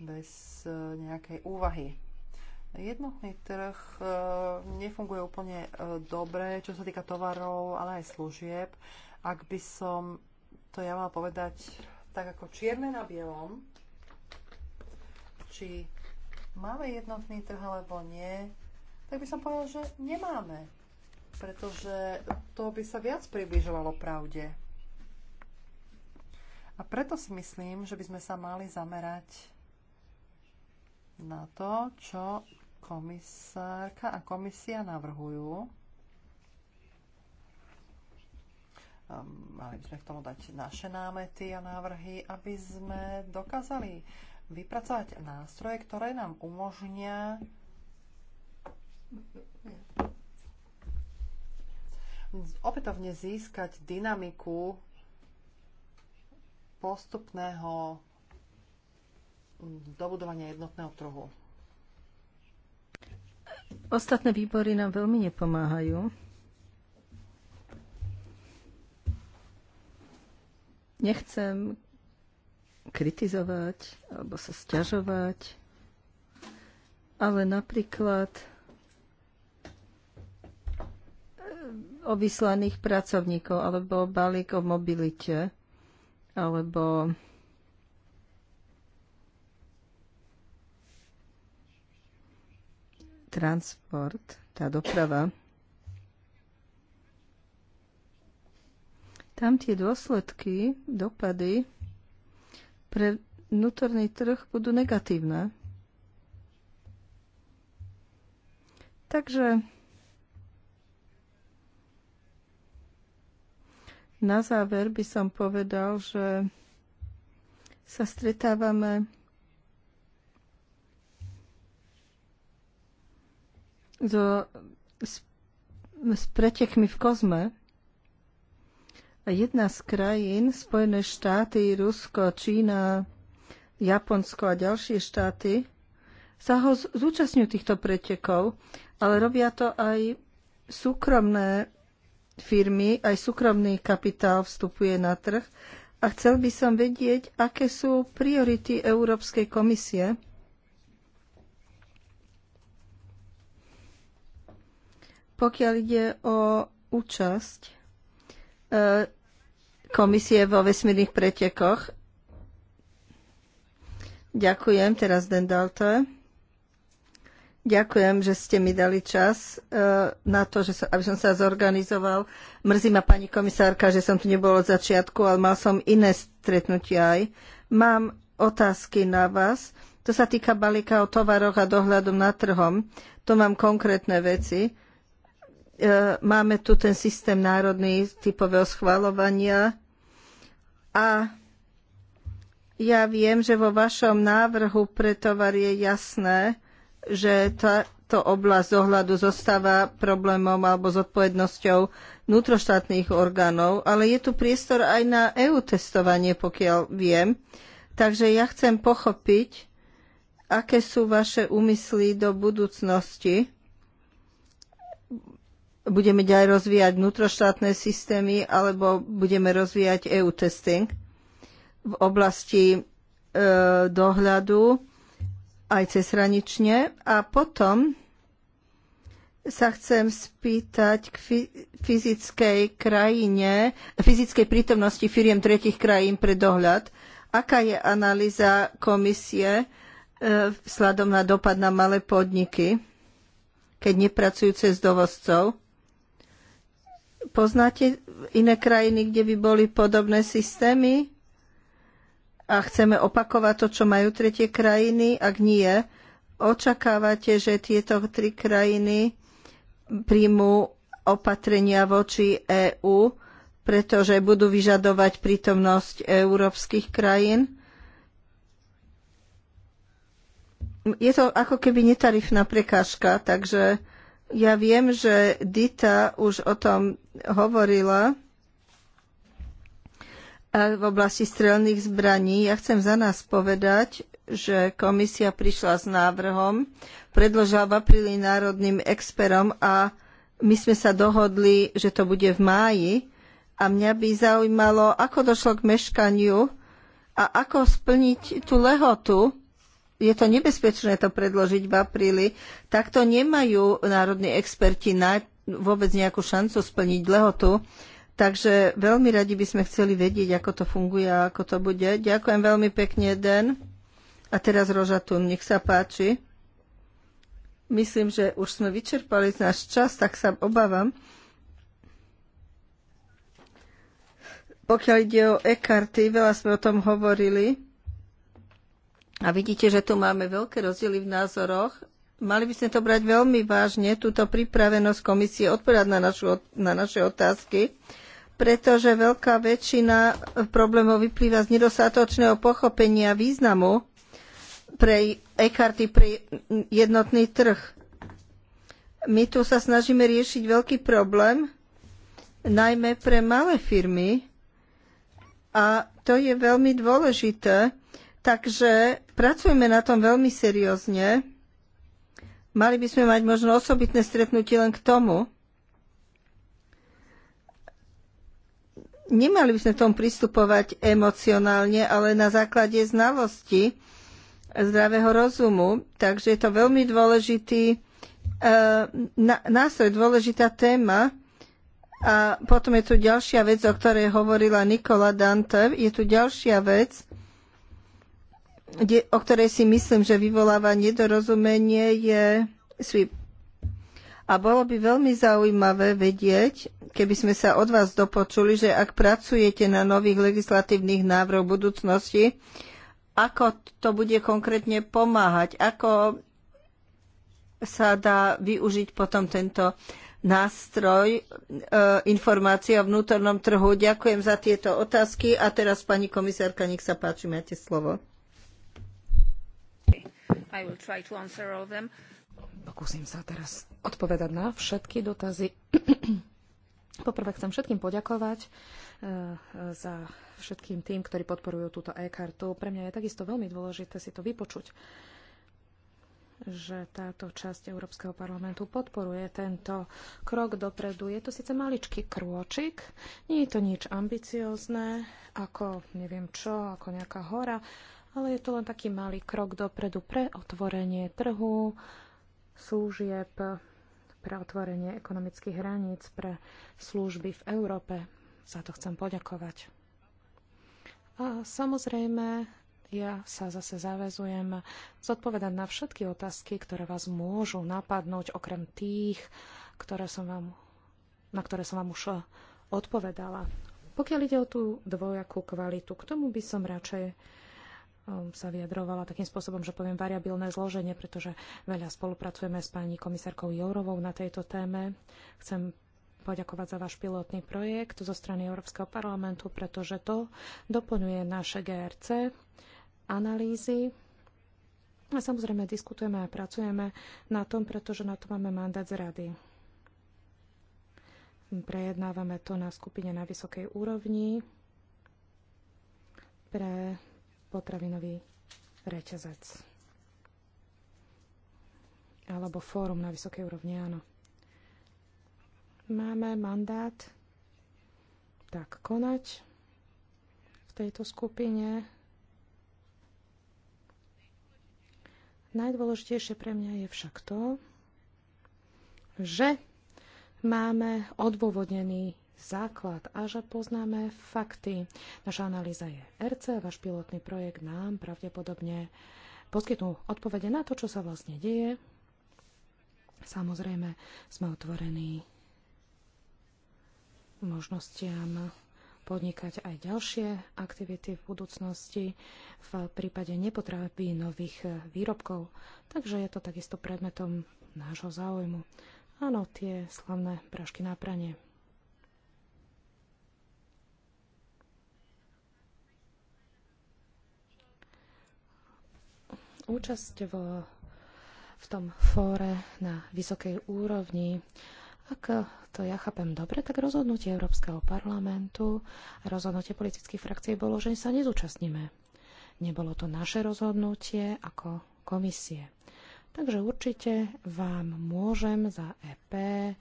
bez e, nejakej úvahy. Jednotný trh e, nefunguje úplne e, dobre, čo sa týka tovarov, ale aj služieb. Ak by som to ja mala povedať tak ako čierne na bielom, či máme jednotný trh alebo nie, tak by som povedal, že nemáme. Pretože to by sa viac približovalo pravde. A preto si myslím, že by sme sa mali zamerať na to, čo komisárka a komisia navrhujú. Ehm, mali by sme k tomu dať naše námety a návrhy, aby sme dokázali vypracovať nástroje, ktoré nám umožnia opätovne získať dynamiku postupného dobudovania jednotného trhu. Ostatné výbory nám veľmi nepomáhajú. Nechcem kritizovať alebo sa stiažovať, ale napríklad eh, o vyslaných pracovníkov alebo balík o mobilite alebo transport, tá doprava. Tam tie dôsledky, dopady pre vnútorný trh budú negatívne. Takže na záver by som povedal, že sa stretávame so, s, s pretekmi v kozme, Jedna z krajín, Spojené štáty, Rusko, Čína, Japonsko a ďalšie štáty, sa ho zúčastňujú týchto pretekov, ale robia to aj súkromné firmy, aj súkromný kapitál vstupuje na trh. A chcel by som vedieť, aké sú priority Európskej komisie. Pokiaľ ide o účasť E, komisie vo vesmírnych pretekoch. Ďakujem, teraz Dalton. Ďakujem, že ste mi dali čas e, na to, že sa, aby som sa zorganizoval. Mrzí ma pani komisárka, že som tu nebol od začiatku, ale mal som iné stretnutia aj. Mám otázky na vás. To sa týka balíka o tovaroch a dohľadom nad trhom. Tu mám konkrétne veci. E, máme tu ten systém národný typového schvalovania a ja viem, že vo vašom návrhu pre tovar je jasné, že táto oblasť dohľadu zostáva problémom alebo zodpovednosťou vnútroštátnych orgánov, ale je tu priestor aj na EU testovanie, pokiaľ viem. Takže ja chcem pochopiť, aké sú vaše úmysly do budúcnosti budeme ďalej rozvíjať vnútroštátne systémy alebo budeme rozvíjať EU testing v oblasti e, dohľadu aj cezhranične. A potom sa chcem spýtať k fyzickej krajine, fyzickej prítomnosti firiem tretich krajín pre dohľad. Aká je analýza komisie e, vzhľadom na dopad na malé podniky, keď nepracujú cez dovozcov? Poznáte iné krajiny, kde by boli podobné systémy? A chceme opakovať to, čo majú tretie krajiny? Ak nie, očakávate, že tieto tri krajiny príjmu opatrenia voči EÚ, pretože budú vyžadovať prítomnosť európskych krajín? Je to ako keby netarifná prekážka, takže ja viem, že Dita už o tom hovorila e, v oblasti strelných zbraní. Ja chcem za nás povedať, že komisia prišla s návrhom, predložila v apríli národným experom a my sme sa dohodli, že to bude v máji a mňa by zaujímalo, ako došlo k meškaniu a ako splniť tú lehotu, je to nebezpečné to predložiť v apríli, tak to nemajú národní experti na vôbec nejakú šancu splniť lehotu. Takže veľmi radi by sme chceli vedieť, ako to funguje a ako to bude. Ďakujem veľmi pekne, Den. A teraz tu nech sa páči. Myslím, že už sme vyčerpali náš čas, tak sa obávam. Pokiaľ ide o e-karty, veľa sme o tom hovorili. A vidíte, že tu máme veľké rozdiely v názoroch. Mali by sme to brať veľmi vážne, túto pripravenosť komisie odpovedať na, našu, na naše otázky, pretože veľká väčšina problémov vyplýva z nedostatočného pochopenia významu pre e-karty pre jednotný trh. My tu sa snažíme riešiť veľký problém, najmä pre malé firmy, a to je veľmi dôležité, Takže pracujeme na tom veľmi seriózne. Mali by sme mať možno osobitné stretnutie len k tomu. Nemali by sme tomu pristupovať emocionálne, ale na základe znalosti zdravého rozumu. Takže je to veľmi dôležitý e, nástroj, dôležitá téma. A potom je tu ďalšia vec, o ktorej hovorila Nikola Dante. Je tu ďalšia vec, o ktorej si myslím, že vyvoláva nedorozumenie, je SWIP. A bolo by veľmi zaujímavé vedieť, keby sme sa od vás dopočuli, že ak pracujete na nových legislatívnych návrhoch budúcnosti, ako to bude konkrétne pomáhať, ako sa dá využiť potom tento nástroj e, informácie o vnútornom trhu. Ďakujem za tieto otázky a teraz pani komisárka, nech sa páči, máte slovo. I will try to answer all of them. Pokúsim sa teraz odpovedať na všetky dotazy. Poprvé chcem všetkým poďakovať eh, za všetkým tým, ktorí podporujú túto e-kartu. Pre mňa je takisto veľmi dôležité si to vypočuť, že táto časť Európskeho parlamentu podporuje tento krok dopredu. Je to síce maličký krôčik, nie je to nič ambiciozne, ako neviem čo, ako nejaká hora, ale je to len taký malý krok dopredu pre otvorenie trhu, služieb, pre otvorenie ekonomických hraníc, pre služby v Európe. Za to chcem poďakovať. A samozrejme, ja sa zase zavezujem zodpovedať na všetky otázky, ktoré vás môžu napadnúť, okrem tých, ktoré som vám, na ktoré som vám už eh, odpovedala. Pokiaľ ide o tú dvojakú kvalitu, k tomu by som radšej Ehm, sa vyjadrovala takým spôsobom, že poviem variabilné zloženie, pretože veľa spolupracujeme s pani komisárkou Jourovou na tejto téme. Chcem poďakovať za váš pilotný projekt zo strany Európskeho parlamentu, pretože to doplňuje naše GRC analýzy. A samozrejme diskutujeme a pracujeme na tom, pretože na to máme mandát z rady. Prejednávame to na skupine na vysokej úrovni pre potravinový reťazec. Alebo fórum na vysokej úrovni, áno. Máme mandát tak konať v tejto skupine. Najdôležitejšie pre mňa je však to, že máme odôvodnený základ a že poznáme fakty. Naša analýza je RC, váš pilotný projekt nám pravdepodobne poskytnú odpovede na to, čo sa vlastne deje. Samozrejme, sme otvorení možnostiam podnikať aj ďalšie aktivity v budúcnosti v prípade nepotreby nových výrobkov. Takže je to takisto predmetom nášho záujmu. Áno, tie slavné prášky na pranie. účasť vo, v tom fóre na vysokej úrovni. Ak to ja chápem dobre, tak rozhodnutie Európskeho parlamentu a rozhodnutie politických frakcií bolo, že sa nezúčastníme. Nebolo to naše rozhodnutie ako komisie. Takže určite vám môžem za EP eh,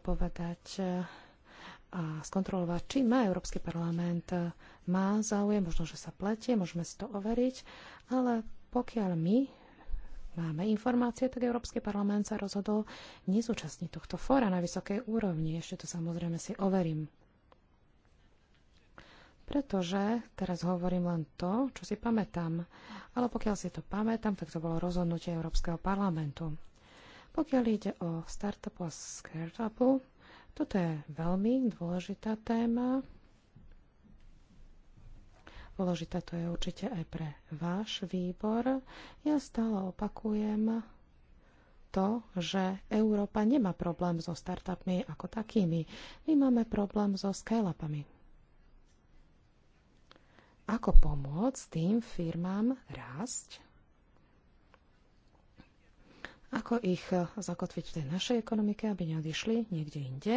povedať eh, a skontrolovať, či má Európsky parlament eh, má záujem, možno, že sa pletie, môžeme si to overiť, ale pokiaľ my máme informácie, tak Európsky parlament sa rozhodol nezúčastniť tohto fóra na vysokej úrovni. Ešte to samozrejme si overím. Pretože teraz hovorím len to, čo si pamätám. Ale pokiaľ si to pamätám, tak to bolo rozhodnutie Európskeho parlamentu. Pokiaľ ide o startup a startupu, toto je veľmi dôležitá téma, dôležité to je určite aj pre váš výbor. Ja stále opakujem to, že Európa nemá problém so startupmi ako takými. My máme problém so scale-upami. Ako pomôcť tým firmám rásť? Ako ich zakotviť v tej našej ekonomike, aby neodišli niekde inde?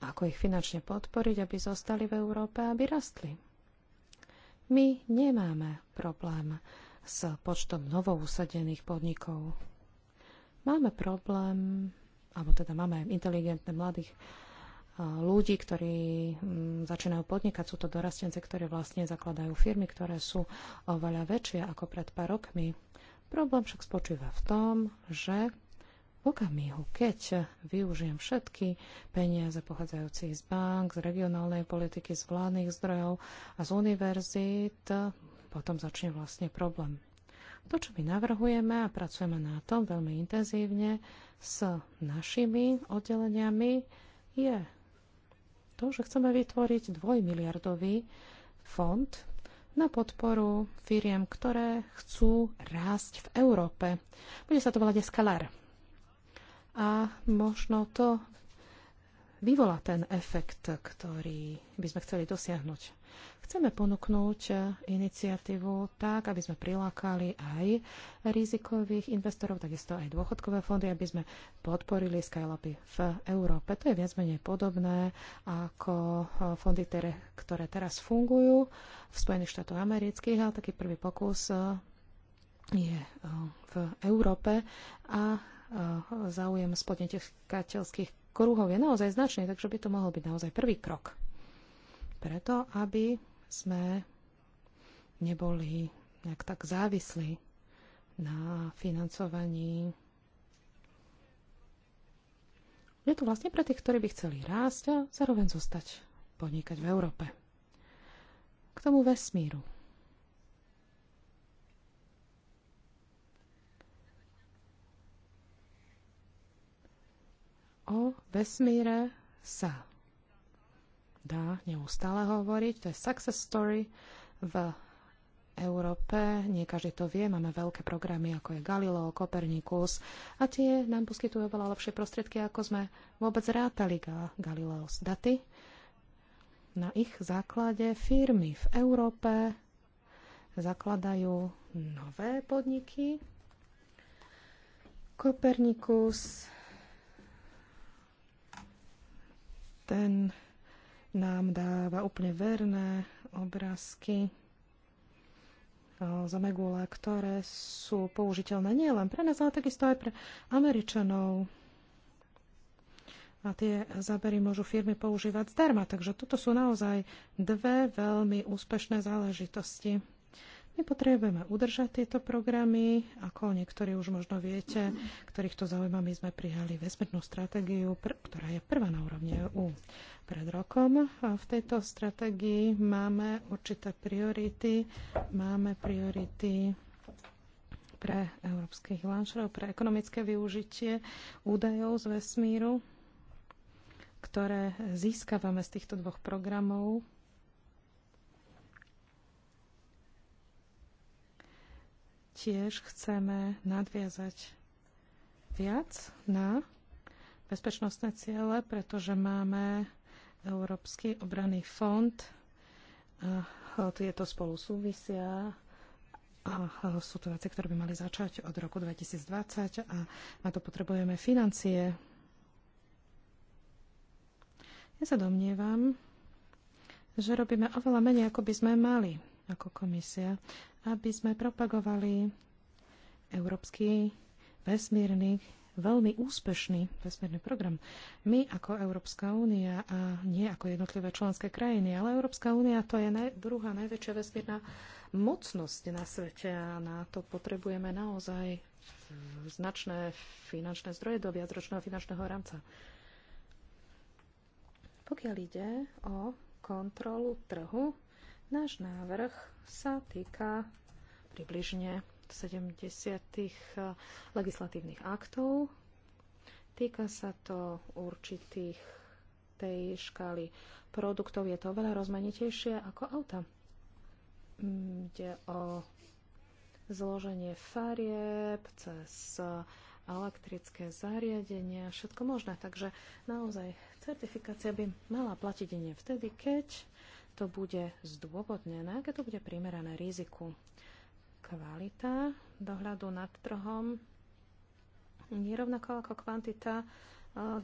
Ako ich finančne podporiť, aby zostali v Európe, aby rastli? My nemáme problém s počtom novousadených podnikov. Máme problém, alebo teda máme inteligentné mladých eh, ľudí, ktorí mm, začínajú podnikať. Sú to dorastence, ktorí vlastne zakladajú firmy, ktoré sú oveľa väčšie ako pred pár rokmi. Problém však spočíva v tom, že v okamihu, keď využijem všetky peniaze pochádzajúce z bank, z regionálnej politiky, z vládnych zdrojov a z univerzít, potom začne vlastne problém. To, čo my navrhujeme a pracujeme na tom veľmi intenzívne s našimi oddeleniami, je to, že chceme vytvoriť dvojmiliardový fond na podporu firiem, ktoré chcú rásť v Európe. Bude sa to volať Escalar a možno to vyvolá ten efekt, ktorý by sme chceli dosiahnuť. Chceme ponúknuť iniciatívu tak, aby sme prilákali aj rizikových investorov, takisto aj dôchodkové fondy, aby sme podporili Skylapy v Európe. To je viac menej podobné ako fondy, ktoré, ktoré teraz fungujú v Spojených štátoch amerických, ale taký prvý pokus je eh, v Európe a Eh, záujem spodnetekateľských kruhov je naozaj značný, takže by to mohol byť naozaj prvý krok. Preto, aby sme neboli nejak tak závislí na financovaní. Je to vlastne pre tých, ktorí by chceli rásť a zároveň zostať podnikať v Európe. K tomu vesmíru. o vesmíre sa dá neustále hovoriť. To je success story v Európe. Nie každý to vie. Máme veľké programy, ako je Galileo, Kopernikus a tie nám poskytujú veľa lepšie prostriedky, ako sme vôbec rátali Galileo z daty. Na ich základe firmy v Európe zakladajú nové podniky. Kopernikus ten nám dáva úplne verné obrázky z Megula, ktoré sú použiteľné nielen pre nás, ale takisto aj pre Američanov. A tie zábery môžu firmy používať zdarma. Takže toto sú naozaj dve veľmi úspešné záležitosti. My potrebujeme udržať tieto programy, ako niektorí už možno viete, ktorých to zaujíma, my sme prijali vesmírnu stratégiu, ktorá je prvá na úrovni EU pred rokom. A v tejto stratégii máme určité priority, máme priority pre európskych lanšerov, pre ekonomické využitie údajov z vesmíru, ktoré získavame z týchto dvoch programov tiež chceme nadviazať viac na bezpečnostné ciele, pretože máme Európsky obranný fond. Tieto spolu súvisia a sú to veci, ktoré by mali začať od roku 2020 a na to potrebujeme financie. Ja sa domnievam, že robíme oveľa menej, ako by sme mali ako komisia aby sme propagovali európsky vesmírny, veľmi úspešný vesmírny program. My ako Európska únia a nie ako jednotlivé členské krajiny, ale Európska únia to je naj, druhá najväčšia vesmírna mocnosť na svete a na to potrebujeme naozaj značné finančné zdroje do viacročného finančného rámca. Pokiaľ ide o kontrolu trhu, Náš návrh sa týka približne 70. Eh, legislatívnych aktov. Týka sa to určitých tej škály produktov. Je to oveľa rozmanitejšie ako auta. Mm, ide o zloženie farieb cez eh, elektrické zariadenia, všetko možné. Takže naozaj certifikácia by mala platiť nie vtedy, keď to bude zdôvodnené, keď to bude primerané riziku. Kvalita dohľadu nad trhom je rovnako ako kvantita e,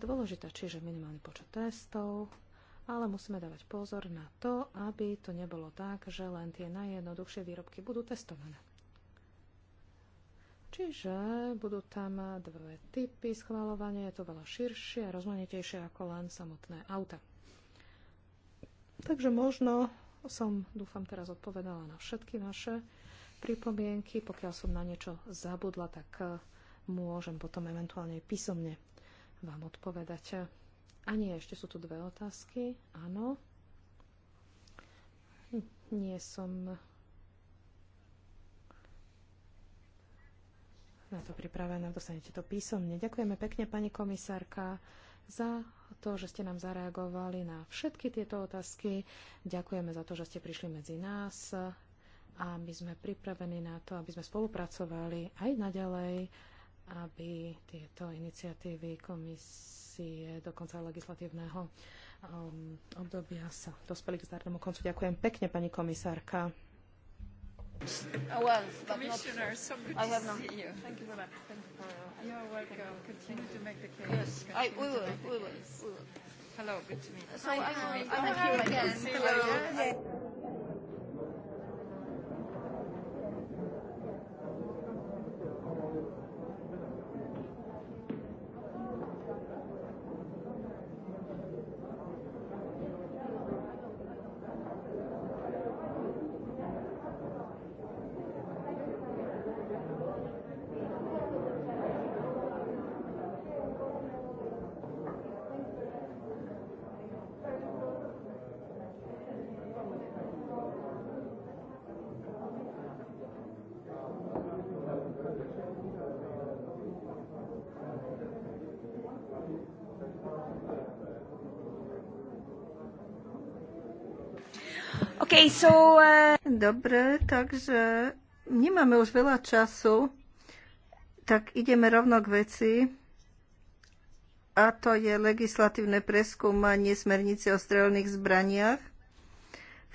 dôležitá, čiže minimálny počet testov, ale musíme dávať pozor na to, aby to nebolo tak, že len tie najjednoduchšie výrobky budú testované. Čiže budú tam dve typy schvalovania, je to veľa širšie a rozmanitejšie ako len samotné auta. Takže možno som, dúfam, teraz odpovedala na všetky vaše pripomienky. Pokiaľ som na niečo zabudla, tak eh, môžem potom eventuálne písomne vám odpovedať. A nie, ešte sú tu dve otázky. Áno. Nie som na to pripravená. Dostanete to písomne. Ďakujeme pekne, pani komisárka, za to, že ste nám zareagovali na všetky tieto otázky. Ďakujeme za to, že ste prišli medzi nás a my sme pripravení na to, aby sme spolupracovali aj naďalej, aby tieto iniciatívy komisie do konca legislatívneho um, obdobia sa dospeli k zdarnému koncu. Ďakujem pekne, pani komisárka. Oh, well, Commissioner, not, so good I have to see you. Thank you very much. Thank you for your uh, You're welcome. Continue to make the case. Yes, I, we will. We will. We will. Hello, good to meet you. So Hi, I will. I will. Hello again. Hello. Hello. Okay, eh, Dobre, takže nemáme už veľa času, tak ideme rovno k veci. A to je legislatívne preskúmanie smernice o strelných zbraniach.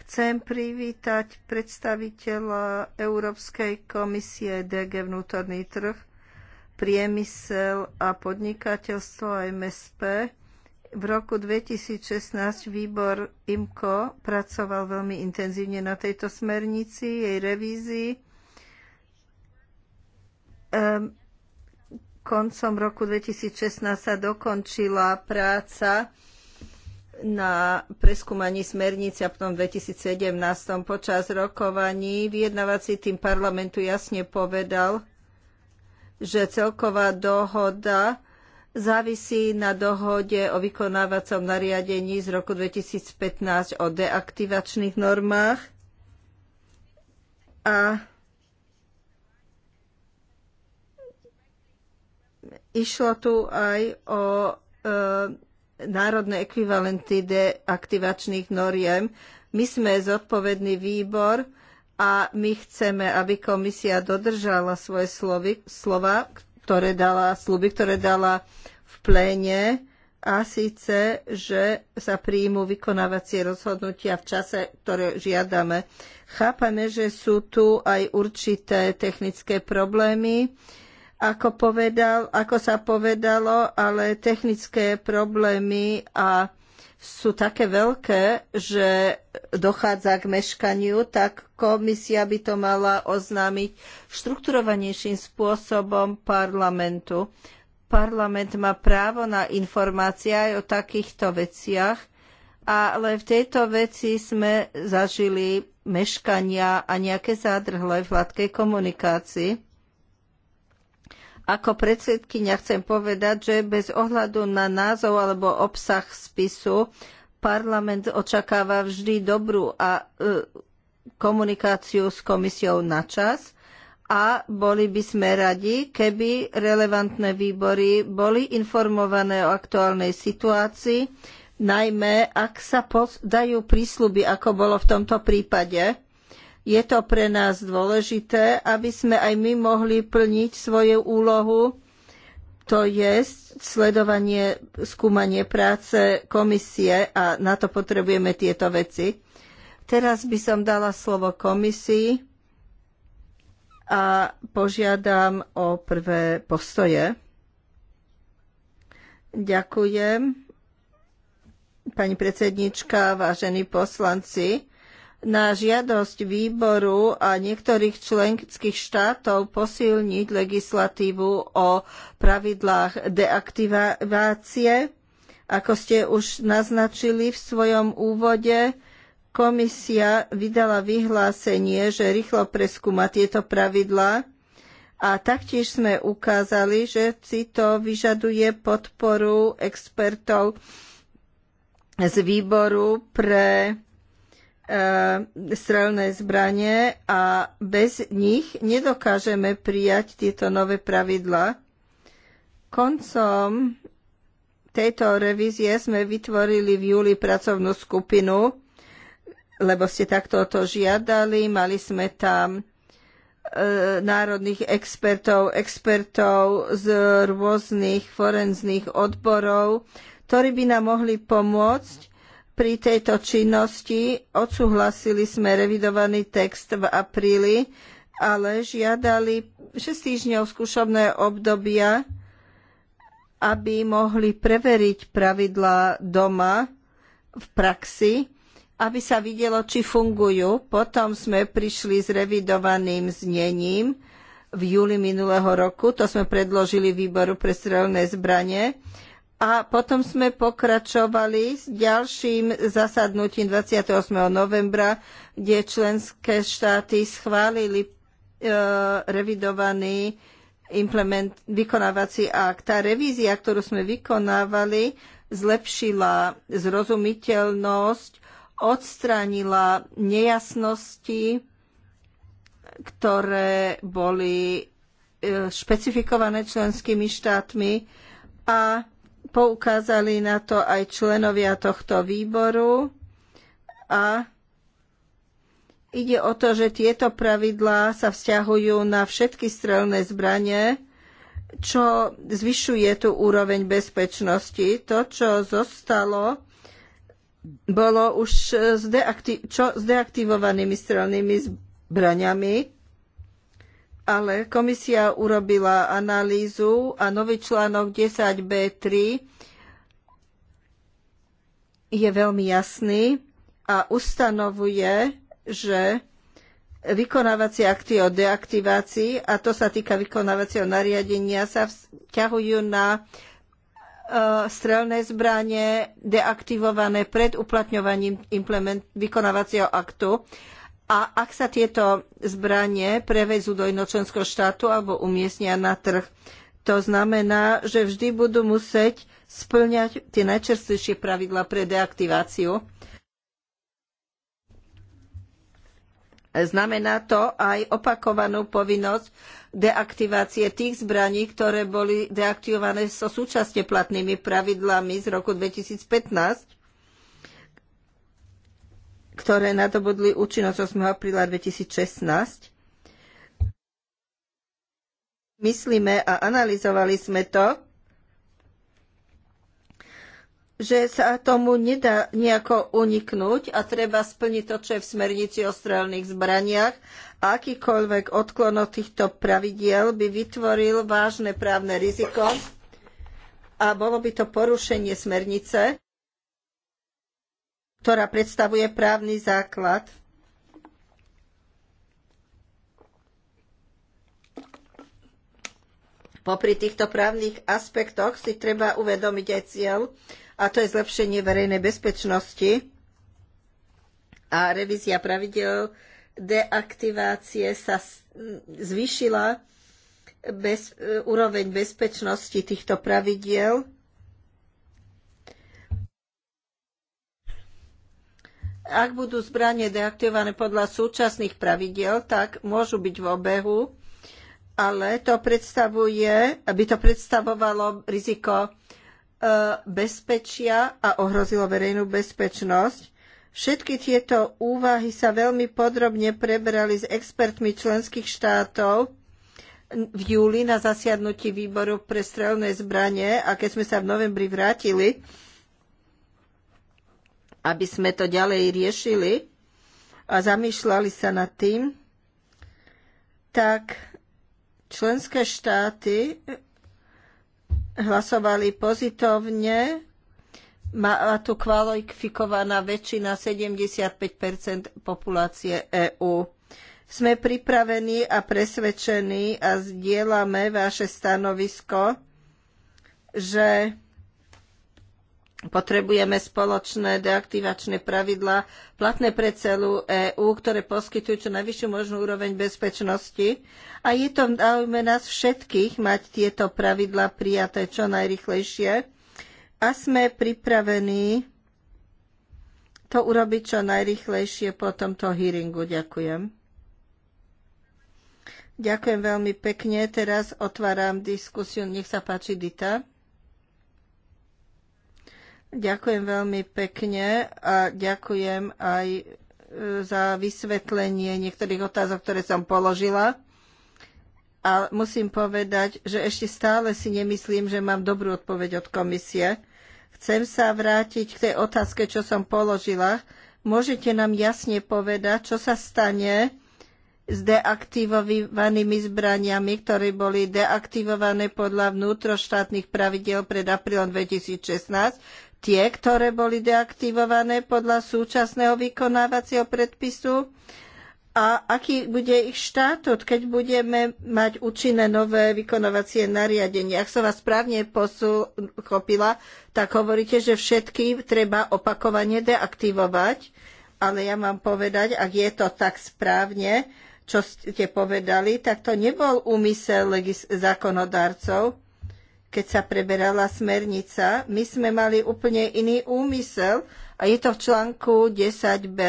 Chcem privítať predstaviteľa Európskej komisie DG Vnútorný trh, priemysel a podnikateľstvo MSP, v roku 2016 výbor IMCO pracoval veľmi intenzívne na tejto smernici, jej revízii. Um, koncom roku 2016 sa dokončila práca na preskúmaní smernice a potom v 2017 počas rokovaní vyjednávací tým parlamentu jasne povedal, že celková dohoda závisí na dohode o vykonávacom nariadení z roku 2015 o deaktivačných normách a išlo tu aj o e, národné ekvivalenty deaktivačných noriem. My sme zodpovedný výbor a my chceme, aby komisia dodržala svoje slovy, slova, ktoré dala, sluby, ktoré dala v pléne a síce, že sa príjmú vykonávacie rozhodnutia v čase, ktoré žiadame. Chápame, že sú tu aj určité technické problémy, ako, povedal, ako sa povedalo, ale technické problémy a sú také veľké, že dochádza k meškaniu, tak komisia by to mala oznámiť štrukturovanejším spôsobom parlamentu. Parlament má právo na informácie aj o takýchto veciach, ale v tejto veci sme zažili meškania a nejaké zádrhle v hladkej komunikácii ako predsedkynia chcem povedať, že bez ohľadu na názov alebo obsah spisu, parlament očakáva vždy dobrú a, e, komunikáciu s komisiou na čas a boli by sme radi, keby relevantné výbory boli informované o aktuálnej situácii, najmä ak sa dajú prísľuby, ako bolo v tomto prípade je to pre nás dôležité, aby sme aj my mohli plniť svoju úlohu, to je sledovanie, skúmanie práce komisie a na to potrebujeme tieto veci. Teraz by som dala slovo komisii a požiadam o prvé postoje. Ďakujem. Pani predsednička, vážení poslanci, na žiadosť výboru a niektorých členských štátov posilniť legislatívu o pravidlách deaktivácie. Ako ste už naznačili v svojom úvode, komisia vydala vyhlásenie, že rýchlo preskúma tieto pravidlá a taktiež sme ukázali, že si to vyžaduje podporu expertov z výboru pre E, strelné zbranie a bez nich nedokážeme prijať tieto nové pravidla. Koncom tejto revízie sme vytvorili v júli pracovnú skupinu, lebo ste takto to žiadali. Mali sme tam e, národných expertov, expertov z rôznych forenzných odborov, ktorí by nám mohli pomôcť pri tejto činnosti. Odsúhlasili sme revidovaný text v apríli, ale žiadali 6 týždňov skúšobné obdobia, aby mohli preveriť pravidlá doma v praxi, aby sa videlo, či fungujú. Potom sme prišli s revidovaným znením v júli minulého roku. To sme predložili výboru pre strelné zbranie a potom sme pokračovali s ďalším zasadnutím 28. novembra, kde členské štáty schválili e, revidovaný implement, vykonávací akt. Tá revízia, ktorú sme vykonávali, zlepšila zrozumiteľnosť, odstránila nejasnosti, ktoré boli e, špecifikované členskými štátmi a poukázali na to aj členovia tohto výboru a ide o to, že tieto pravidlá sa vzťahujú na všetky strelné zbranie, čo zvyšuje tú úroveň bezpečnosti. To, čo zostalo, bolo už s deaktivovanými strelnými zbraniami, ale komisia urobila analýzu a nový článok 10b3 je veľmi jasný a ustanovuje, že vykonávacie akty o deaktivácii, a to sa týka vykonávacieho nariadenia, sa vzťahujú na e, strelné zbranie deaktivované pred uplatňovaním vykonávacieho aktu a ak sa tieto zbranie prevezú do jednočlenského štátu alebo umiestnia na trh. To znamená, že vždy budú musieť splňať tie najčerstvejšie pravidla pre deaktiváciu. Znamená to aj opakovanú povinnosť deaktivácie tých zbraní, ktoré boli deaktivované so súčasne platnými pravidlami z roku 2015 ktoré nadobudli účinnosť 8. apríla 2016. Myslíme a analyzovali sme to, že sa tomu nedá nejako uniknúť a treba splniť to, čo je v smernici o strelných zbraniach a akýkoľvek odklon od týchto pravidiel by vytvoril vážne právne riziko a bolo by to porušenie smernice ktorá predstavuje právny základ. Popri týchto právnych aspektoch si treba uvedomiť aj cieľ, a to je zlepšenie verejnej bezpečnosti a revízia pravidel deaktivácie sa zvýšila bez, úroveň bezpečnosti týchto pravidiel Ak budú zbranie deaktivované podľa súčasných pravidiel, tak môžu byť v obehu, ale to predstavuje, aby to predstavovalo riziko e, bezpečia a ohrozilo verejnú bezpečnosť. Všetky tieto úvahy sa veľmi podrobne prebrali s expertmi členských štátov v júli na zasiadnutí výboru pre strelné zbranie a keď sme sa v novembri vrátili, aby sme to ďalej riešili a zamýšľali sa nad tým, tak členské štáty hlasovali pozitívne. Má tu kvalifikovaná väčšina 75 populácie EÚ. Sme pripravení a presvedčení a zdieľame vaše stanovisko, že Potrebujeme spoločné deaktivačné pravidlá platné pre celú EÚ, ktoré poskytujú čo najvyššiu možnú úroveň bezpečnosti. A je to v záujme nás všetkých mať tieto pravidlá prijaté čo najrychlejšie. A sme pripravení to urobiť čo najrychlejšie po tomto hearingu. Ďakujem. Ďakujem veľmi pekne. Teraz otváram diskusiu. Nech sa páči, Dita. Ďakujem veľmi pekne a ďakujem aj e, za vysvetlenie niektorých otázok, ktoré som položila. A musím povedať, že ešte stále si nemyslím, že mám dobrú odpoveď od komisie. Chcem sa vrátiť k tej otázke, čo som položila. Môžete nám jasne povedať, čo sa stane s deaktivovanými zbraniami, ktoré boli deaktivované podľa vnútroštátnych pravidel pred aprílom 2016, tie, ktoré boli deaktivované podľa súčasného vykonávacieho predpisu a aký bude ich štatút, keď budeme mať účinné nové vykonávacie nariadenie. Ak som vás správne pochopila, tak hovoríte, že všetky treba opakovane deaktivovať, ale ja mám povedať, ak je to tak správne, čo ste povedali, tak to nebol úmysel legis- zákonodárcov, keď sa preberala smernica. My sme mali úplne iný úmysel a je to v článku 10b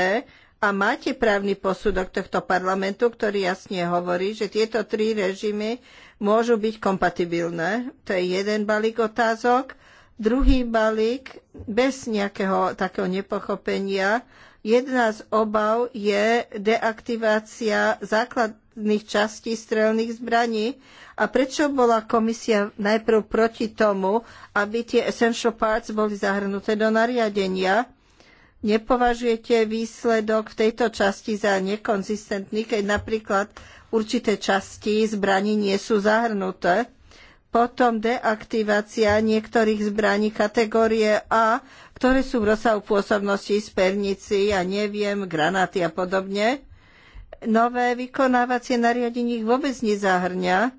a máte právny posudok tohto parlamentu, ktorý jasne hovorí, že tieto tri režimy môžu byť kompatibilné. To je jeden balík otázok. Druhý balík bez nejakého takého nepochopenia Jedna z obav je deaktivácia základ, podstatných častí strelných zbraní. A prečo bola komisia najprv proti tomu, aby tie essential parts boli zahrnuté do nariadenia? Nepovažujete výsledok v tejto časti za nekonzistentný, keď napríklad určité časti zbraní nie sú zahrnuté? potom deaktivácia niektorých zbraní kategórie A, ktoré sú v rozsahu pôsobnosti spernici, ja neviem, granáty a podobne nové vykonávacie nariadenie ich vôbec nezahrňa.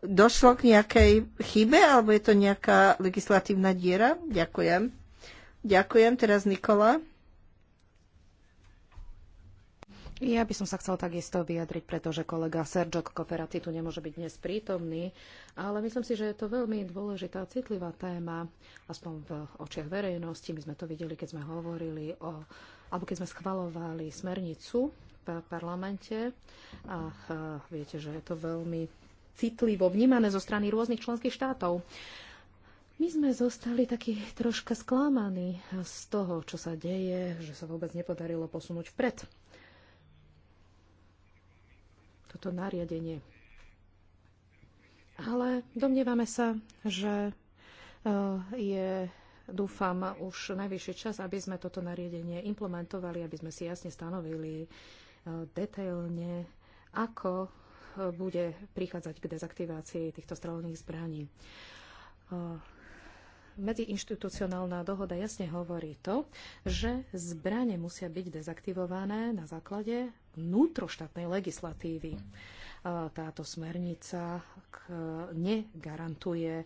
Došlo k nejakej chybe alebo je to nejaká legislatívna diera? Ďakujem. Ďakujem. Teraz Nikola. Ja by som sa chcel takisto vyjadriť, pretože kolega Sergio Koferati tu nemôže byť dnes prítomný, ale myslím si, že je to veľmi dôležitá, citlivá téma, aspoň v očiach verejnosti. My sme to videli, keď sme hovorili o, alebo keď sme schvalovali smernicu parlamente a e, viete, že je to veľmi citlivo vnímané zo strany rôznych členských štátov. My sme zostali takí troška sklamaní z toho, čo sa deje, že sa vôbec nepodarilo posunúť vpred. Toto nariadenie. Ale domnievame sa, že e, je, dúfam, už najvyšší čas, aby sme toto nariadenie implementovali, aby sme si jasne stanovili, detailne, ako e, bude prichádzať k dezaktivácii týchto strelných zbraní. E, medziinštitucionálna dohoda jasne hovorí to, že zbranie musia byť dezaktivované na základe vnútroštátnej legislatívy. Mm táto smernica negarantuje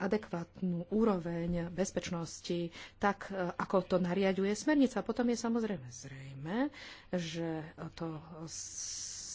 adekvátnu úroveň bezpečnosti tak, e, ako to nariaduje smernica. Potom je samozrejme zrejme, že to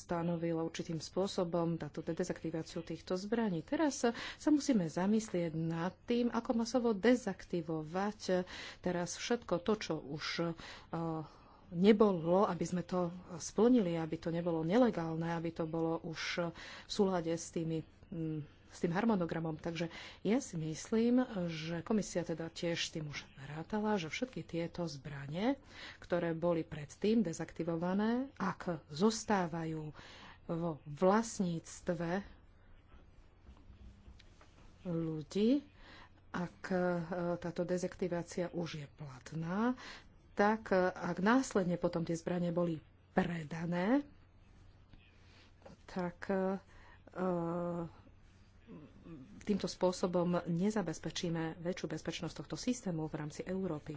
stanovilo určitým spôsobom táto dezaktiváciu týchto zbraní. Teraz sa musíme zamyslieť nad tým, ako masovo dezaktivovať teraz všetko to, čo už uh, nebolo, aby sme to splnili, aby to nebolo nelegálne, aby to bolo už v súlade s tými mm, s tým harmonogramom. Takže ja si myslím, že komisia teda tiež s tým už rátala, že všetky tieto zbranie, ktoré boli predtým dezaktivované, ak zostávajú vo vlastníctve ľudí, ak e, táto dezaktivácia už je platná, tak ak následne potom tie zbranie boli predané, tak e, týmto spôsobom nezabezpečíme väčšiu bezpečnosť tohto systému v rámci Európy,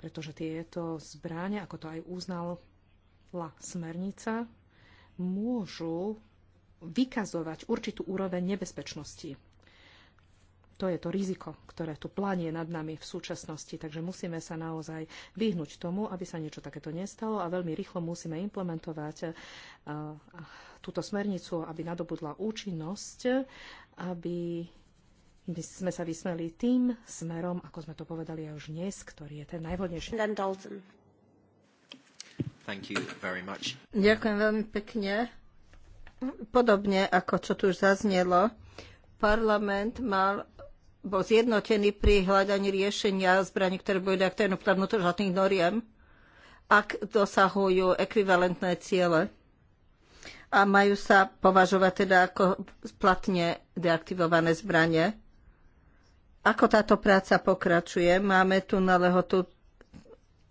pretože tieto zbranie, ako to aj uznala smernica, môžu vykazovať určitú úroveň nebezpečnosti to je to riziko, ktoré tu planie nad nami v súčasnosti. Takže musíme sa naozaj vyhnúť tomu, aby sa niečo takéto nestalo a veľmi rýchlo musíme implementovať eh, túto smernicu, aby nadobudla účinnosť, aby my sme sa vysmeli tým smerom, ako sme to povedali už dnes, ktorý je ten najvhodnejší. Ďakujem veľmi pekne. Podobne ako čo tu už zaznelo, parlament mal bol zjednotený pri hľadaní riešenia zbraní, ktoré boli reaktérne podľa vnútrožatných noriem, ak dosahujú ekvivalentné ciele a majú sa považovať teda ako platne deaktivované zbranie. Ako táto práca pokračuje? Máme tu na lehotu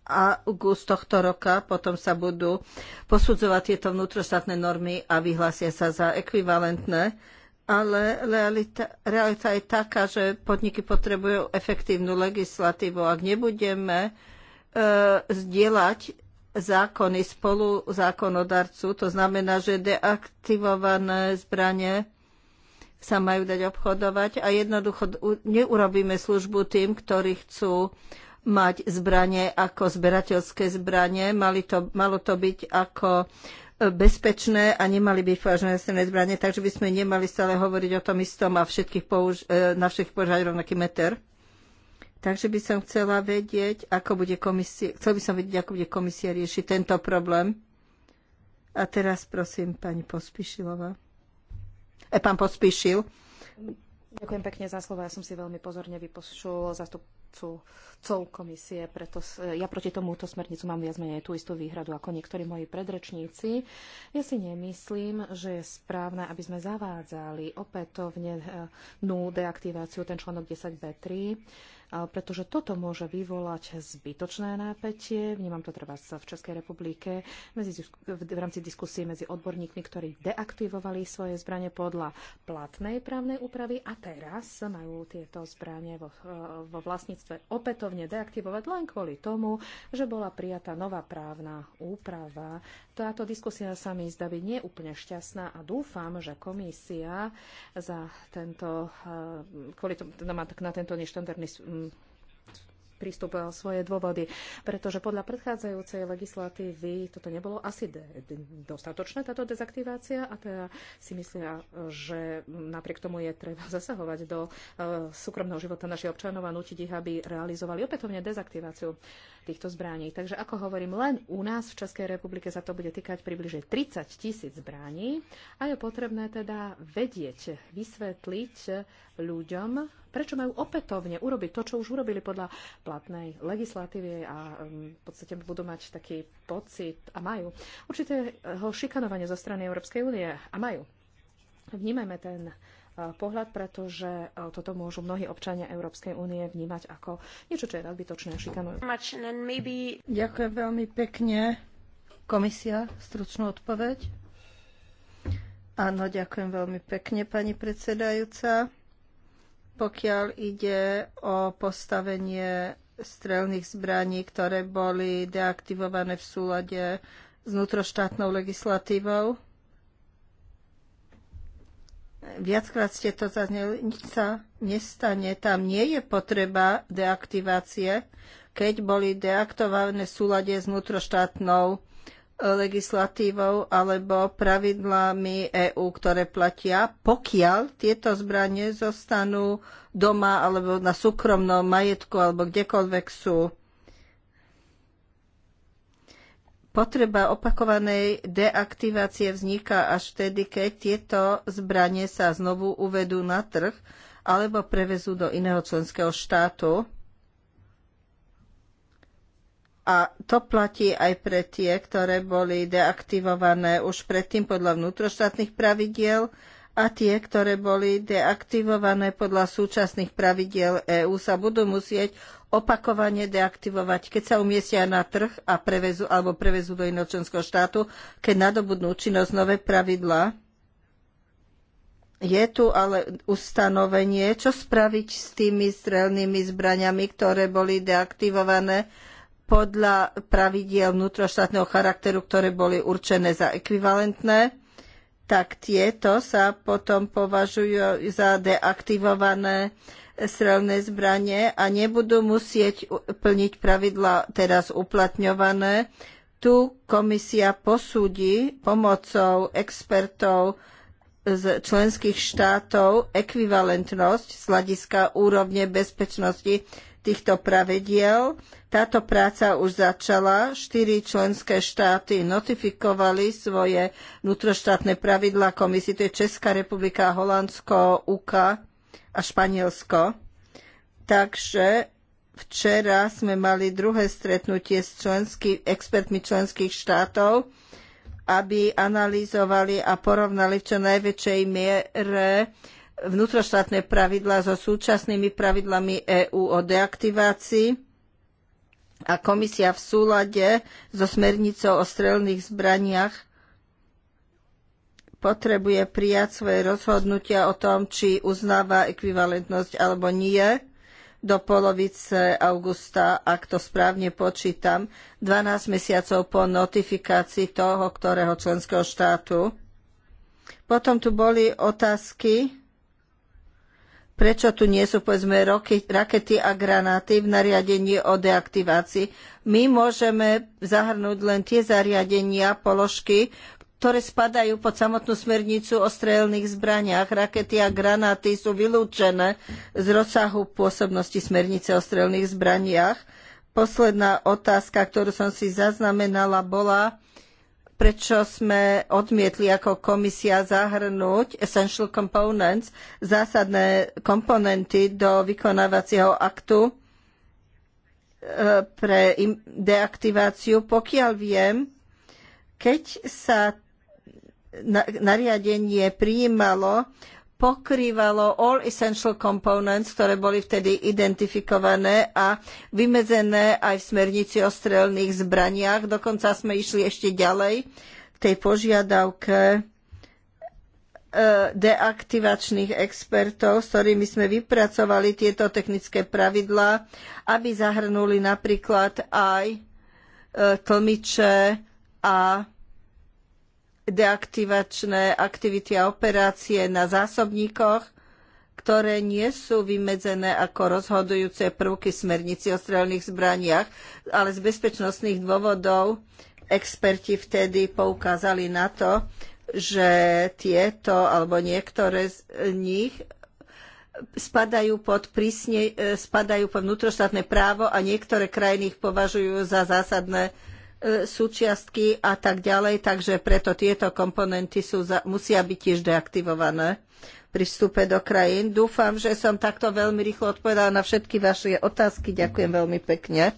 august tohto roka, potom sa budú posudzovať tieto vnútroštátne normy a vyhlásia sa za ekvivalentné ale realita, realita je taká, že podniky potrebujú efektívnu legislatívu. Ak nebudeme e, zdieľať zákony spolu zákonodarcu, to znamená, že deaktivované zbranie sa majú dať obchodovať a jednoducho neurobíme službu tým, ktorí chcú mať zbranie ako zberateľské zbranie. Mali to, malo to byť ako bezpečné a nemali byť považené strelné zbranie, takže by sme nemali stále hovoriť o tom istom a všetkých použ- e, na všetkých požať rovnaký meter. Takže by som chcela vedieť, ako bude komisia, chcel by som vedieť, ako bude komisia riešiť tento problém. A teraz prosím pani Pospišilová. E, pán Pospišil. Ďakujem pekne za slovo. Ja som si veľmi pozorne vypočul zastup prácu cov komisie, preto ja proti tomuto smernicu mám viac menej tú istú výhradu ako niektorí moji predrečníci. Ja si nemyslím, že je správne, aby sme zavádzali opätovne eh, nú deaktiváciu ten článok 10b3, eh, pretože toto môže vyvolať zbytočné nápetie. Vnímam to treba v Českej republike medzi, v rámci diskusí medzi odborníkmi, ktorí deaktivovali svoje zbranie podľa platnej právnej úpravy a teraz majú tieto zbranie vo, eh, vo vlastníctve predsedníctve opätovne deaktivovať len kvôli tomu, že bola prijatá nová právna úprava. Táto diskusia sa mi zdá byť neúplne šťastná a dúfam, že komisia za tento, eh, kvôli tomu, na tento neštandardný prístup a eh, svoje dôvody, pretože podľa predchádzajúcej legislatívy toto nebolo asi dostatočné, táto dezaktivácia a teda si myslia, že napriek tomu je treba zasahovať do eh, súkromného života našich občanov a nutiť ich, aby realizovali opätovne dezaktiváciu týchto zbraní. Takže ako hovorím, len u nás v Českej republike sa to bude týkať približne 30 tisíc zbraní a je potrebné teda vedieť, vysvetliť ľuďom, Prečo majú opätovne urobiť to, čo už urobili podľa platnej legislatívy a um, v podstate budú mať taký pocit a majú určitého šikanovania zo strany Európskej únie a majú. Vnímajme ten uh, pohľad, pretože uh, toto môžu mnohí občania Európskej únie vnímať ako niečo, čo je nadbytočné a šikanujú. Ďakujem veľmi pekne. Komisia, stručnú odpoveď. Áno, ďakujem veľmi pekne, pani predsedajúca pokiaľ ide o postavenie strelných zbraní, ktoré boli deaktivované v súlade s vnútroštátnou legislatívou. Viackrát ste to zazneli, nič sa nestane, tam nie je potreba deaktivácie, keď boli deaktivované v súlade s vnútroštátnou legislatívou alebo pravidlami EÚ, ktoré platia, pokiaľ tieto zbranie zostanú doma alebo na súkromnom majetku alebo kdekoľvek sú. Potreba opakovanej deaktivácie vzniká až vtedy, keď tieto zbranie sa znovu uvedú na trh alebo prevezú do iného členského štátu a to platí aj pre tie, ktoré boli deaktivované už predtým podľa vnútroštátnych pravidiel a tie, ktoré boli deaktivované podľa súčasných pravidiel EÚ, sa budú musieť opakovane deaktivovať, keď sa umiestnia na trh a prevezu alebo prevezú do inočenského štátu, keď nadobudnú činnosť nové pravidlá. Je tu ale ustanovenie, čo spraviť s tými strelnými zbraniami, ktoré boli deaktivované podľa pravidiel vnútroštátneho charakteru, ktoré boli určené za ekvivalentné, tak tieto sa potom považujú za deaktivované strelné zbranie a nebudú musieť plniť pravidla teraz uplatňované. Tu komisia posúdi pomocou expertov z členských štátov ekvivalentnosť z hľadiska úrovne bezpečnosti týchto pravidiel. Táto práca už začala. Štyri členské štáty notifikovali svoje vnútroštátne pravidlá komisie. To je Česká republika, Holandsko, UK a Španielsko. Takže včera sme mali druhé stretnutie s členský, expertmi členských štátov, aby analyzovali a porovnali v čo najväčšej miere vnútroštátne pravidlá so súčasnými pravidlami EÚ o deaktivácii a komisia v súlade so smernicou o strelných zbraniach potrebuje prijať svoje rozhodnutia o tom, či uznáva ekvivalentnosť alebo nie do polovice augusta, ak to správne počítam, 12 mesiacov po notifikácii toho, ktorého členského štátu. Potom tu boli otázky Prečo tu nie sú, povedzme, roky, rakety a granáty v nariadení o deaktivácii? My môžeme zahrnúť len tie zariadenia, položky, ktoré spadajú pod samotnú smernicu o strelných zbraniach. Rakety a granáty sú vylúčené z rozsahu pôsobnosti smernice o strelných zbraniach. Posledná otázka, ktorú som si zaznamenala, bola, prečo sme odmietli ako komisia zahrnúť essential components, zásadné komponenty do vykonávacieho aktu e, pre deaktiváciu. Pokiaľ viem, keď sa nariadenie prijímalo, pokrývalo all essential components, ktoré boli vtedy identifikované a vymedzené aj v smernici o strelných zbraniach. Dokonca sme išli ešte ďalej v tej požiadavke e, deaktivačných expertov, s ktorými sme vypracovali tieto technické pravidlá, aby zahrnuli napríklad aj e, tlmiče a deaktivačné aktivity a operácie na zásobníkoch, ktoré nie sú vymedzené ako rozhodujúce prvky smernici o strelných zbraniach, ale z bezpečnostných dôvodov experti vtedy poukázali na to, že tieto alebo niektoré z nich spadajú pod, prísne, spadajú pod vnútroštátne právo a niektoré krajiny ich považujú za zásadné E, súčiastky a tak ďalej, takže preto tieto komponenty sú, musia byť tiež deaktivované pri vstupe do krajín. Dúfam, že som takto veľmi rýchlo odpovedala na všetky vaše otázky. Ďakujem veľmi pekne.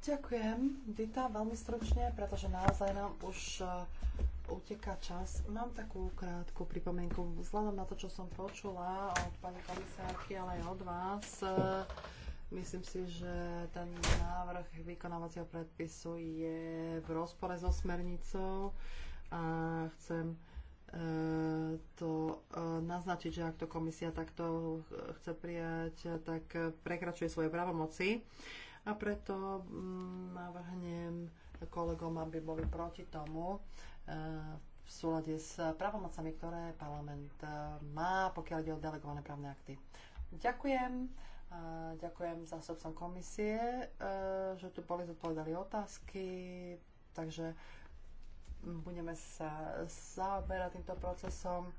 Ďakujem, Dita, veľmi stručne, pretože naozaj nám už e, uteká čas. Mám takú krátku pripomienku vzhľadom na to, čo som počula od pani komisárky, ale aj od vás. E, Myslím si, že ten návrh vykonávacieho predpisu je v rozpore so smernicou a chcem e, to e, naznačiť, že ak to komisia takto chce prijať, tak prekračuje svoje právomoci a preto mm, navrhnem kolegom, aby boli proti tomu e, v súlade s právomocami, ktoré parlament má, pokiaľ ide o delegované právne akty. Ďakujem. Ďakujem zástupcom komisie, e, že tu boli zodpovedali otázky, takže budeme sa zaoberať týmto procesom.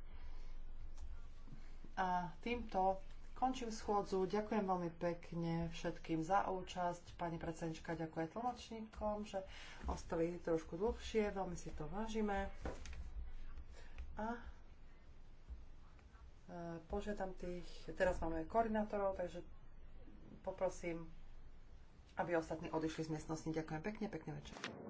A týmto končím schôdzu. Ďakujem veľmi pekne všetkým za účasť. Pani predsednička ďakuje tlmočníkom, že ostali trošku dlhšie. Veľmi si to vážime. A e, požiadam tých, teraz máme koordinátorov, takže poprosím, aby ostatní odišli z miestnosti. Ďakujem pekne, pekne večer.